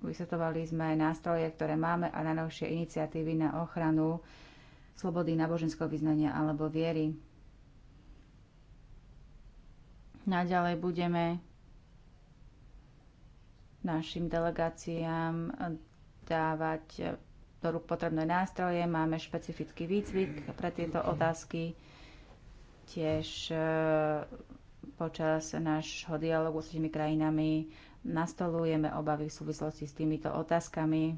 Vysvetovali sme nástroje, ktoré máme a najnovšie iniciatívy na ochranu slobody náboženského vyznania alebo viery. Naďalej budeme našim delegáciám dávať do rúk potrebné nástroje. Máme špecifický výcvik pre tieto otázky. Tiež e, počas nášho dialogu s tými krajinami nastolujeme obavy v súvislosti s týmito otázkami.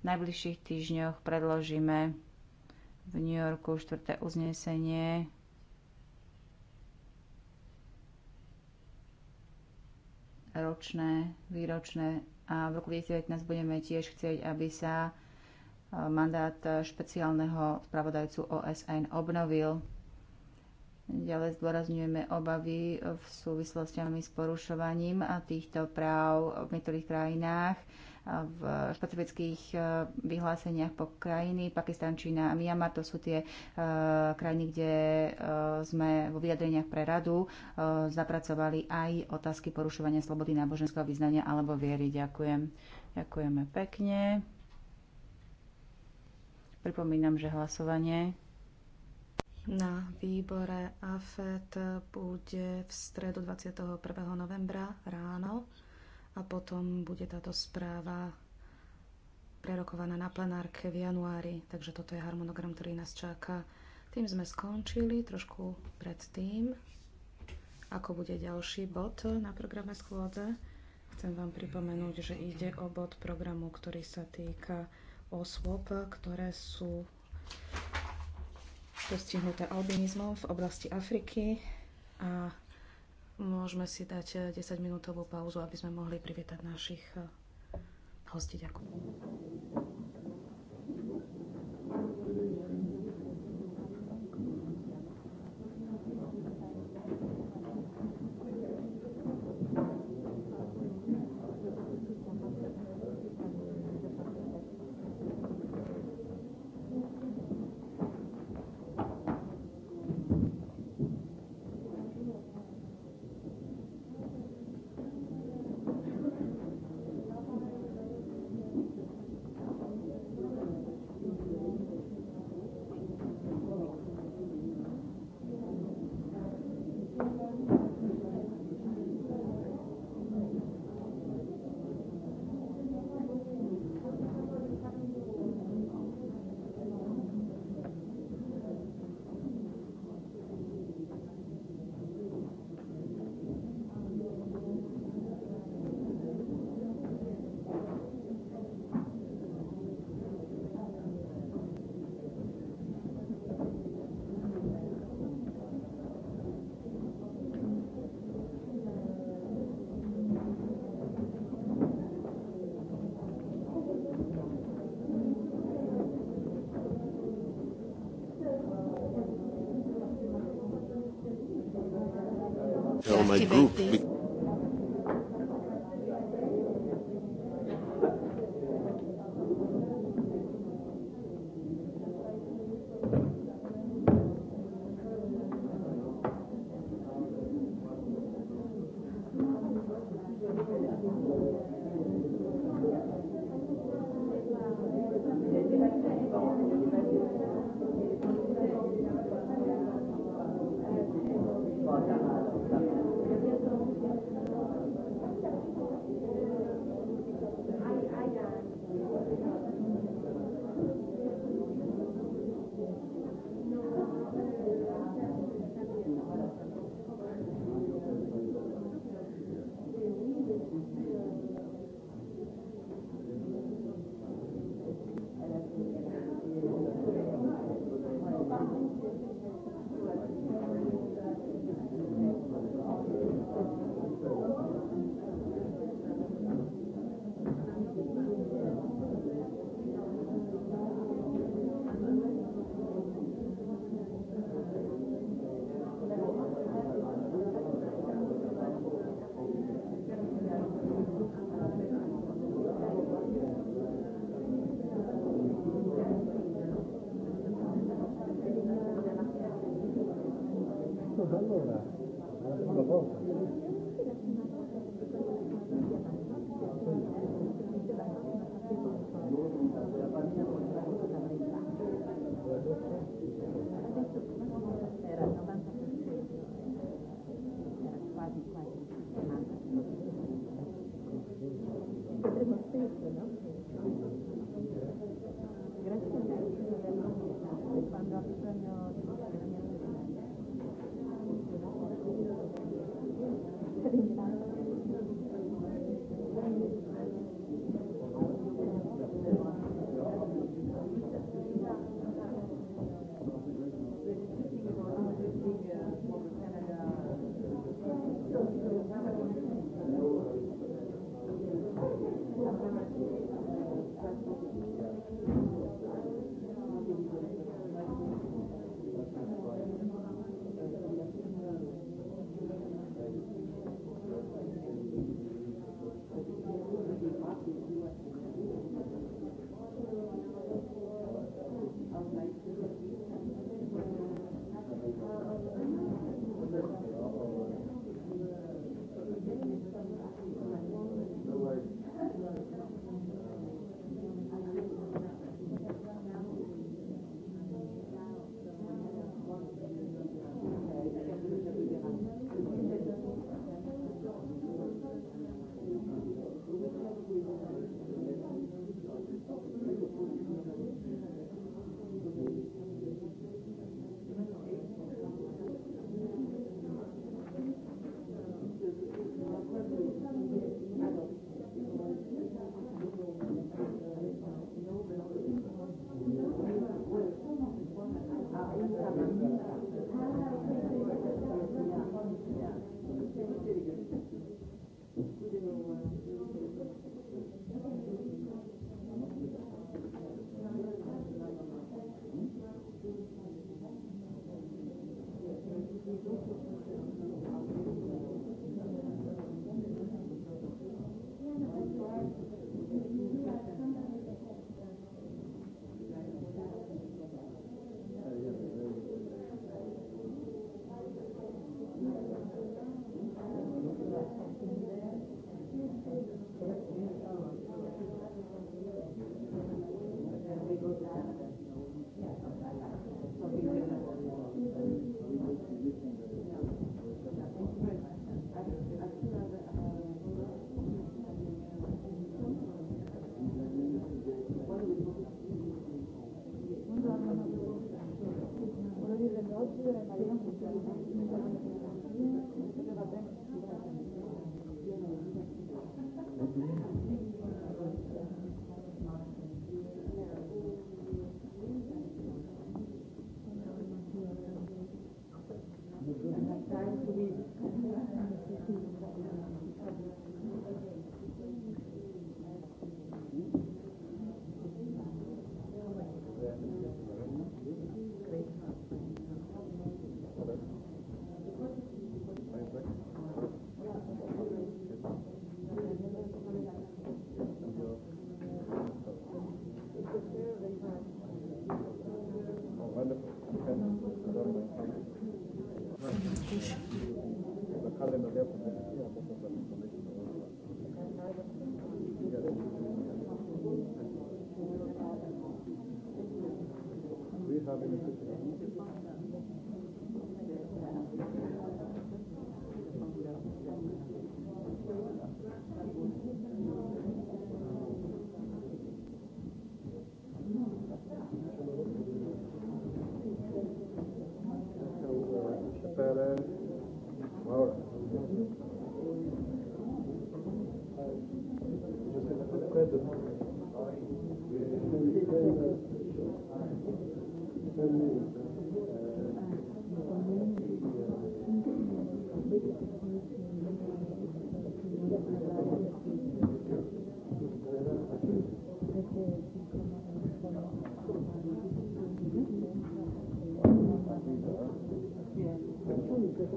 V najbližších týždňoch predložíme v New Yorku štvrté uznesenie ročné, výročné a v roku 2019 budeme tiež chcieť, aby sa e, mandát špeciálneho spravodajcu OSN obnovil. Ďalej zdôrazňujeme obavy v súvislostiami s porušovaním týchto práv v niektorých krajinách v špecifických e, vyhláseniach po krajiny. Pakistan, Čína a Myanmar to sú tie e, krajiny, kde e, sme vo vyjadreniach pre radu zapracovali aj otázky porušovania slobody náboženského vyznania alebo viery. Ďakujem. Ďakujeme pekne. Pripomínam, že hlasovanie na výbore AFET bude v stredu 21. novembra ráno a potom bude táto správa prerokovaná na plenárke v januári. Takže toto je harmonogram, ktorý nás čaká. Tým sme skončili trošku pred tým, ako bude ďalší bod na programe schôdze. Chcem vám pripomenúť, že ide o bod programu, ktorý sa týka osôb, ktoré sú postihnuté albinizmom v oblasti Afriky a Môžeme si dať 10-minútovú eh, pauzu, aby sme mohli privítať našich eh, hostí. Ďakujem. my group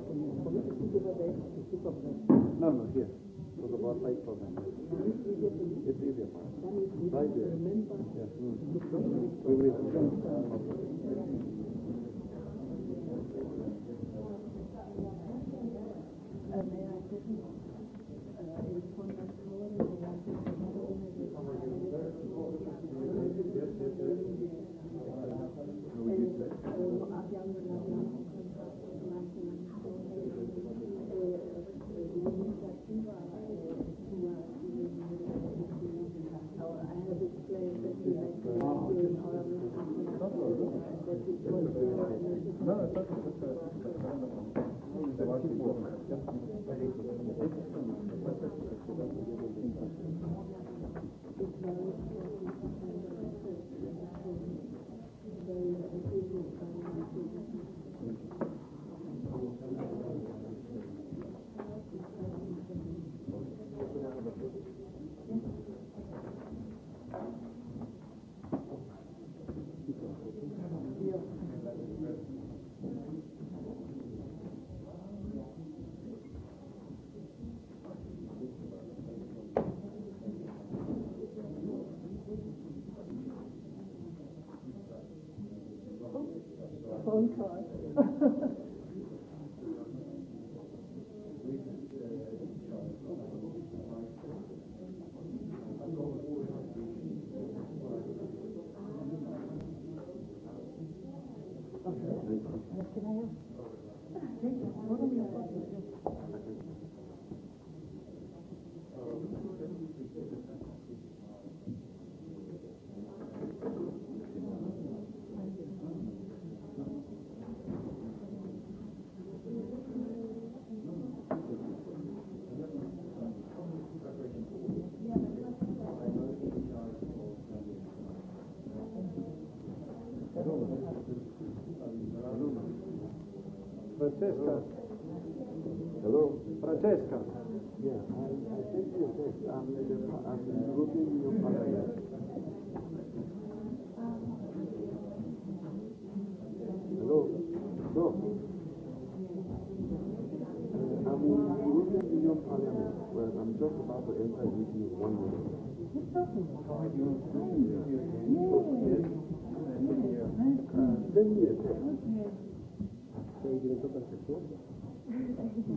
No, no, here. It was about five It's easier for us. Right Mm. We will.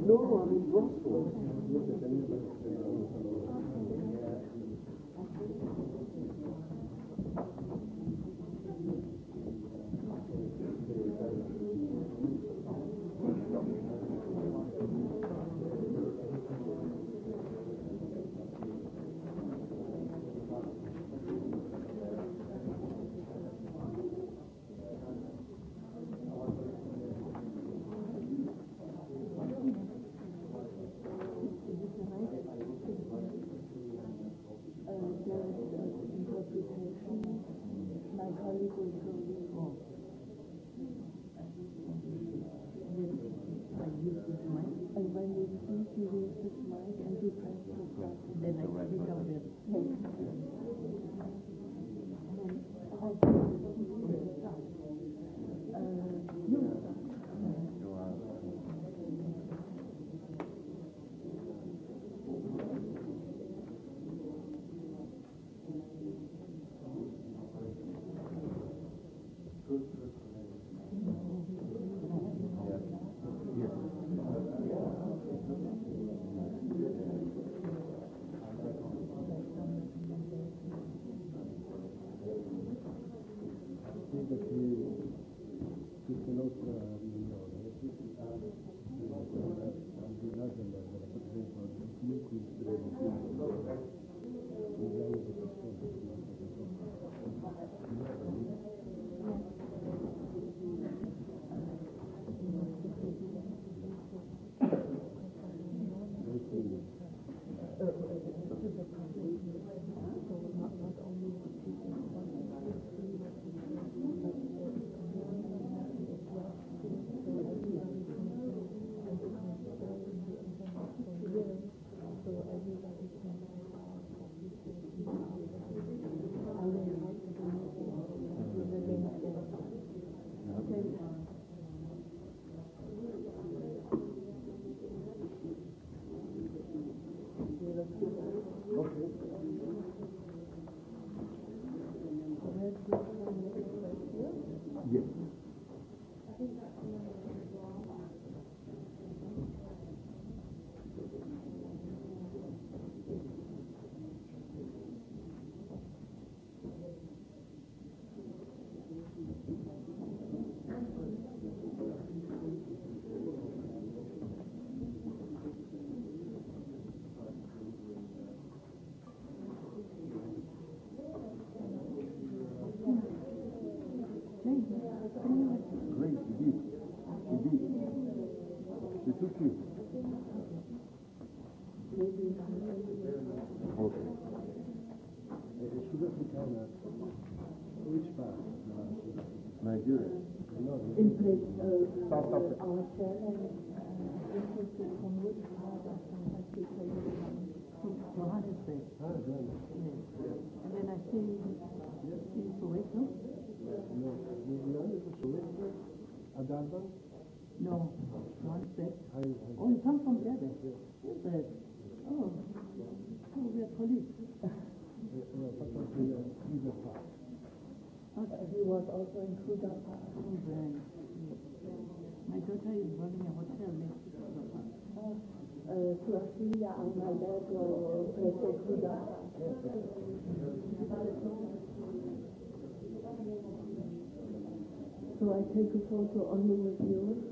No, I'm mean Brussels. in place uh, our chair and interested from which part of fantastic Johannesburg. And then I see, see Soweto. No, no, Soweto. Adarban? No, Johannesburg. Oh, you come from there then? Yes. Oh, oh, we are police he was also in My daughter is running a hotel next to Kruger uh, uh, and my dad were also uh, So I take a photo only with you.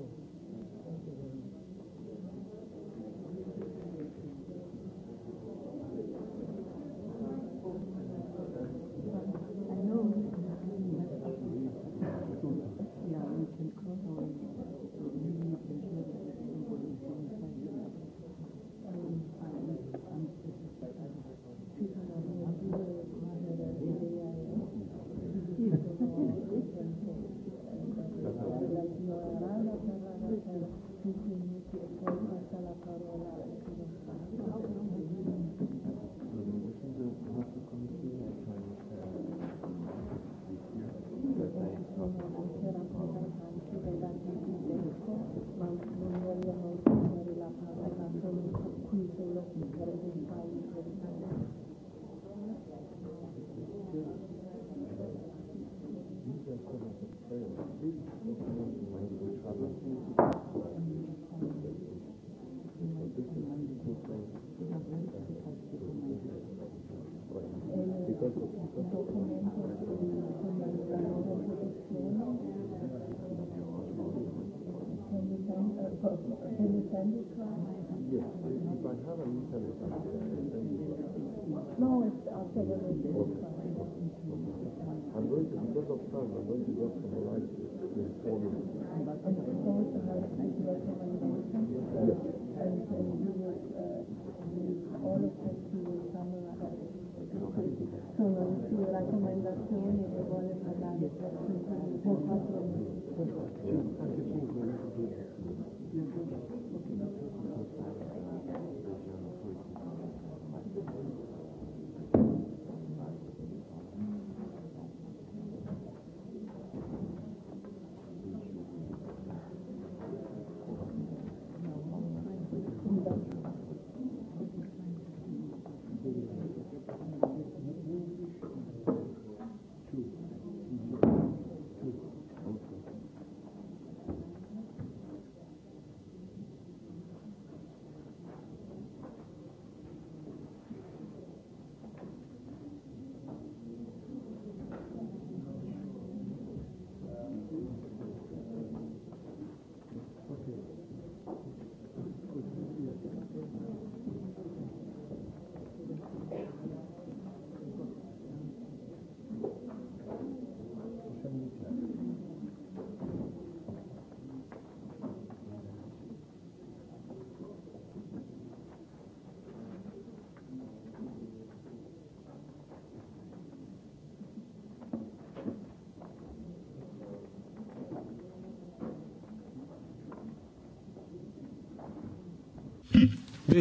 Bohu.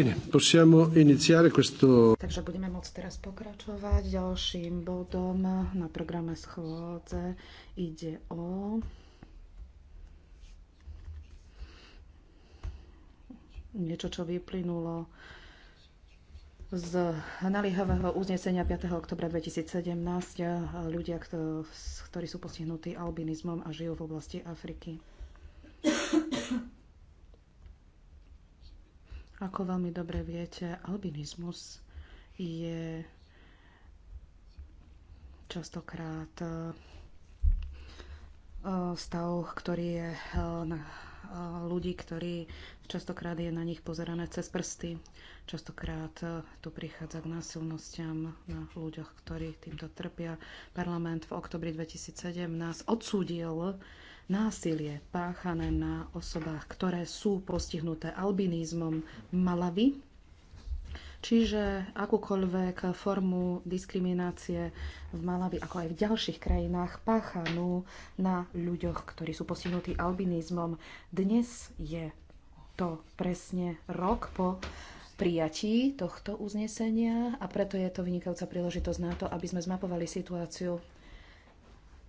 Bene, possiamo iniziare questo... Takže budeme môcť teraz pokračovať ďalším bodom na programe schôdze. Ide o... Niečo, čo vyplynulo z naliehavého uznesenia 5. oktobra 2017 ľudia, ktorí sú postihnutí albinizmom a žijú v oblasti Afriky. Ako veľmi dobre viete, albinizmus je častokrát e, e, stav, ktorý je e, na ľudí, ktorí častokrát je na nich pozerané cez prsty. Častokrát tu prichádza k násilnostiam na ľuďoch, ktorí týmto trpia. Parlament v oktobri 2017 odsúdil násilie páchané na osobách, ktoré sú postihnuté albinizmom Malavy. Čiže akúkoľvek formu diskriminácie v Malavi, ako aj v ďalších krajinách, páchanú na ľuďoch, ktorí sú postihnutí albinizmom. Dnes je to presne rok po prijatí tohto uznesenia a preto je to vynikajúca príležitosť na to, aby sme zmapovali situáciu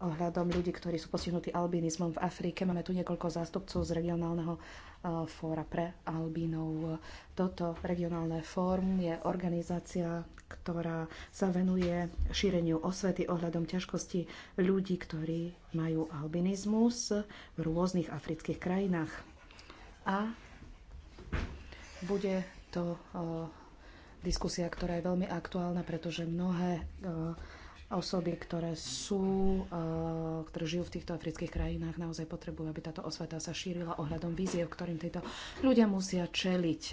ohľadom ľudí, ktorí sú postihnutí albinizmom v Afrike. Máme tu niekoľko zástupcov z regionálneho e, fóra pre albínov. Toto regionálne fórum je organizácia, ktorá sa venuje šíreniu osvety ohľadom ťažkosti ľudí, ktorí majú albinizmus v rôznych afrických krajinách. A bude to e, diskusia, ktorá je veľmi aktuálna, pretože mnohé e, osoby, ktoré sú, eh, ktoré žijú v týchto afrických krajinách, naozaj potrebujú, aby táto osveta sa šírila ohľadom víziev, ktorým títo ľudia musia čeliť.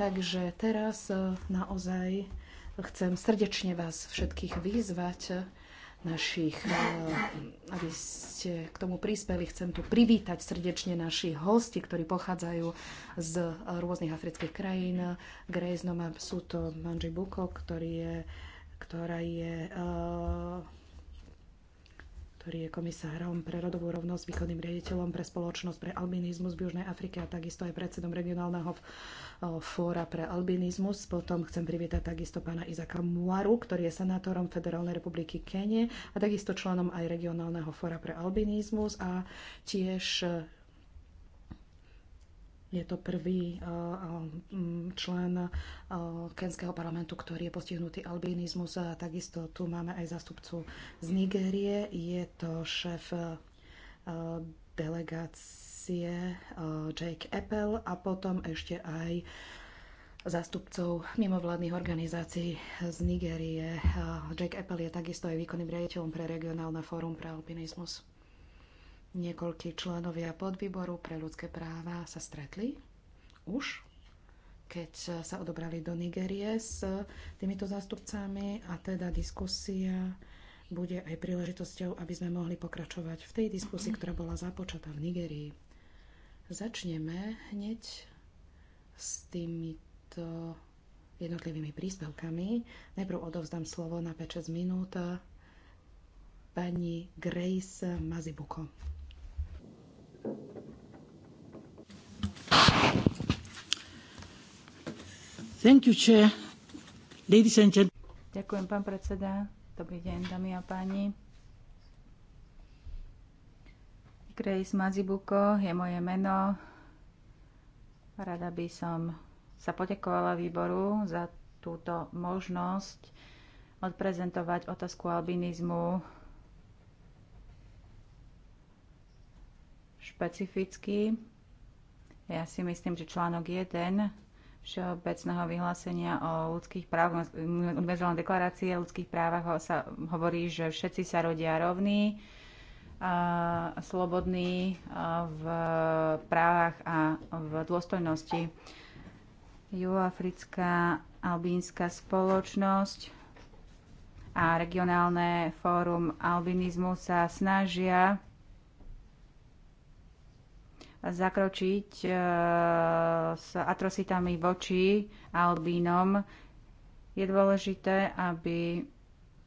Takže teraz eh, naozaj chcem srdečne vás všetkých vyzvať, eh, našich, aby ste k tomu prispeli. Chcem tu privítať srdečne našich hosti, ktorí pochádzajú z rôznych afrických krajín. Grace Noma, sú to Manji Buko, ktorý je ktorá je eh, ktorý je komisárom pre rodovú rovnosť, výkonným riaditeľom pre spoločnosť pre albinizmus v Južnej Afrike a takisto aj predsedom regionálneho eh, fóra pre albinizmus. Potom chcem privítať takisto pána Izaka Muaru, ktorý je senátorom Federálnej republiky Kenie a takisto členom aj regionálneho fóra pre albinizmus a tiež je to prvý eh, eh, člen eh, kenského parlamentu, ktorý je postihnutý albinizmus. A takisto tu máme aj zastupcu z Nigérie. Je to šéf delegácie Jake Apple a potom ešte aj zástupcov mimovládnych organizácií z Nigérie. Jake Apple je takisto aj výkonným riaditeľom pre regionálne fórum pre alpinizmus. Niekoľkí členovia podvýboru pre ľudské práva sa stretli už, keď sa odobrali do Nigérie s týmito zástupcami a teda diskusia bude aj príležitosťou, aby sme mohli pokračovať v tej diskusii, mhm. ktorá bola započatá v Nigerii. Začneme hneď s týmito jednotlivými príspevkami. Najprv odovzdám slovo na 5-6 minút pani Grace Mazibuko. Thank you, Chair. and Ďakujem, pán predseda. Dobrý deň, dámy a páni. Grace Mazibuko je moje meno. Rada by som sa poďakovala výboru za túto možnosť odprezentovať otázku albinizmu špecificky. Ja si myslím, že článok 1 Všeobecného vyhlásenia o ľudských právach, univerzálnej deklarácie o ľudských právach ho sa hovorí, že všetci sa rodia rovní, a slobodní a v právach a v dôstojnosti. Juhoafrická albínska spoločnosť a regionálne fórum albinizmu sa snažia zakročiť e, s atrocitami voči albínom. Je dôležité, aby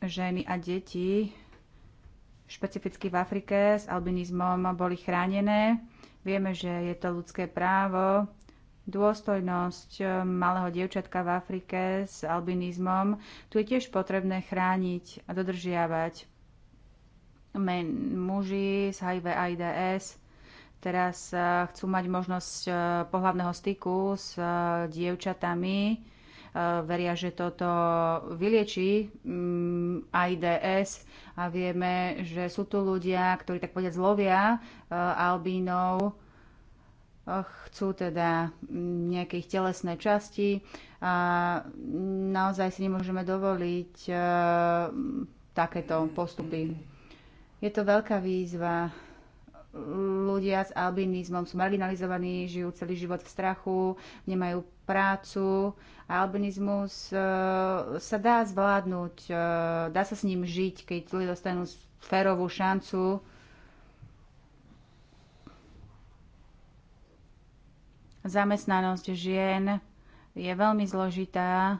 ženy a deti špecificky v Afrike s albinizmom boli chránené. Vieme, že je to ľudské právo. Dôstojnosť e, malého dievčatka v Afrike s albinizmom tu je tiež potrebné chrániť a dodržiavať. Men, muži s HIV AIDS teraz e, chcú mať možnosť e, pohľavného styku s e, dievčatami. Veria, že toto vylieči mm, AIDS a vieme, že sú tu ľudia, ktorí tak povedať zlovia albínov, chcú teda nejakých telesné časti a naozaj si nemôžeme dovoliť takéto postupy. Je to veľká výzva ľudia s albinizmom sú marginalizovaní, žijú celý život v strachu, nemajú prácu. Albinizmus e, sa dá zvládnuť, e, dá sa s ním žiť, keď ľudia dostanú férovú šancu. Zamestnanosť žien je veľmi zložitá,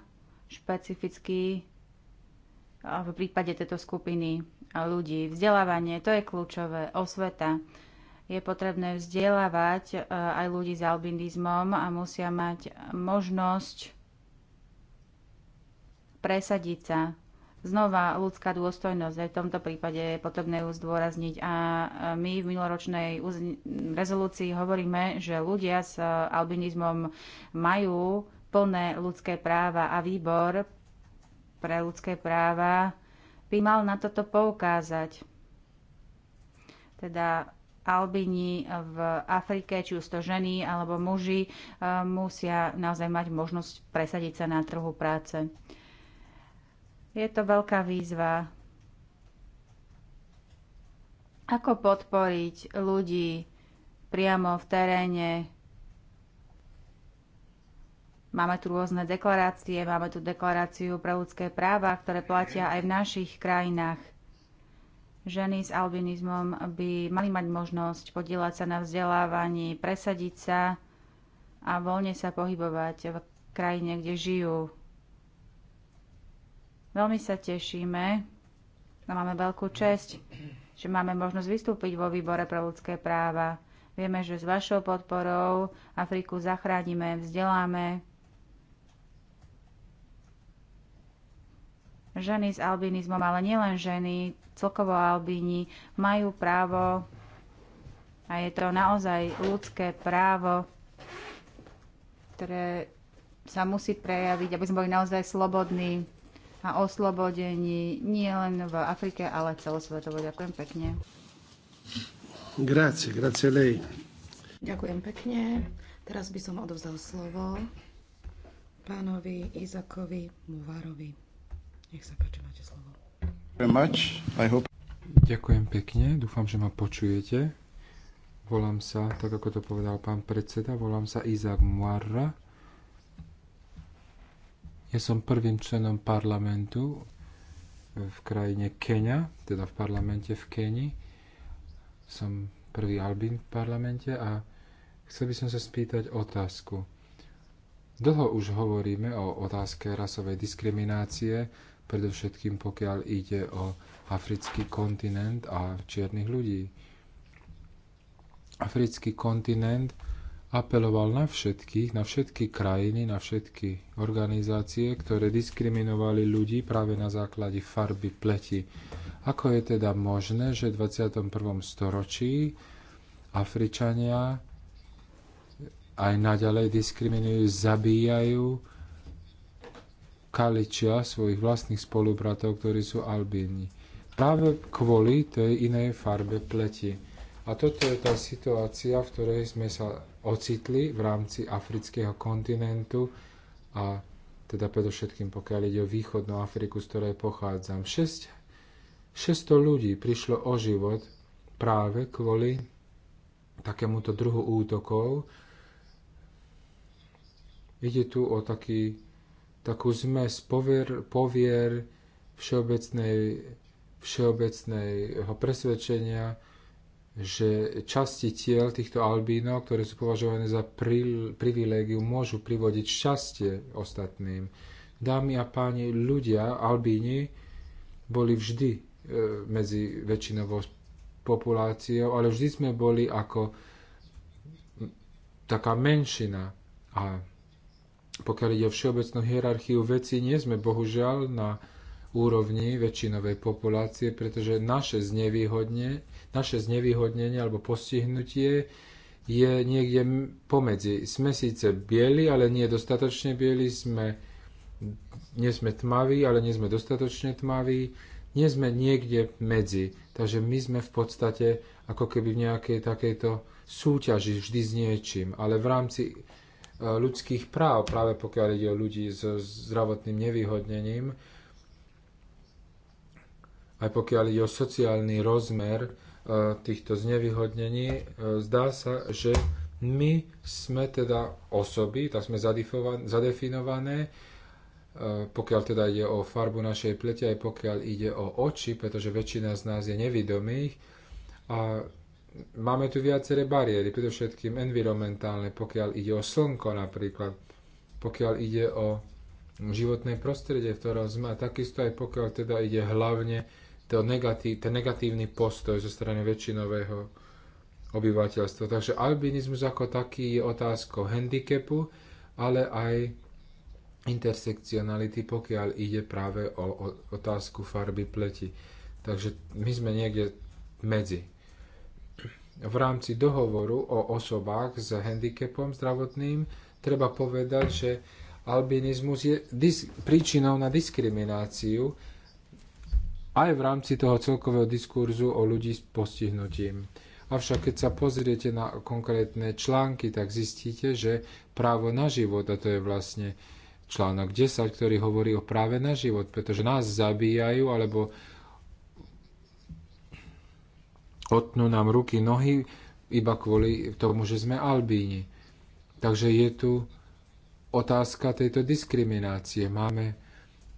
špecificky e, v prípade tejto skupiny ľudí. Vzdelávanie, to je kľúčové, osveta je potrebné vzdelávať e, aj ľudí s albinizmom a musia mať možnosť presadiť sa. Znova ľudská dôstojnosť, aj v tomto prípade je potrebné ju zdôrazniť. A e, my v minuloročnej rezolúcii hovoríme, že ľudia s e, albinizmom majú plné ľudské práva a výbor pre ľudské práva by mal na toto poukázať. Teda albini v Afrike, či už to ženy alebo muži, e, musia naozaj mať možnosť presadiť sa na trhu práce. Je to veľká výzva. Ako podporiť ľudí priamo v teréne? Máme tu rôzne deklarácie, máme tu deklaráciu pre ľudské práva, ktoré platia aj v našich krajinách ženy s albinizmom by mali mať možnosť podielať sa na vzdelávaní, presadiť sa a voľne sa pohybovať v krajine, kde žijú. Veľmi sa tešíme a máme veľkú česť, že máme možnosť vystúpiť vo výbore pre ľudské práva. Vieme, že s vašou podporou Afriku zachránime, vzdeláme Ženy s albinizmom, ale nielen ženy, celkovo albíni, majú právo a je to naozaj ľudské právo, ktoré sa musí prejaviť, aby sme boli naozaj slobodní a oslobodení nie len v Afrike, ale celosvetovo. Ďakujem pekne. Grazie, grazie lei. Ďakujem pekne. Teraz by som odovzdal slovo pánovi Izakovi Muvarovi. Nech sa páči, máte slovo. Ďakujem pekne, dúfam, že ma počujete. Volám sa, tak ako to povedal pán predseda, volám sa Izak Muarra. Ja som prvým členom parlamentu v krajine Kenia, teda v parlamente v Keni. Som prvý Albín v parlamente a chcel by som sa spýtať otázku. Dlho už hovoríme o otázke rasovej diskriminácie predovšetkým pokiaľ ide o africký kontinent a čiernych ľudí. Africký kontinent apeloval na všetkých, na všetky krajiny, na všetky organizácie, ktoré diskriminovali ľudí práve na základe farby pleti. Ako je teda možné, že v 21. storočí Afričania aj naďalej diskriminujú, zabíjajú, kaličia svojich vlastných spolubratov, ktorí sú albíni. Práve kvôli tej inej farbe pleti. A toto je tá situácia, v ktorej sme sa ocitli v rámci afrického kontinentu a teda predovšetkým pokiaľ ide o východnú Afriku, z ktorej pochádzam. 6, 600 ľudí prišlo o život práve kvôli takémuto druhu útokov. Ide tu o taký takú zmes povier, povier všeobecnej, všeobecného presvedčenia, že časti tiel týchto albínov, ktoré sú považované za pri, privilégiu, môžu privodiť šťastie ostatným. Dámy a páni, ľudia, albíni, boli vždy e, medzi väčšinovou populáciou, ale vždy sme boli ako taká menšina. A pokiaľ ide o všeobecnú hierarchiu veci, nie sme bohužiaľ na úrovni väčšinovej populácie, pretože naše, znevýhodne, naše znevýhodnenie alebo postihnutie je niekde pomedzi. Sme síce bieli, ale nie dostatočne bieli, sme, nie sme tmaví, ale nie sme dostatočne tmaví, nie sme niekde medzi. Takže my sme v podstate ako keby v nejakej takejto súťaži vždy s niečím, ale v rámci E, ľudských práv, práve pokiaľ ide o ľudí so zdravotným nevyhodnením, aj pokiaľ ide o sociálny rozmer e, týchto znevýhodnení, e, zdá sa, že my sme teda osoby, tak sme zadefinované, pokiaľ teda ide o farbu našej plete, aj pokiaľ ide o oči, pretože väčšina z nás je nevidomých a máme tu viaceré bariéry, predovšetkým environmentálne, pokiaľ ide o slnko napríklad, pokiaľ ide o životné prostredie, v ktorom sme, a takisto aj pokiaľ teda ide hlavne to negatív, ten negatívny postoj zo strany väčšinového obyvateľstva. Takže albinizmus ako taký je otázkou handicapu, ale aj intersekcionality, pokiaľ ide práve o, o otázku farby pleti. Takže my sme niekde medzi v rámci dohovoru o osobách s handicapom zdravotným treba povedať, že albinizmus je príčinou na diskrimináciu aj v rámci toho celkového diskurzu o ľudí s postihnutím. Avšak keď sa pozriete na konkrétne články, tak zistíte, že právo na život, a to je vlastne článok 10, ktorý hovorí o práve na život, pretože nás zabíjajú alebo otnú nám ruky, nohy, iba kvôli tomu, že sme Albíni. Takže je tu otázka tejto diskriminácie. Máme,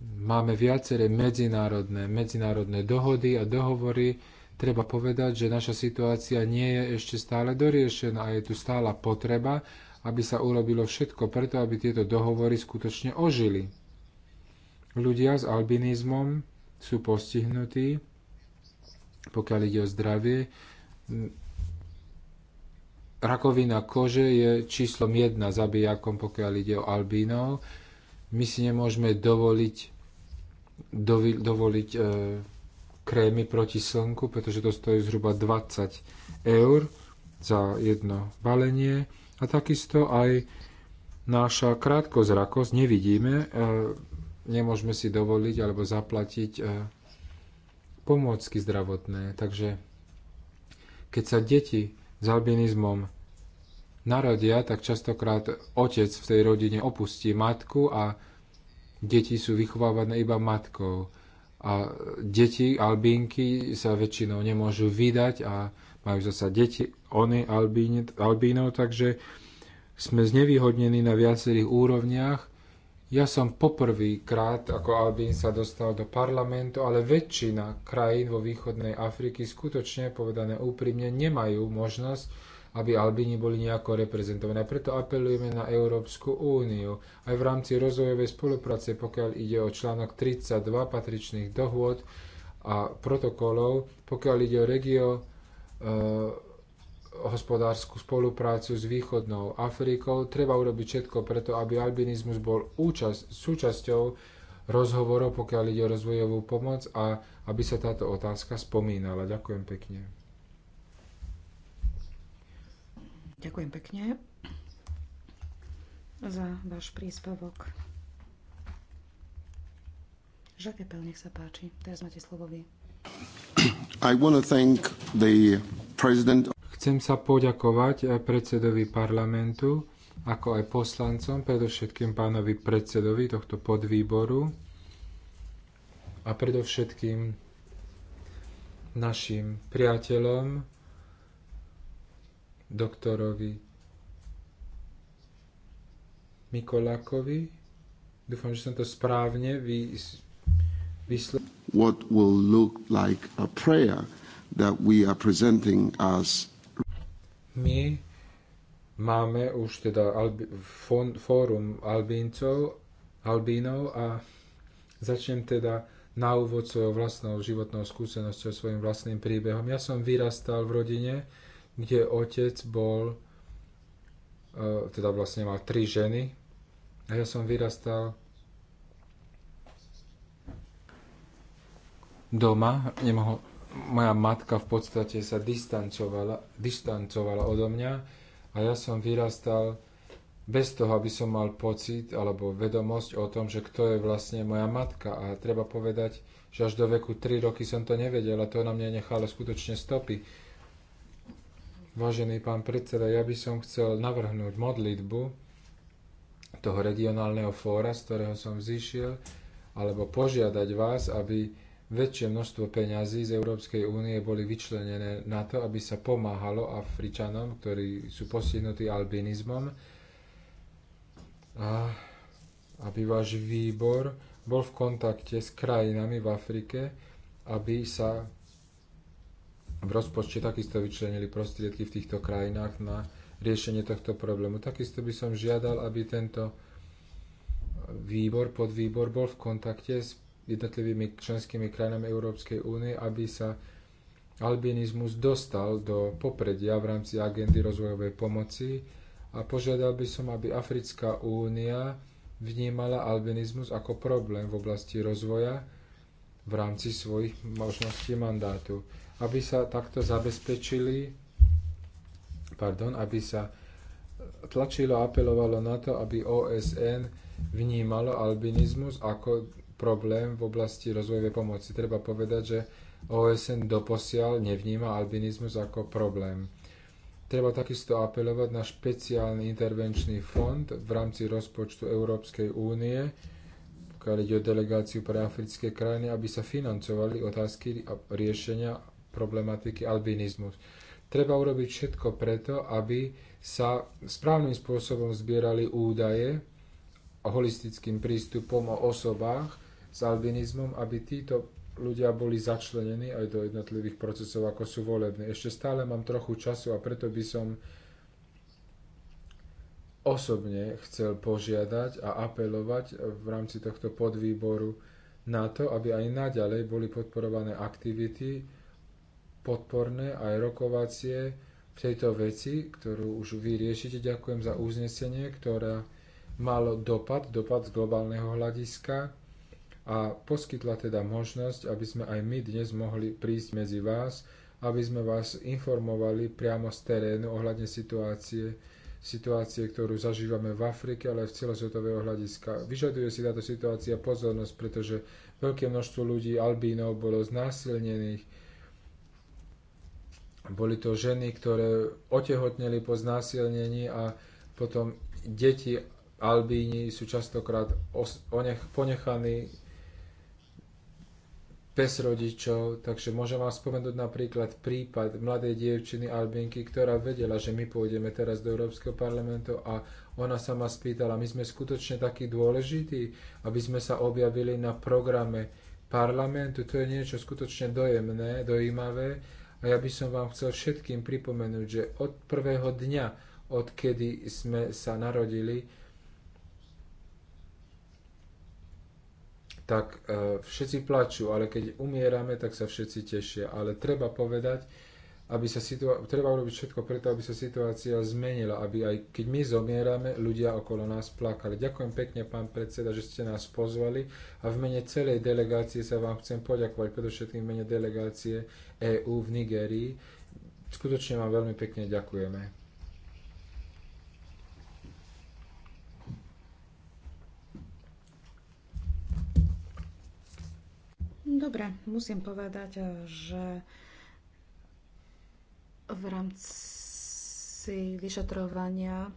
máme viaceré medzinárodné, medzinárodné dohody a dohovory. Treba povedať, že naša situácia nie je ešte stále doriešená a je tu stála potreba, aby sa urobilo všetko preto, aby tieto dohovory skutočne ožili. Ľudia s albinizmom sú postihnutí pokiaľ ide o zdravie. Rakovina kože je číslom jedna zabijakom, pokiaľ ide o albínov. My si nemôžeme dovoliť, dovi, dovoliť e, krémy proti slnku, pretože to stojí zhruba 20 eur za jedno balenie. A takisto aj naša krátkozrakosť, nevidíme, e, nemôžeme si dovoliť alebo zaplatiť e, pomôcky zdravotné. Takže keď sa deti s albinizmom narodia, tak častokrát otec v tej rodine opustí matku a deti sú vychovávané iba matkou. A deti, albínky sa väčšinou nemôžu vydať a majú zasa deti, oni albínov, takže sme znevýhodnení na viacerých úrovniach ja som poprvýkrát ako Albín sa dostal do parlamentu, ale väčšina krajín vo východnej Afriky skutočne, povedané úprimne, nemajú možnosť, aby Albíni boli nejako reprezentované. Preto apelujeme na Európsku úniu. Aj v rámci rozvojovej spolupráce, pokiaľ ide o článok 32 patričných dohôd a protokolov, pokiaľ ide o regio, e, hospodárskú spoluprácu s východnou Afrikou. Treba urobiť všetko preto, aby albinizmus bol účasť, súčasťou rozhovorov, pokiaľ ide o rozvojovú pomoc a aby sa táto otázka spomínala. Ďakujem pekne. Ďakujem pekne za váš príspevok. Žak Epel, nech sa páči. Teraz máte slovo vy. I want to thank the president of Chcem sa poďakovať predsedovi parlamentu, ako aj poslancom, predovšetkým pánovi predsedovi tohto podvýboru a predovšetkým našim priateľom, doktorovi Mikolakovi. Dúfam, že som to správne vyslovil. What will look like a prayer that we are presenting as my máme už teda Albi, fón, fórum Albíncov, Albínov a začnem teda na úvod svojou vlastnou životnou skúsenosťou, svojim vlastným príbehom. Ja som vyrastal v rodine, kde otec bol, e, teda vlastne mal tri ženy a ja som vyrastal doma, nemohol moja matka v podstate sa distancovala, distancovala odo mňa a ja som vyrastal bez toho, aby som mal pocit alebo vedomosť o tom, že kto je vlastne moja matka. A treba povedať, že až do veku 3 roky som to nevedel a to na mňa nechalo skutočne stopy. Vážený pán predseda, ja by som chcel navrhnúť modlitbu toho regionálneho fóra, z ktorého som zišiel, alebo požiadať vás, aby väčšie množstvo peňazí z Európskej únie boli vyčlenené na to, aby sa pomáhalo Afričanom, ktorí sú postihnutí albinizmom. A aby váš výbor bol v kontakte s krajinami v Afrike, aby sa v rozpočte takisto vyčlenili prostriedky v týchto krajinách na riešenie tohto problému. Takisto by som žiadal, aby tento výbor, podvýbor bol v kontakte s jednotlivými členskými krajinami Európskej únie, aby sa albinizmus dostal do popredia v rámci agendy rozvojovej pomoci a požiadal by som, aby Africká únia vnímala albinizmus ako problém v oblasti rozvoja v rámci svojich možností mandátu. Aby sa takto zabezpečili, pardon, aby sa tlačilo a apelovalo na to, aby OSN vnímalo albinizmus ako problém v oblasti rozvojovej pomoci. Treba povedať, že OSN doposiaľ nevníma albinizmus ako problém. Treba takisto apelovať na špeciálny intervenčný fond v rámci rozpočtu Európskej únie, pokiaľ ide o delegáciu pre africké krajiny, aby sa financovali otázky a riešenia problematiky albinizmus. Treba urobiť všetko preto, aby sa správnym spôsobom zbierali údaje holistickým prístupom o osobách, s albinizmom, aby títo ľudia boli začlenení aj do jednotlivých procesov, ako sú volebné. Ešte stále mám trochu času a preto by som osobne chcel požiadať a apelovať v rámci tohto podvýboru na to, aby aj naďalej boli podporované aktivity podporné aj rokovacie v tejto veci, ktorú už vy riešite. Ďakujem za uznesenie, ktoré malo dopad, dopad z globálneho hľadiska a poskytla teda možnosť, aby sme aj my dnes mohli prísť medzi vás, aby sme vás informovali priamo z terénu ohľadne situácie, situácie, ktorú zažívame v Afrike, ale aj v celosvetového hľadiska. Vyžaduje si táto situácia pozornosť, pretože veľké množstvo ľudí, albínov, bolo znásilnených. Boli to ženy, ktoré otehotneli po znásilnení a potom deti albíni sú častokrát ponechaní bez rodičov, takže môžem vám spomenúť napríklad prípad mladej dievčiny Albinky, ktorá vedela, že my pôjdeme teraz do Európskeho parlamentu a ona sa ma spýtala, my sme skutočne takí dôležití, aby sme sa objavili na programe parlamentu, to je niečo skutočne dojemné, dojímavé a ja by som vám chcel všetkým pripomenúť, že od prvého dňa, odkedy sme sa narodili, tak e, všetci plačú, ale keď umierame, tak sa všetci tešia. Ale treba povedať, aby sa situa- treba urobiť všetko preto, aby sa situácia zmenila, aby aj keď my zomierame, ľudia okolo nás plakali. Ďakujem pekne, pán predseda, že ste nás pozvali a v mene celej delegácie sa vám chcem poďakovať, predovšetkým v mene delegácie EÚ v Nigérii. Skutočne vám veľmi pekne ďakujeme. Dobre, musím povedať, eh, že v rámci vyšetrovania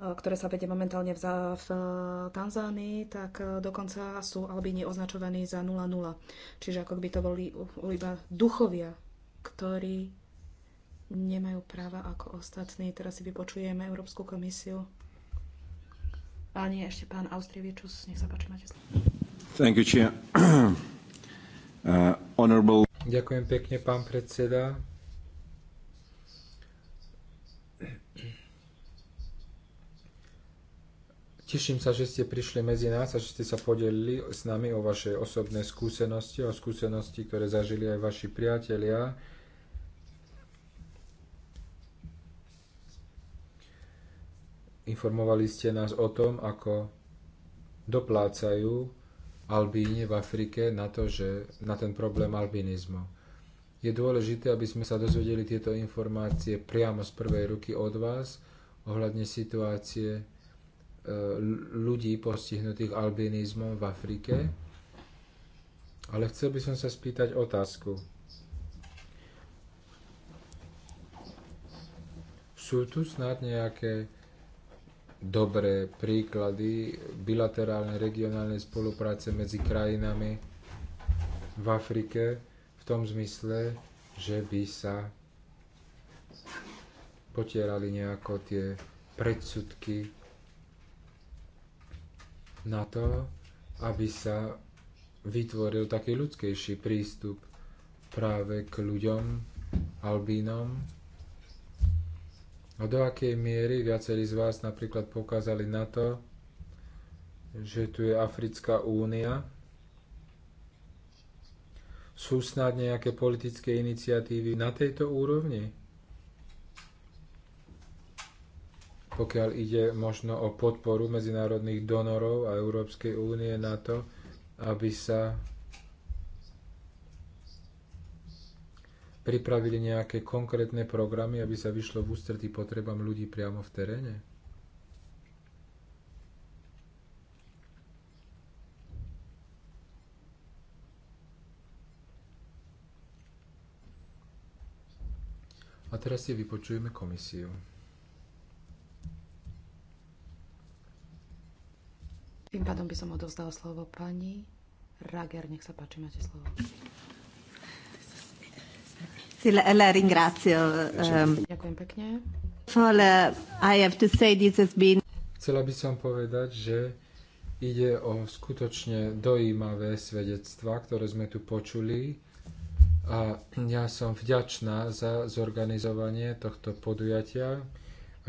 eh, ktoré sa vedie momentálne v, Tanzánii, tak eh, dokonca sú albíni označovaní za 0-0. Čiže ako by to boli iba duchovia, ktorí nemajú práva ako ostatní. Teraz si vypočujeme Európsku komisiu. A nie, ešte pán Austrievičus, nech sa páči, máte slovo. Thank you, chair. *clears throat* Uh, honorable... Ďakujem pekne, pán predseda. Teším sa, že ste prišli medzi nás a že ste sa podelili s nami o vaše osobné skúsenosti, o skúsenosti, ktoré zažili aj vaši priatelia. Informovali ste nás o tom, ako doplácajú Albíne v Afrike na, to, že, na ten problém albinizmu. Je dôležité, aby sme sa dozvedeli tieto informácie priamo z prvej ruky od vás ohľadne situácie e, ľudí postihnutých albinizmom v Afrike. Ale chcel by som sa spýtať otázku. Sú tu snad nejaké dobré príklady bilaterálnej regionálnej spolupráce medzi krajinami v Afrike v tom zmysle, že by sa potierali nejako tie predsudky na to, aby sa vytvoril taký ľudskejší prístup práve k ľuďom, albínom, a do akej miery viacerí z vás napríklad pokázali na to, že tu je Africká únia, sú snad nejaké politické iniciatívy na tejto úrovni? Pokiaľ ide možno o podporu medzinárodných donorov a Európskej únie na to, aby sa pripravili nejaké konkrétne programy, aby sa vyšlo v ústretí potrebám ľudí priamo v teréne? A teraz si vypočujeme komisiu. Tým pádom by som odovzdala slovo pani Rager. Nech sa páči, máte slovo. La ringrazio. Ehm. Uh, Chcela by som povedať, že ide o skutočne dojímavé svedectva, ktoré sme tu počuli. A ja som vďačná za zorganizovanie tohto podujatia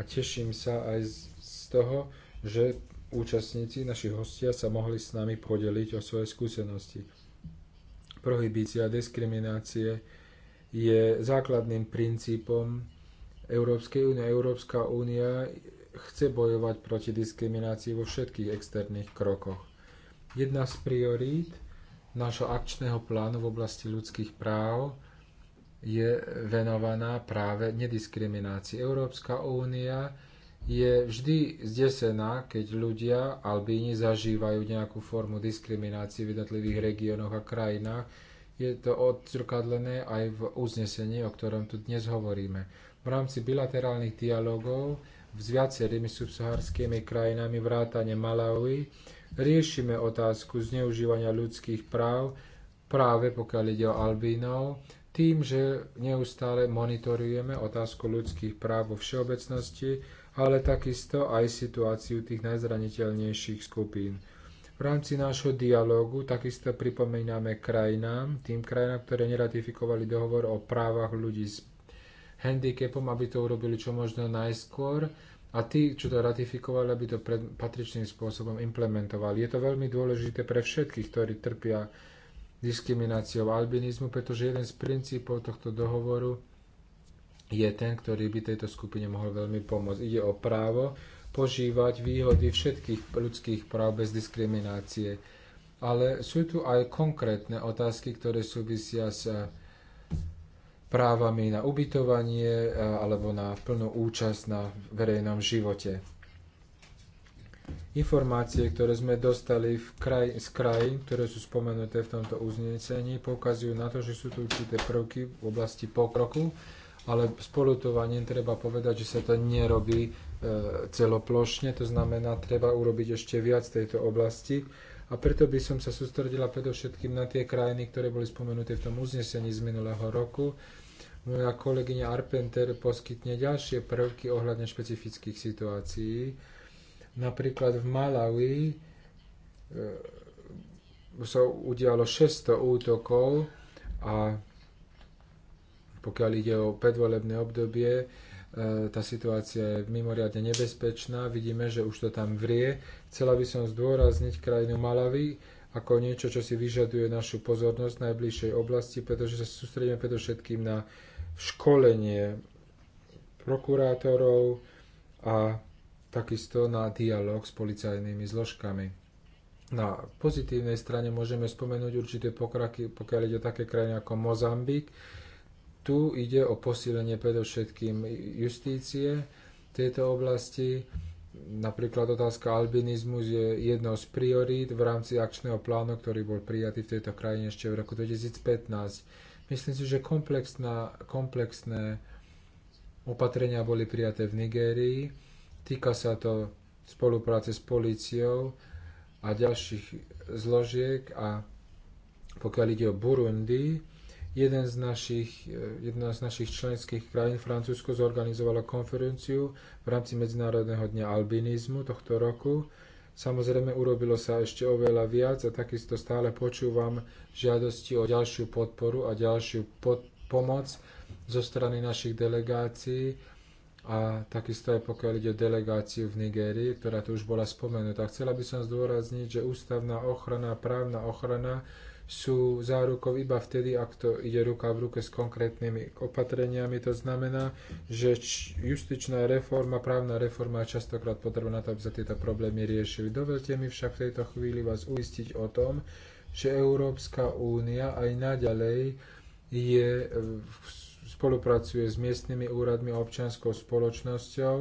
a teším sa aj z toho, že účastníci, naši hostia sa mohli s nami podeliť o svoje skúsenosti. Prohibícia, diskriminácie, je základným princípom Európskej únie. Európska únia chce bojovať proti diskriminácii vo všetkých externých krokoch. Jedna z priorít nášho akčného plánu v oblasti ľudských práv je venovaná práve nediskriminácii. Európska únia je vždy zdesená, keď ľudia, albíni, zažívajú nejakú formu diskriminácie v jednotlivých regiónoch a krajinách, je to odzrkadlené aj v uznesení, o ktorom tu dnes hovoríme. V rámci bilaterálnych dialogov s viacerými subsaharskými krajinami vrátane Malawi riešime otázku zneužívania ľudských práv práve pokiaľ ide o albínov, tým, že neustále monitorujeme otázku ľudských práv vo všeobecnosti, ale takisto aj situáciu tých najzraniteľnejších skupín. V rámci nášho dialógu takisto pripomíname krajinám, tým krajinám, ktoré neratifikovali dohovor o právach ľudí s handicapom, aby to urobili čo možno najskôr a tí, čo to ratifikovali, aby to pred, patričným spôsobom implementovali. Je to veľmi dôležité pre všetkých, ktorí trpia diskrimináciou albinizmu, pretože jeden z princípov tohto dohovoru je ten, ktorý by tejto skupine mohol veľmi pomôcť. Ide o právo požívať výhody všetkých ľudských práv bez diskriminácie. Ale sú tu aj konkrétne otázky, ktoré súvisia s eh, právami na ubytovanie eh, alebo na plnú účasť na verejnom živote. Informácie, ktoré sme dostali v kraj, z krajín, ktoré sú spomenuté v tomto uznesení, poukazujú na to, že sú tu určité prvky v oblasti pokroku, ale s polutovaním treba povedať, že sa to nerobí e, celoplošne, to znamená, treba urobiť ešte viac v tejto oblasti. A preto by som sa sústredila predovšetkým na tie krajiny, ktoré boli spomenuté v tom uznesení z minulého roku. Moja kolegyňa Arpenter poskytne ďalšie prvky ohľadne špecifických situácií. Napríklad v Malawi e, sa udialo 600 útokov a pokiaľ ide o predvolebné obdobie, e, tá situácia je mimoriadne nebezpečná, vidíme, že už to tam vrie. Chcela by som zdôrazniť krajinu Malavy ako niečo, čo si vyžaduje našu pozornosť v najbližšej oblasti, pretože sa sústredíme predovšetkým na školenie prokurátorov a takisto na dialog s policajnými zložkami. Na pozitívnej strane môžeme spomenúť určité pokraky, pokiaľ ide o také krajiny ako Mozambik, tu ide o posilenie predovšetkým justície tejto oblasti. Napríklad otázka albinizmus je jednou z priorít v rámci akčného plánu, ktorý bol prijatý v tejto krajine ešte v roku 2015. Myslím si, že komplexná, komplexné opatrenia boli prijaté v Nigérii. Týka sa to spolupráce s políciou a ďalších zložiek a pokiaľ ide o Burundi, Jeden z našich, e, jedna z našich členských krajín, Francúzsko, zorganizovalo konferenciu v rámci Medzinárodného dňa albinizmu tohto roku. Samozrejme, urobilo sa ešte oveľa viac a takisto stále počúvam žiadosti o ďalšiu podporu a ďalšiu pod- pomoc zo strany našich delegácií a takisto aj pokiaľ ide o delegáciu v Nigérii, ktorá tu už bola spomenutá. Chcela by som zdôrazniť, že ústavná ochrana, právna ochrana sú zárukou iba vtedy, ak to ide ruka v ruke s konkrétnymi opatreniami. To znamená, že justičná reforma, právna reforma je častokrát potrebná na to, aby sa tieto problémy riešili. Dovolte mi však v tejto chvíli vás uistiť o tom, že Európska únia aj naďalej je, spolupracuje s miestnymi úradmi a občianskou spoločnosťou,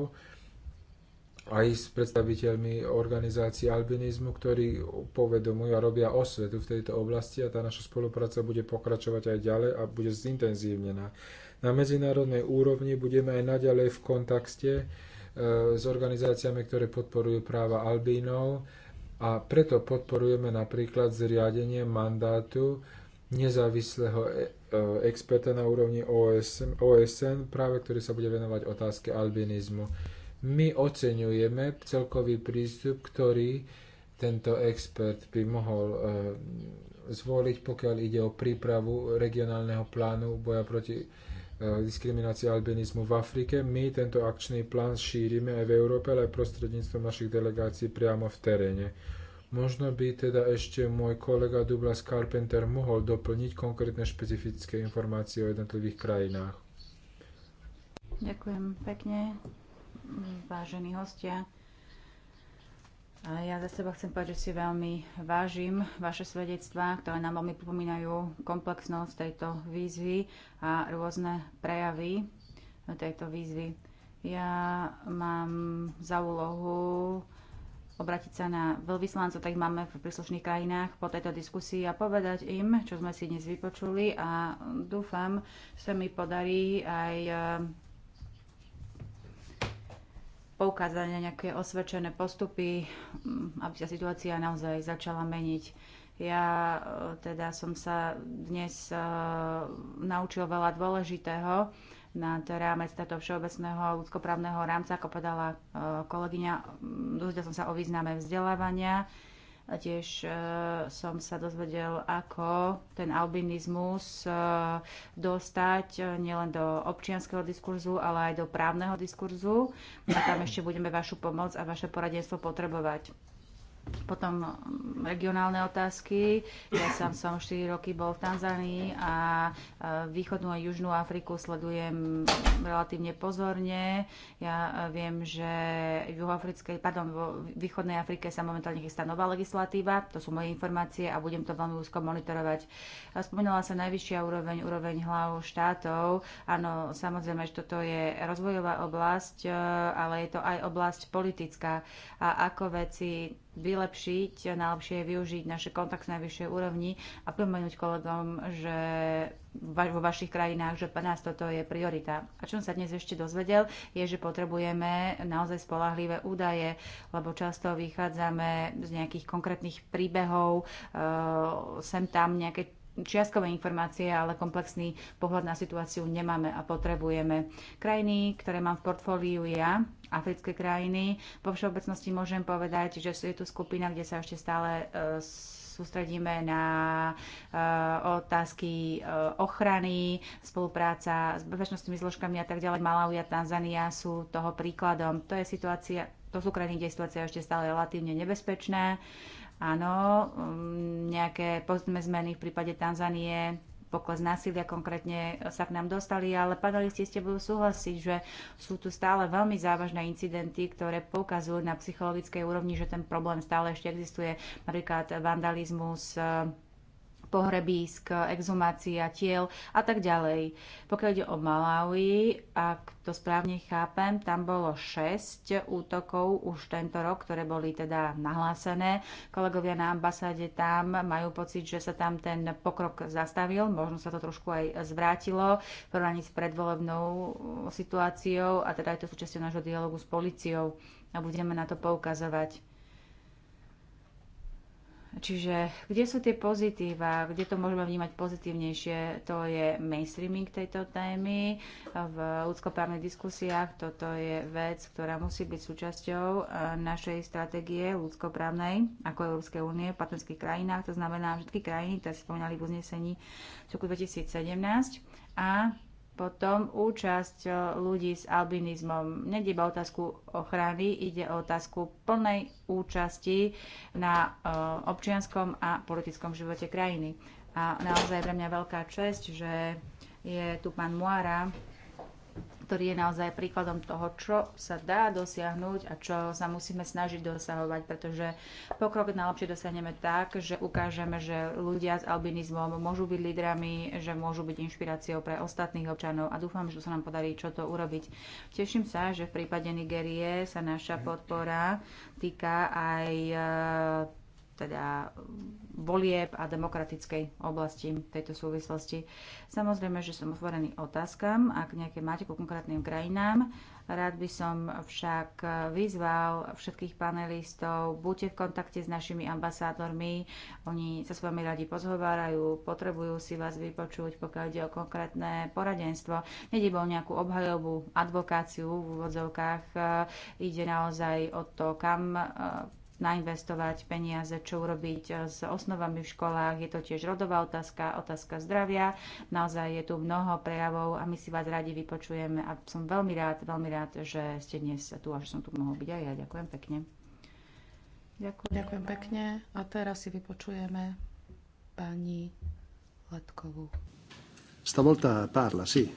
aj s predstaviteľmi organizácií albinizmu, ktorí povedomujú a robia osvetu v tejto oblasti a tá naša spolupráca bude pokračovať aj ďalej a bude zintenzívnená. Na medzinárodnej úrovni budeme aj naďalej v kontakte e, s organizáciami, ktoré podporujú práva albínov a preto podporujeme napríklad zriadenie mandátu nezávislého e, e, experta na úrovni OSN práve ktorý sa bude venovať otázke albinizmu. My oceňujeme celkový prístup, ktorý tento expert by mohol e, zvoliť, pokiaľ ide o prípravu regionálneho plánu boja proti e, diskriminácii albinizmu v Afrike. My tento akčný plán šírime aj v Európe, ale aj prostredníctvom našich delegácií priamo v teréne. Možno by teda ešte môj kolega Douglas Carpenter mohol doplniť konkrétne špecifické informácie o jednotlivých krajinách. Ďakujem pekne vážení hostia. A ja za seba chcem povedať, že si veľmi vážim vaše svedectvá, ktoré nám veľmi pripomínajú komplexnosť tejto výzvy a rôzne prejavy tejto výzvy. Ja mám za úlohu obrátiť sa na veľvyslancov, tak máme v príslušných krajinách po tejto diskusii a povedať im, čo sme si dnes vypočuli a dúfam, že sa mi podarí aj poukázať na nejaké osvedčené postupy, mm, aby sa situácia naozaj začala meniť. Ja e, teda som sa dnes uh, naučil veľa dôležitého na rámec tohto všeobecného ľudskoprávneho rámca, ako povedala uh, kolegyňa. Mm, dozvedel som sa o význame vzdelávania, a tiež e, som sa dozvedel, ako ten albinizmus e, dostať e, nielen do občianského diskurzu, ale aj do právneho diskurzu. A tam ešte budeme vašu pomoc a vaše poradenstvo potrebovať. Potom mm, regionálne otázky. Ja sám som 4 roky bol v Tanzánii a e, východnú a južnú Afriku sledujem relatívne pozorne. Ja e, viem, že v, pardon, v východnej Afrike sa momentálne chystá nová legislatíva. To sú moje informácie a budem to veľmi úzko monitorovať. E, spomínala sa najvyššia úroveň, úroveň hlav štátov. Áno, samozrejme, že toto je rozvojová oblasť, ale je to aj oblasť politická. A ako veci vylepšiť, najlepšie je využiť naše kontakt na vyššej úrovni a pripomenúť kolegom, že vo vašich krajinách, že pre nás toto je priorita. A čo som sa dnes ešte dozvedel, je, že potrebujeme naozaj spolahlivé údaje, lebo často vychádzame z nejakých konkrétnych príbehov, eh, sem tam nejaké čiastkové informácie, ale komplexný pohľad na situáciu nemáme a potrebujeme. Krajiny, ktoré mám v portfóliu ja, africké krajiny, vo všeobecnosti môžem povedať, že je tu skupina, kde sa ešte stále e, sústredíme na e, otázky e, ochrany, spolupráca s bezpečnostnými zložkami a tak ďalej. Malawi a Tanzania sú toho príkladom. To je situácia, to sú krajiny, kde je situácia ešte stále relatívne nebezpečná. Áno, mm, nejaké pozme zmeny v prípade Tanzanie, pokles násilia konkrétne sa k nám dostali, ale panelisti ste budú súhlasiť, že sú tu stále veľmi závažné incidenty, ktoré poukazujú na psychologickej úrovni, že ten problém stále ešte existuje, napríklad vandalizmus, pohrebísk, exhumácia tiel a tak ďalej. Pokiaľ ide o Malawi, ak to správne chápem, tam bolo 6 útokov už tento rok, ktoré boli teda nahlásené. Kolegovia na ambasáde tam majú pocit, že sa tam ten pokrok zastavil, možno sa to trošku aj zvrátilo v porovnaní s predvolebnou situáciou a teda je to súčasťou nášho dialogu s policiou a budeme na to poukazovať. Čiže kde sú tie pozitíva, kde to môžeme vnímať pozitívnejšie, to je mainstreaming tejto témy v ľudskoprávnych diskusiách. Toto je vec, ktorá musí byť súčasťou eh, našej stratégie ľudskoprávnej ako Európskej únie v partnerských krajinách. To znamená, všetky krajiny, ktoré spomínali v uznesení v roku 2017 a potom účasť e, ľudí s albinizmom. Nede iba otázku ochrany, ide o otázku plnej účasti na e, občianskom a politickom živote krajiny. A naozaj pre mňa veľká čest, že je tu pán Moara, ktorý je naozaj príkladom toho, čo sa dá dosiahnuť a čo sa musíme snažiť dosahovať, pretože pokrok najlepšie dosiahneme tak, že ukážeme, že ľudia s albinizmom môžu byť lídrami, že môžu byť inšpiráciou pre ostatných občanov a dúfam, že sa nám podarí čo to urobiť. Teším sa, že v prípade Nigérie sa naša podpora týka aj teda um, volieb a demokratickej oblasti tejto súvislosti. Samozrejme, že som otvorený otázkam, ak nejaké máte ku konkrétnym krajinám. Rád by som však vyzval všetkých panelistov, buďte v kontakte s našimi ambasádormi, oni sa s vami radi pozhovárajú, potrebujú si vás vypočuť, pokiaľ ide o konkrétne poradenstvo. Nede o nejakú obhajobu, advokáciu v úvodzovkách, ide naozaj o to, kam nainvestovať peniaze, čo urobiť eh, s osnovami v školách. Je to tiež rodová otázka, otázka zdravia. Naozaj je tu mnoho prejavov a my si vás radi vypočujeme a som veľmi rád, veľmi rád, že ste dnes tu a že som tu mohol byť aj ja. Ďakujem pekne. Ďakujem. Ďakujem pekne a teraz si vypočujeme pani Letkovú. Stavolta parla, si.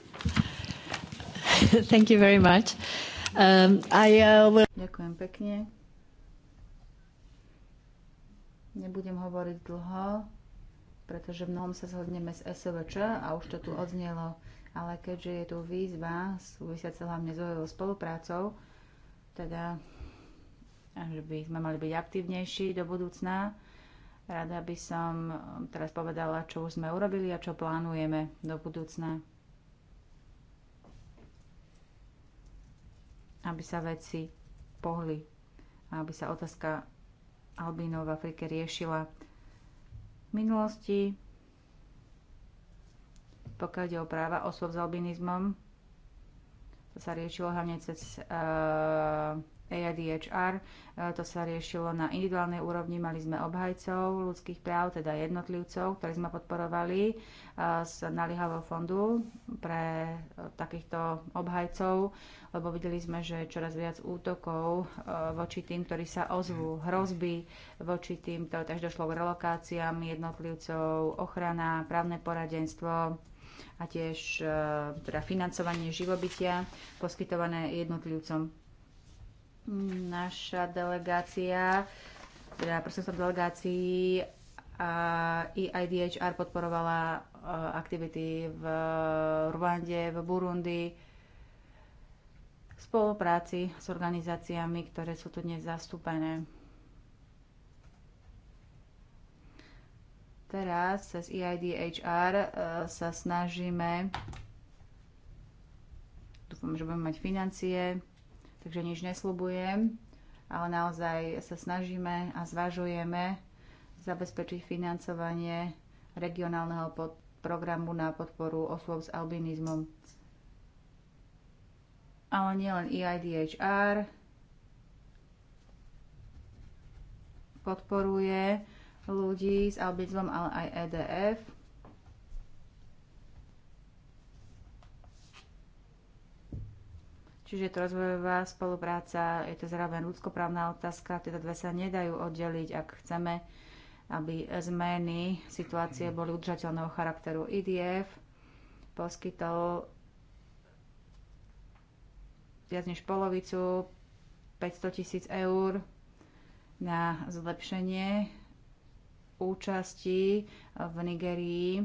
Thank you very much. Um, I, uh, will... Ďakujem pekne. Nebudem hovoriť dlho, pretože mnohom sa zhodneme s SVČ a už to tu odznelo. Ale keďže je tu výzva súvisiaca hlavne s so spoluprácou, teda že by sme mali byť aktívnejší do budúcna, rada by som teraz povedala, čo už sme urobili a čo plánujeme do budúcna. aby sa veci pohli a aby sa otázka albínov v Afrike riešila v minulosti, pokiaľ ide o práva osôb s albinizmom, to sa riešilo hlavne cez uh, AIDHR, e e, To sa riešilo na individuálnej úrovni. Mali sme obhajcov ľudských práv, teda jednotlivcov, ktorí sme podporovali e, z naliehavého fondu pre takýchto obhajcov, lebo videli sme, že čoraz viac útokov voči tým, ktorí sa ozvú, hrozby voči tým, takže došlo k relokáciám jednotlivcov, ochrana, právne poradenstvo, a tiež teda financovanie živobytia poskytované jednotlivcom Naša delegácia, teda prostredstvom delegácií a EIDHR podporovala e, aktivity v Rwande, v Burundi, v spolupráci s organizáciami, ktoré sú tu dnes zastúpené. Teraz cez EIDHR e, sa snažíme, dúfam, že budeme mať financie, takže nič nesľubujem, ale naozaj sa snažíme a zvažujeme zabezpečiť financovanie regionálneho pod- programu na podporu osôb s albinizmom. Ale nielen EIDHR podporuje ľudí s albinizmom, ale aj EDF – Čiže je to rozvojová spolupráca, je to zároveň ľudskoprávna otázka, tieto dve sa nedajú oddeliť, ak chceme, aby zmeny situácie boli udržateľného charakteru. IDF poskytol viac než polovicu 500 tisíc eur na zlepšenie účasti v Nigerii eh,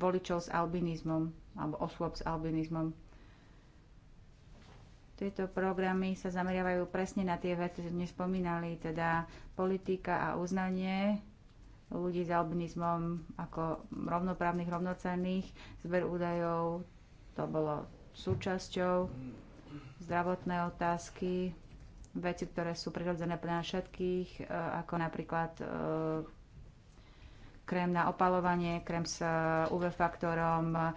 voličov s albinizmom alebo osôb s albinizmom. Tieto programy sa zameriavajú presne na tie veci, ktoré sme spomínali, teda politika a uznanie ľudí s albinizmom ako rovnoprávnych, rovnocenných, zber údajov, to bolo súčasťou, zdravotné otázky, veci, ktoré sú prirodzené pre nás všetkých, e, ako napríklad e, krém na opalovanie, krém s UV uh, faktorom uh,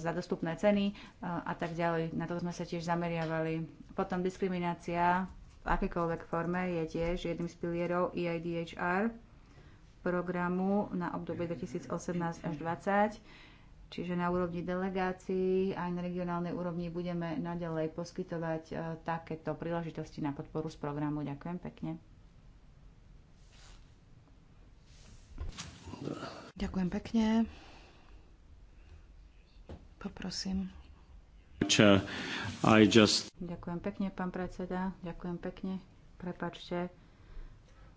za dostupné ceny uh, a tak ďalej. Na to sme sa tiež zameriavali. Potom diskriminácia v akékoľvek forme je tiež jedným z pilierov EIDHR programu na obdobie 2018 až 2020. Čiže na úrovni delegácií aj na regionálnej úrovni budeme naďalej poskytovať takéto príležitosti na podporu z programu. Ďakujem pekne. Ďakujem pekne. Poprosím. Just... Ďakujem pekne, pán predseda. Ďakujem pekne. Prepačte.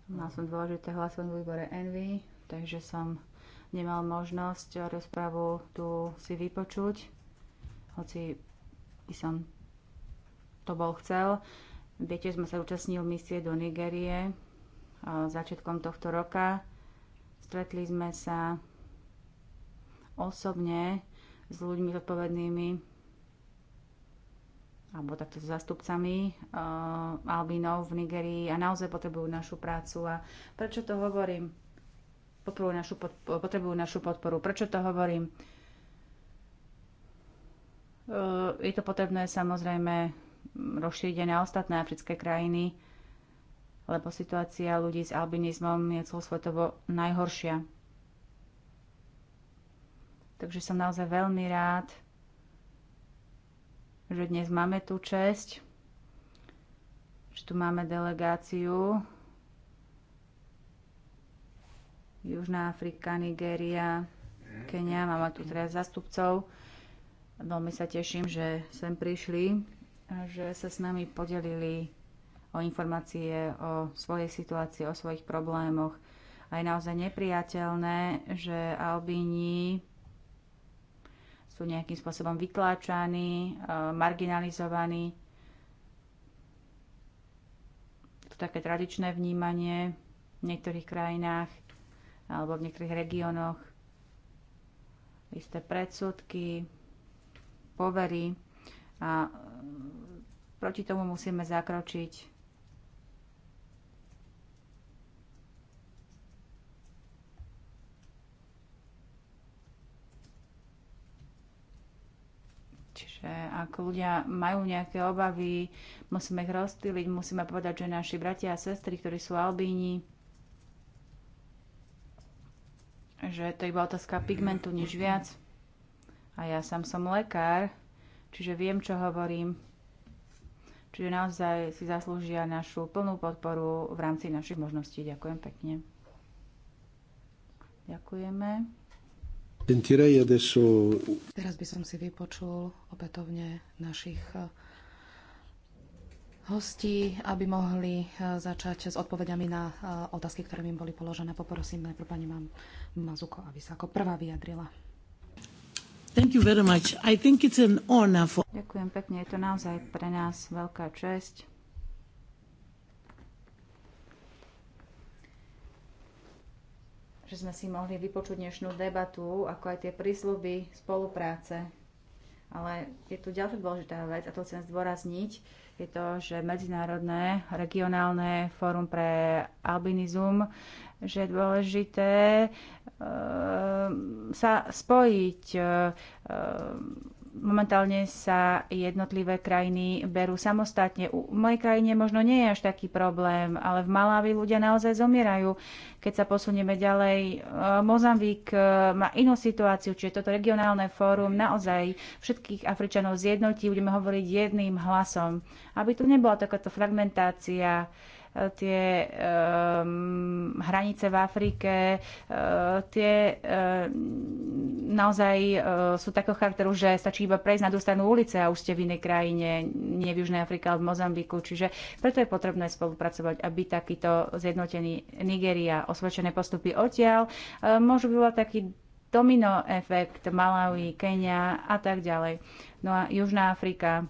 Mal som dôležité hlasovanie v výbore Envy, takže som nemal možnosť rozpravu tu si vypočuť, hoci by som to bol chcel. Viete, sme sa účastnili misie do Nigérie začiatkom tohto roka. Stretli sme sa osobne s ľuďmi zodpovednými alebo takto s zastupcami uh, eh, albínov v Nigerii a naozaj potrebujú našu prácu. A prečo to hovorím? Potrebujú našu, podporu, potrebujú našu podporu. Prečo to hovorím? Uh, je to potrebné samozrejme rozšíriť aj na ostatné africké krajiny lebo situácia ľudí s albinizmom je celosvetovo najhoršia. Takže som naozaj veľmi rád, že dnes máme tú česť, že tu máme delegáciu Južná Afrika, Nigéria, Kenia, máme tu teraz zastupcov. Veľmi sa teším, že sem prišli, a že sa s nami podelili o informácie o svojej situácii, o svojich problémoch. A je naozaj nepriateľné, že Albíni sú nejakým spôsobom vytláčaní, e, marginalizovaní. To také tradičné vnímanie v niektorých krajinách alebo v niektorých regiónoch. Isté predsudky, povery a proti tomu musíme zakročiť že ak ľudia majú nejaké obavy, musíme ich rozstýliť, musíme povedať, že naši bratia a sestry, ktorí sú albíni, že to je iba otázka pigmentu, nič viac. A ja sám som lekár, čiže viem, čo hovorím. Čiže naozaj si zaslúžia našu plnú podporu v rámci našich možností. Ďakujem pekne. Ďakujeme. Teraz by som si vypočul opätovne našich eh, hostí, aby mohli eh, začať s odpovediami na eh, otázky, ktoré mi boli položené. Poprosím najprv pani Mazuko, aby sa ako prvá vyjadrila. Thank you very much. I think it's an honor for... Ďakujem pekne, je to naozaj pre nás veľká česť že sme si mohli vypočuť dnešnú debatu, ako aj tie prísľuby spolupráce. Ale je tu ďalšia dôležitá vec, a to chcem zdôrazniť, je to, že Medzinárodné regionálne fórum pre albinizum, že je dôležité e, sa spojiť, e, e momentálne sa jednotlivé krajiny berú samostatne. U mojej krajine možno nie je až taký problém, ale v Malávi ľudia naozaj zomierajú. Keď sa posunieme ďalej, e, Mozambík e, má inú situáciu, čiže toto regionálne fórum naozaj všetkých Afričanov zjednotí, budeme hovoriť jedným hlasom, aby tu nebola takáto fragmentácia tie um, hranice v Afrike, uh, tie uh, naozaj uh, sú takého charakteru, že stačí iba prejsť na dostanú ulice a už ste v inej krajine, nie v Južnej Afrike, ale v Mozambiku. Čiže preto je potrebné spolupracovať, aby takýto zjednotený Nigeria osvedčené postupy odtiaľ uh, môžu byť taký domino efekt Malawi, Kenia a tak ďalej. No a Južná Afrika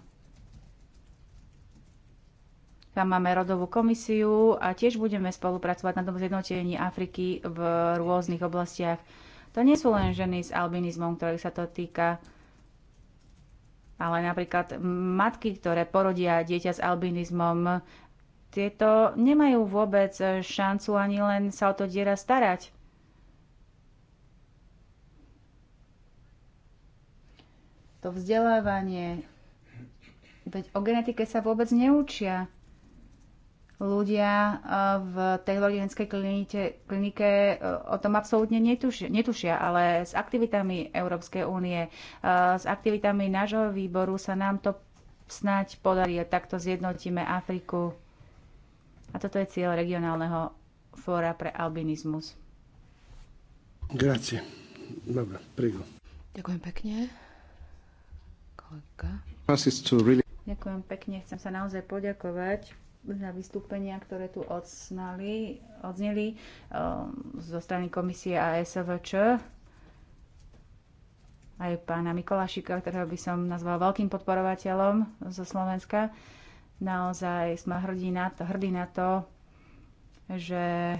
tam máme rodovú komisiu a tiež budeme spolupracovať na tom zjednotení Afriky v rôznych oblastiach. To nie sú len ženy s albinizmom, ktorých sa to týka, ale napríklad matky, ktoré porodia dieťa s albinizmom, tieto nemajú vôbec šancu ani len sa o to diera starať. To vzdelávanie, veď o genetike sa vôbec neučia ľudia e, v tej klinike, klinike o tom absolútne netušia, netušia, ale s aktivitami Európskej únie, e, s aktivitami nášho výboru sa nám to snáď podarí a takto zjednotíme Afriku. A toto je cieľ regionálneho fóra pre albinizmus. Grazie. Dobre, prigo. Ďakujem pekne. Kolega. Ďakujem pekne. Chcem sa naozaj poďakovať za vystúpenia, ktoré tu odsnali, odzneli um, zo strany komisie a aj pána Mikolašika, ktorého by som nazval veľkým podporovateľom zo Slovenska. Naozaj sme hrdí na to, hrdí na to že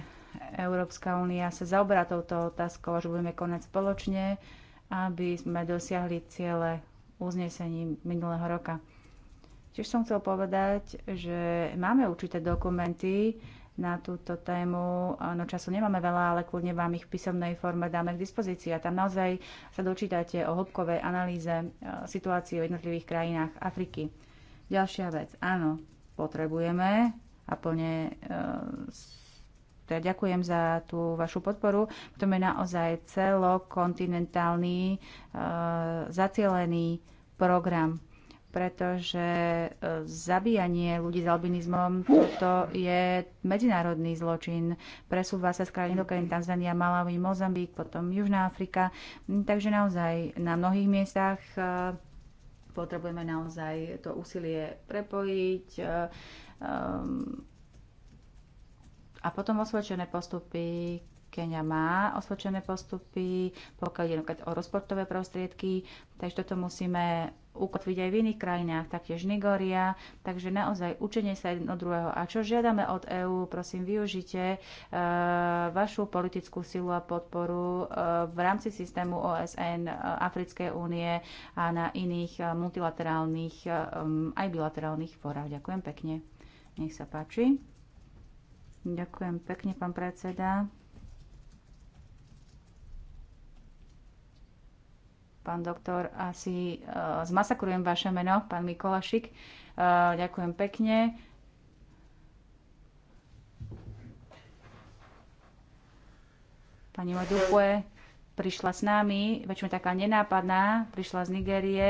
Európska únia sa zaoberá touto otázkou že budeme konať spoločne, aby sme dosiahli ciele uznesení minulého roka. Tiež som chcel povedať, že máme určité dokumenty na túto tému, no času nemáme veľa, ale kľudne vám ich v písomnej forme dáme k dispozícii a tam naozaj sa dočítate o hĺbkovej analýze e, situácií v jednotlivých krajinách Afriky. Ďalšia vec, áno, potrebujeme a plne e, teda ďakujem za tú vašu podporu. V tom je naozaj celokontinentálny, e, zacielený program pretože e, zabíjanie ľudí s albinizmom toto je medzinárodný zločin. Presúva sa z krajín do krajín Tanzania, Malawi, Mozambík, potom Južná Afrika. Takže naozaj na mnohých miestach e, potrebujeme naozaj to úsilie prepojiť e, a potom osvedčené postupy, Kenia má osvedčené postupy, pokiaľ je o rozportové prostriedky, takže toto musíme ukotviť aj v iných krajinách, taktiež Nigória. Takže naozaj učenie sa jedno druhého. A čo žiadame od EÚ, prosím, využite e, vašu politickú silu a podporu e, v rámci systému OSN, e, Africkej únie a na iných e, multilaterálnych e, aj bilaterálnych fórach. Ďakujem pekne. Nech sa páči. Ďakujem pekne, pán predseda. Pán doktor, asi uh, zmasakrujem vaše meno, pán Mikolašik. Uh, ďakujem pekne. Pani Madupue prišla s nami, väčšinou taká nenápadná, prišla z Nigérie,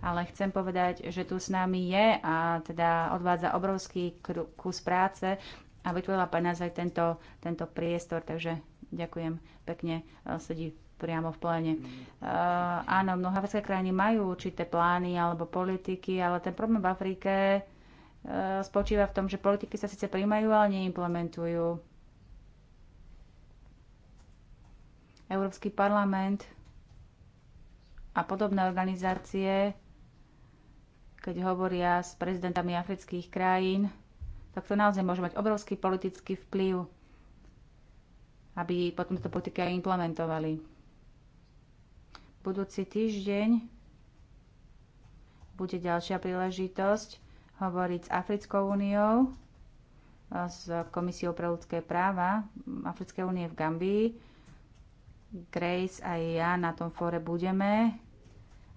ale chcem povedať, že tu s nami je a teda odvádza obrovský kus práce a vytvorila pre nás aj tento, tento priestor, takže ďakujem pekne, eh, sedí priamo v pléne. Uh, áno, mnohé africké krajiny majú určité plány alebo politiky, ale ten problém v Afrike uh, spočíva v tom, že politiky sa síce príjmajú, ale neimplementujú. Európsky parlament a podobné organizácie, keď hovoria s prezidentami afrických krajín, tak to naozaj môže mať obrovský politický vplyv, aby potom to politiky aj implementovali. Budúci týždeň bude ďalšia príležitosť hovoriť s Africkou úniou, s Komisiou pre ľudské práva Africkej únie v Gambii. Grace a ja na tom fóre budeme,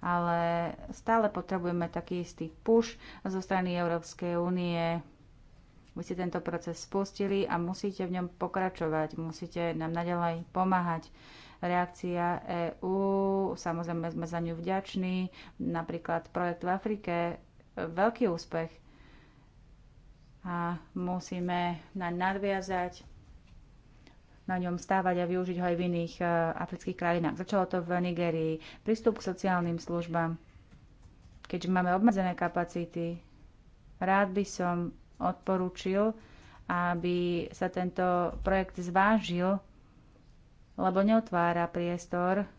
ale stále potrebujeme taký istý push zo strany Európskej únie. Vy ste tento proces spustili a musíte v ňom pokračovať, musíte nám naďalej pomáhať reakcia EÚ. Samozrejme sme za ňu vďační. Napríklad projekt v Afrike, e, veľký úspech. A musíme naň nadviazať, na ňom stávať a využiť ho aj v iných e, afrických krajinách. Začalo to v Nigerii. Prístup k sociálnym službám, keďže máme obmedzené kapacity. Rád by som odporúčil, aby sa tento projekt zvážil lebo neotvára priestor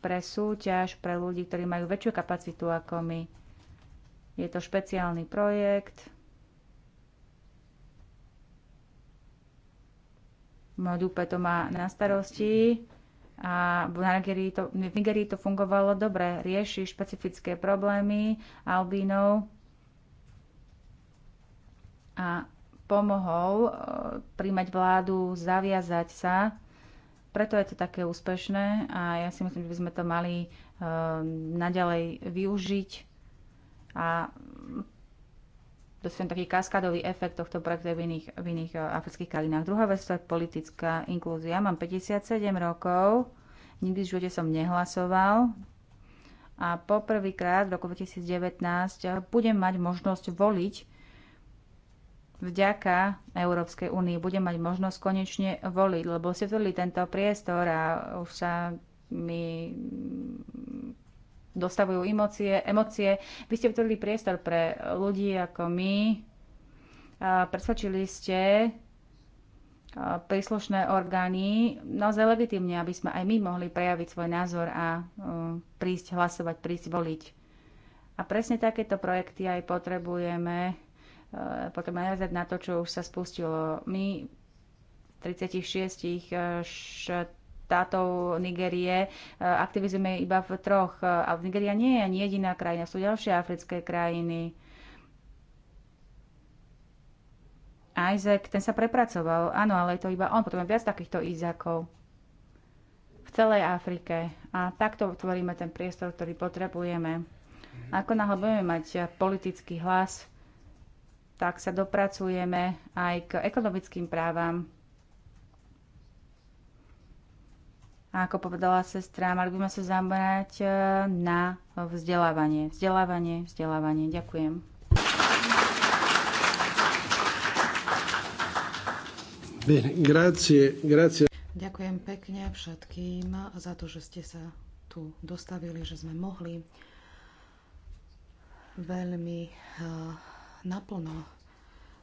pre súťaž pre ľudí, ktorí majú väčšiu kapacitu ako my. Je to špeciálny projekt. Modupe to má na starosti a v Nigerii to, v Nigerii to fungovalo dobre. Rieši špecifické problémy albínov a pomohol e, príjmať vládu, zaviazať sa. Preto je to také úspešné a ja si myslím, že by sme to mali e, naďalej využiť a dosť taký kaskadový efekt tohto projektu v iných, v iných e, afrických krajinách. Druhá vec to je politická inklúzia. Mám 57 rokov, nikdy v živote som nehlasoval a poprvýkrát v roku 2019 budem mať možnosť voliť vďaka Európskej únii bude mať možnosť konečne voliť, lebo si otvorili tento priestor a už sa mi dostavujú emócie, emócie. Vy ste otvorili priestor pre ľudí ako my. presvedčili ste príslušné orgány naozaj legitimne, aby sme aj my mohli prejaviť svoj názor a e, prísť hlasovať, prísť voliť. A presne takéto projekty aj potrebujeme Eh, potom narazať na to, čo už sa spustilo. My 36 štátov Nigérie eh, aktivizujeme iba v troch. Eh, a Nigéria nie je ani jediná krajina, sú ďalšie africké krajiny. Isaac, ten sa prepracoval, áno, ale je to iba on, potom je viac takýchto Izakov v celej Afrike. A takto tvoríme ten priestor, ktorý potrebujeme. Ako náhle budeme mať politický hlas, tak sa dopracujeme aj k ekonomickým právam. A ako povedala sestra, mali by sme sa zamerať e, na vzdelávanie. Vzdelávanie, vzdelávanie. Ďakujem. Grazie, grazie. Ďakujem pekne všetkým za to, že ste sa tu dostavili, že sme mohli veľmi e, naplno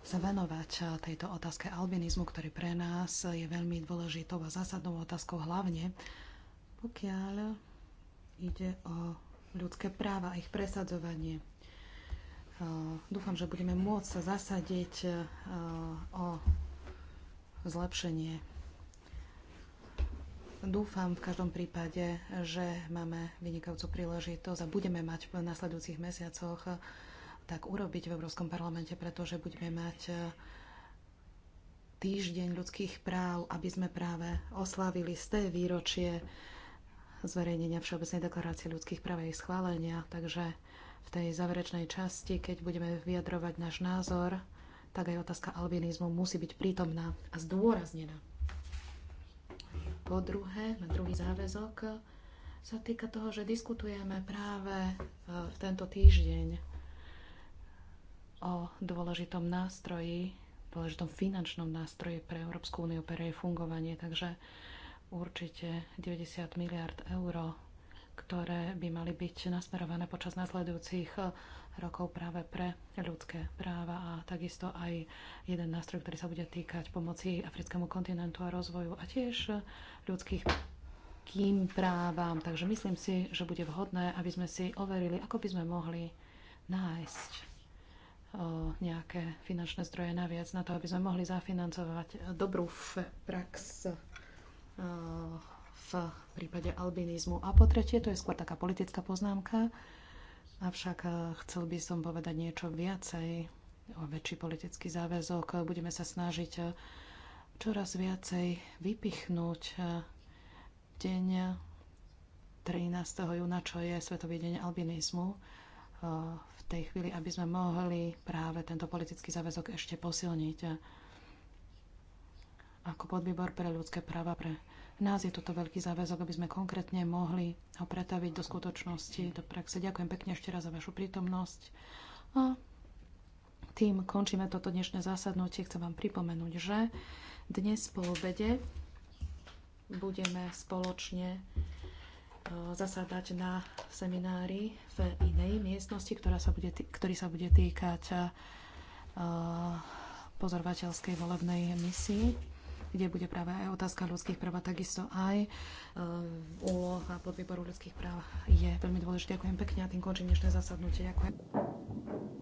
sa venovať eh, tejto otázke albinizmu, ktorý pre nás je veľmi dôležitou a zásadnou otázkou, hlavne pokiaľ ide o ľudské práva a ich presadzovanie. Eh, dúfam, že budeme môcť sa zasadiť eh, o zlepšenie. Dúfam v každom prípade, že máme vynikajúcu príležitosť a budeme mať v nasledujúcich mesiacoch tak urobiť v Európskom parlamente, pretože budeme mať e, týždeň ľudských práv, aby sme práve oslávili z té výročie zverejnenia Všeobecnej deklarácie ľudských práv a jej schválenia. Takže v tej záverečnej časti, keď budeme vyjadrovať náš názor, tak aj otázka albinizmu musí byť prítomná a zdôraznená. Po druhé, na druhý záväzok sa týka toho, že diskutujeme práve e, v tento týždeň o dôležitom nástroji, dôležitom finančnom nástroji pre Európsku úniu, pre jej fungovanie. Takže určite 90 miliard eur, ktoré by mali byť nasmerované počas nasledujúcich e, rokov práve pre ľudské práva a takisto aj jeden nástroj, ktorý sa bude týkať pomoci africkému kontinentu a rozvoju a tiež e, ľudských kým právam. Takže myslím si, že bude vhodné, aby sme si overili, ako by sme mohli nájsť nejaké finančné zdroje naviac na to, aby sme mohli zafinancovať dobrú prax v prípade albinizmu. A po tretie, to je skôr taká politická poznámka, avšak e, chcel by som povedať niečo viacej, o väčší politický záväzok. Budeme sa snažiť e, čoraz viacej vypichnúť e, deň 13. júna, čo je Svetový deň albinizmu v tej chvíli, aby sme mohli práve tento politický záväzok ešte posilniť. Ako podvýbor pre ľudské práva pre nás je toto veľký záväzok, aby sme konkrétne mohli ho pretaviť do skutočnosti, do praxe. Ďakujem pekne ešte raz za vašu prítomnosť. A tým končíme toto dnešné zasadnutie. Chcem vám pripomenúť, že dnes po obede budeme spoločne Eh, zasadať na seminári v inej miestnosti, ktorá sa bude, ktorý sa bude týkať eh, pozorovateľskej volebnej misii, kde bude práve aj otázka ľudských práv a takisto aj eh, úloha podvýboru ľudských práv je veľmi dôležitá. Ďakujem pekne a tým končím dnešné zasadnutie. Ďakujem.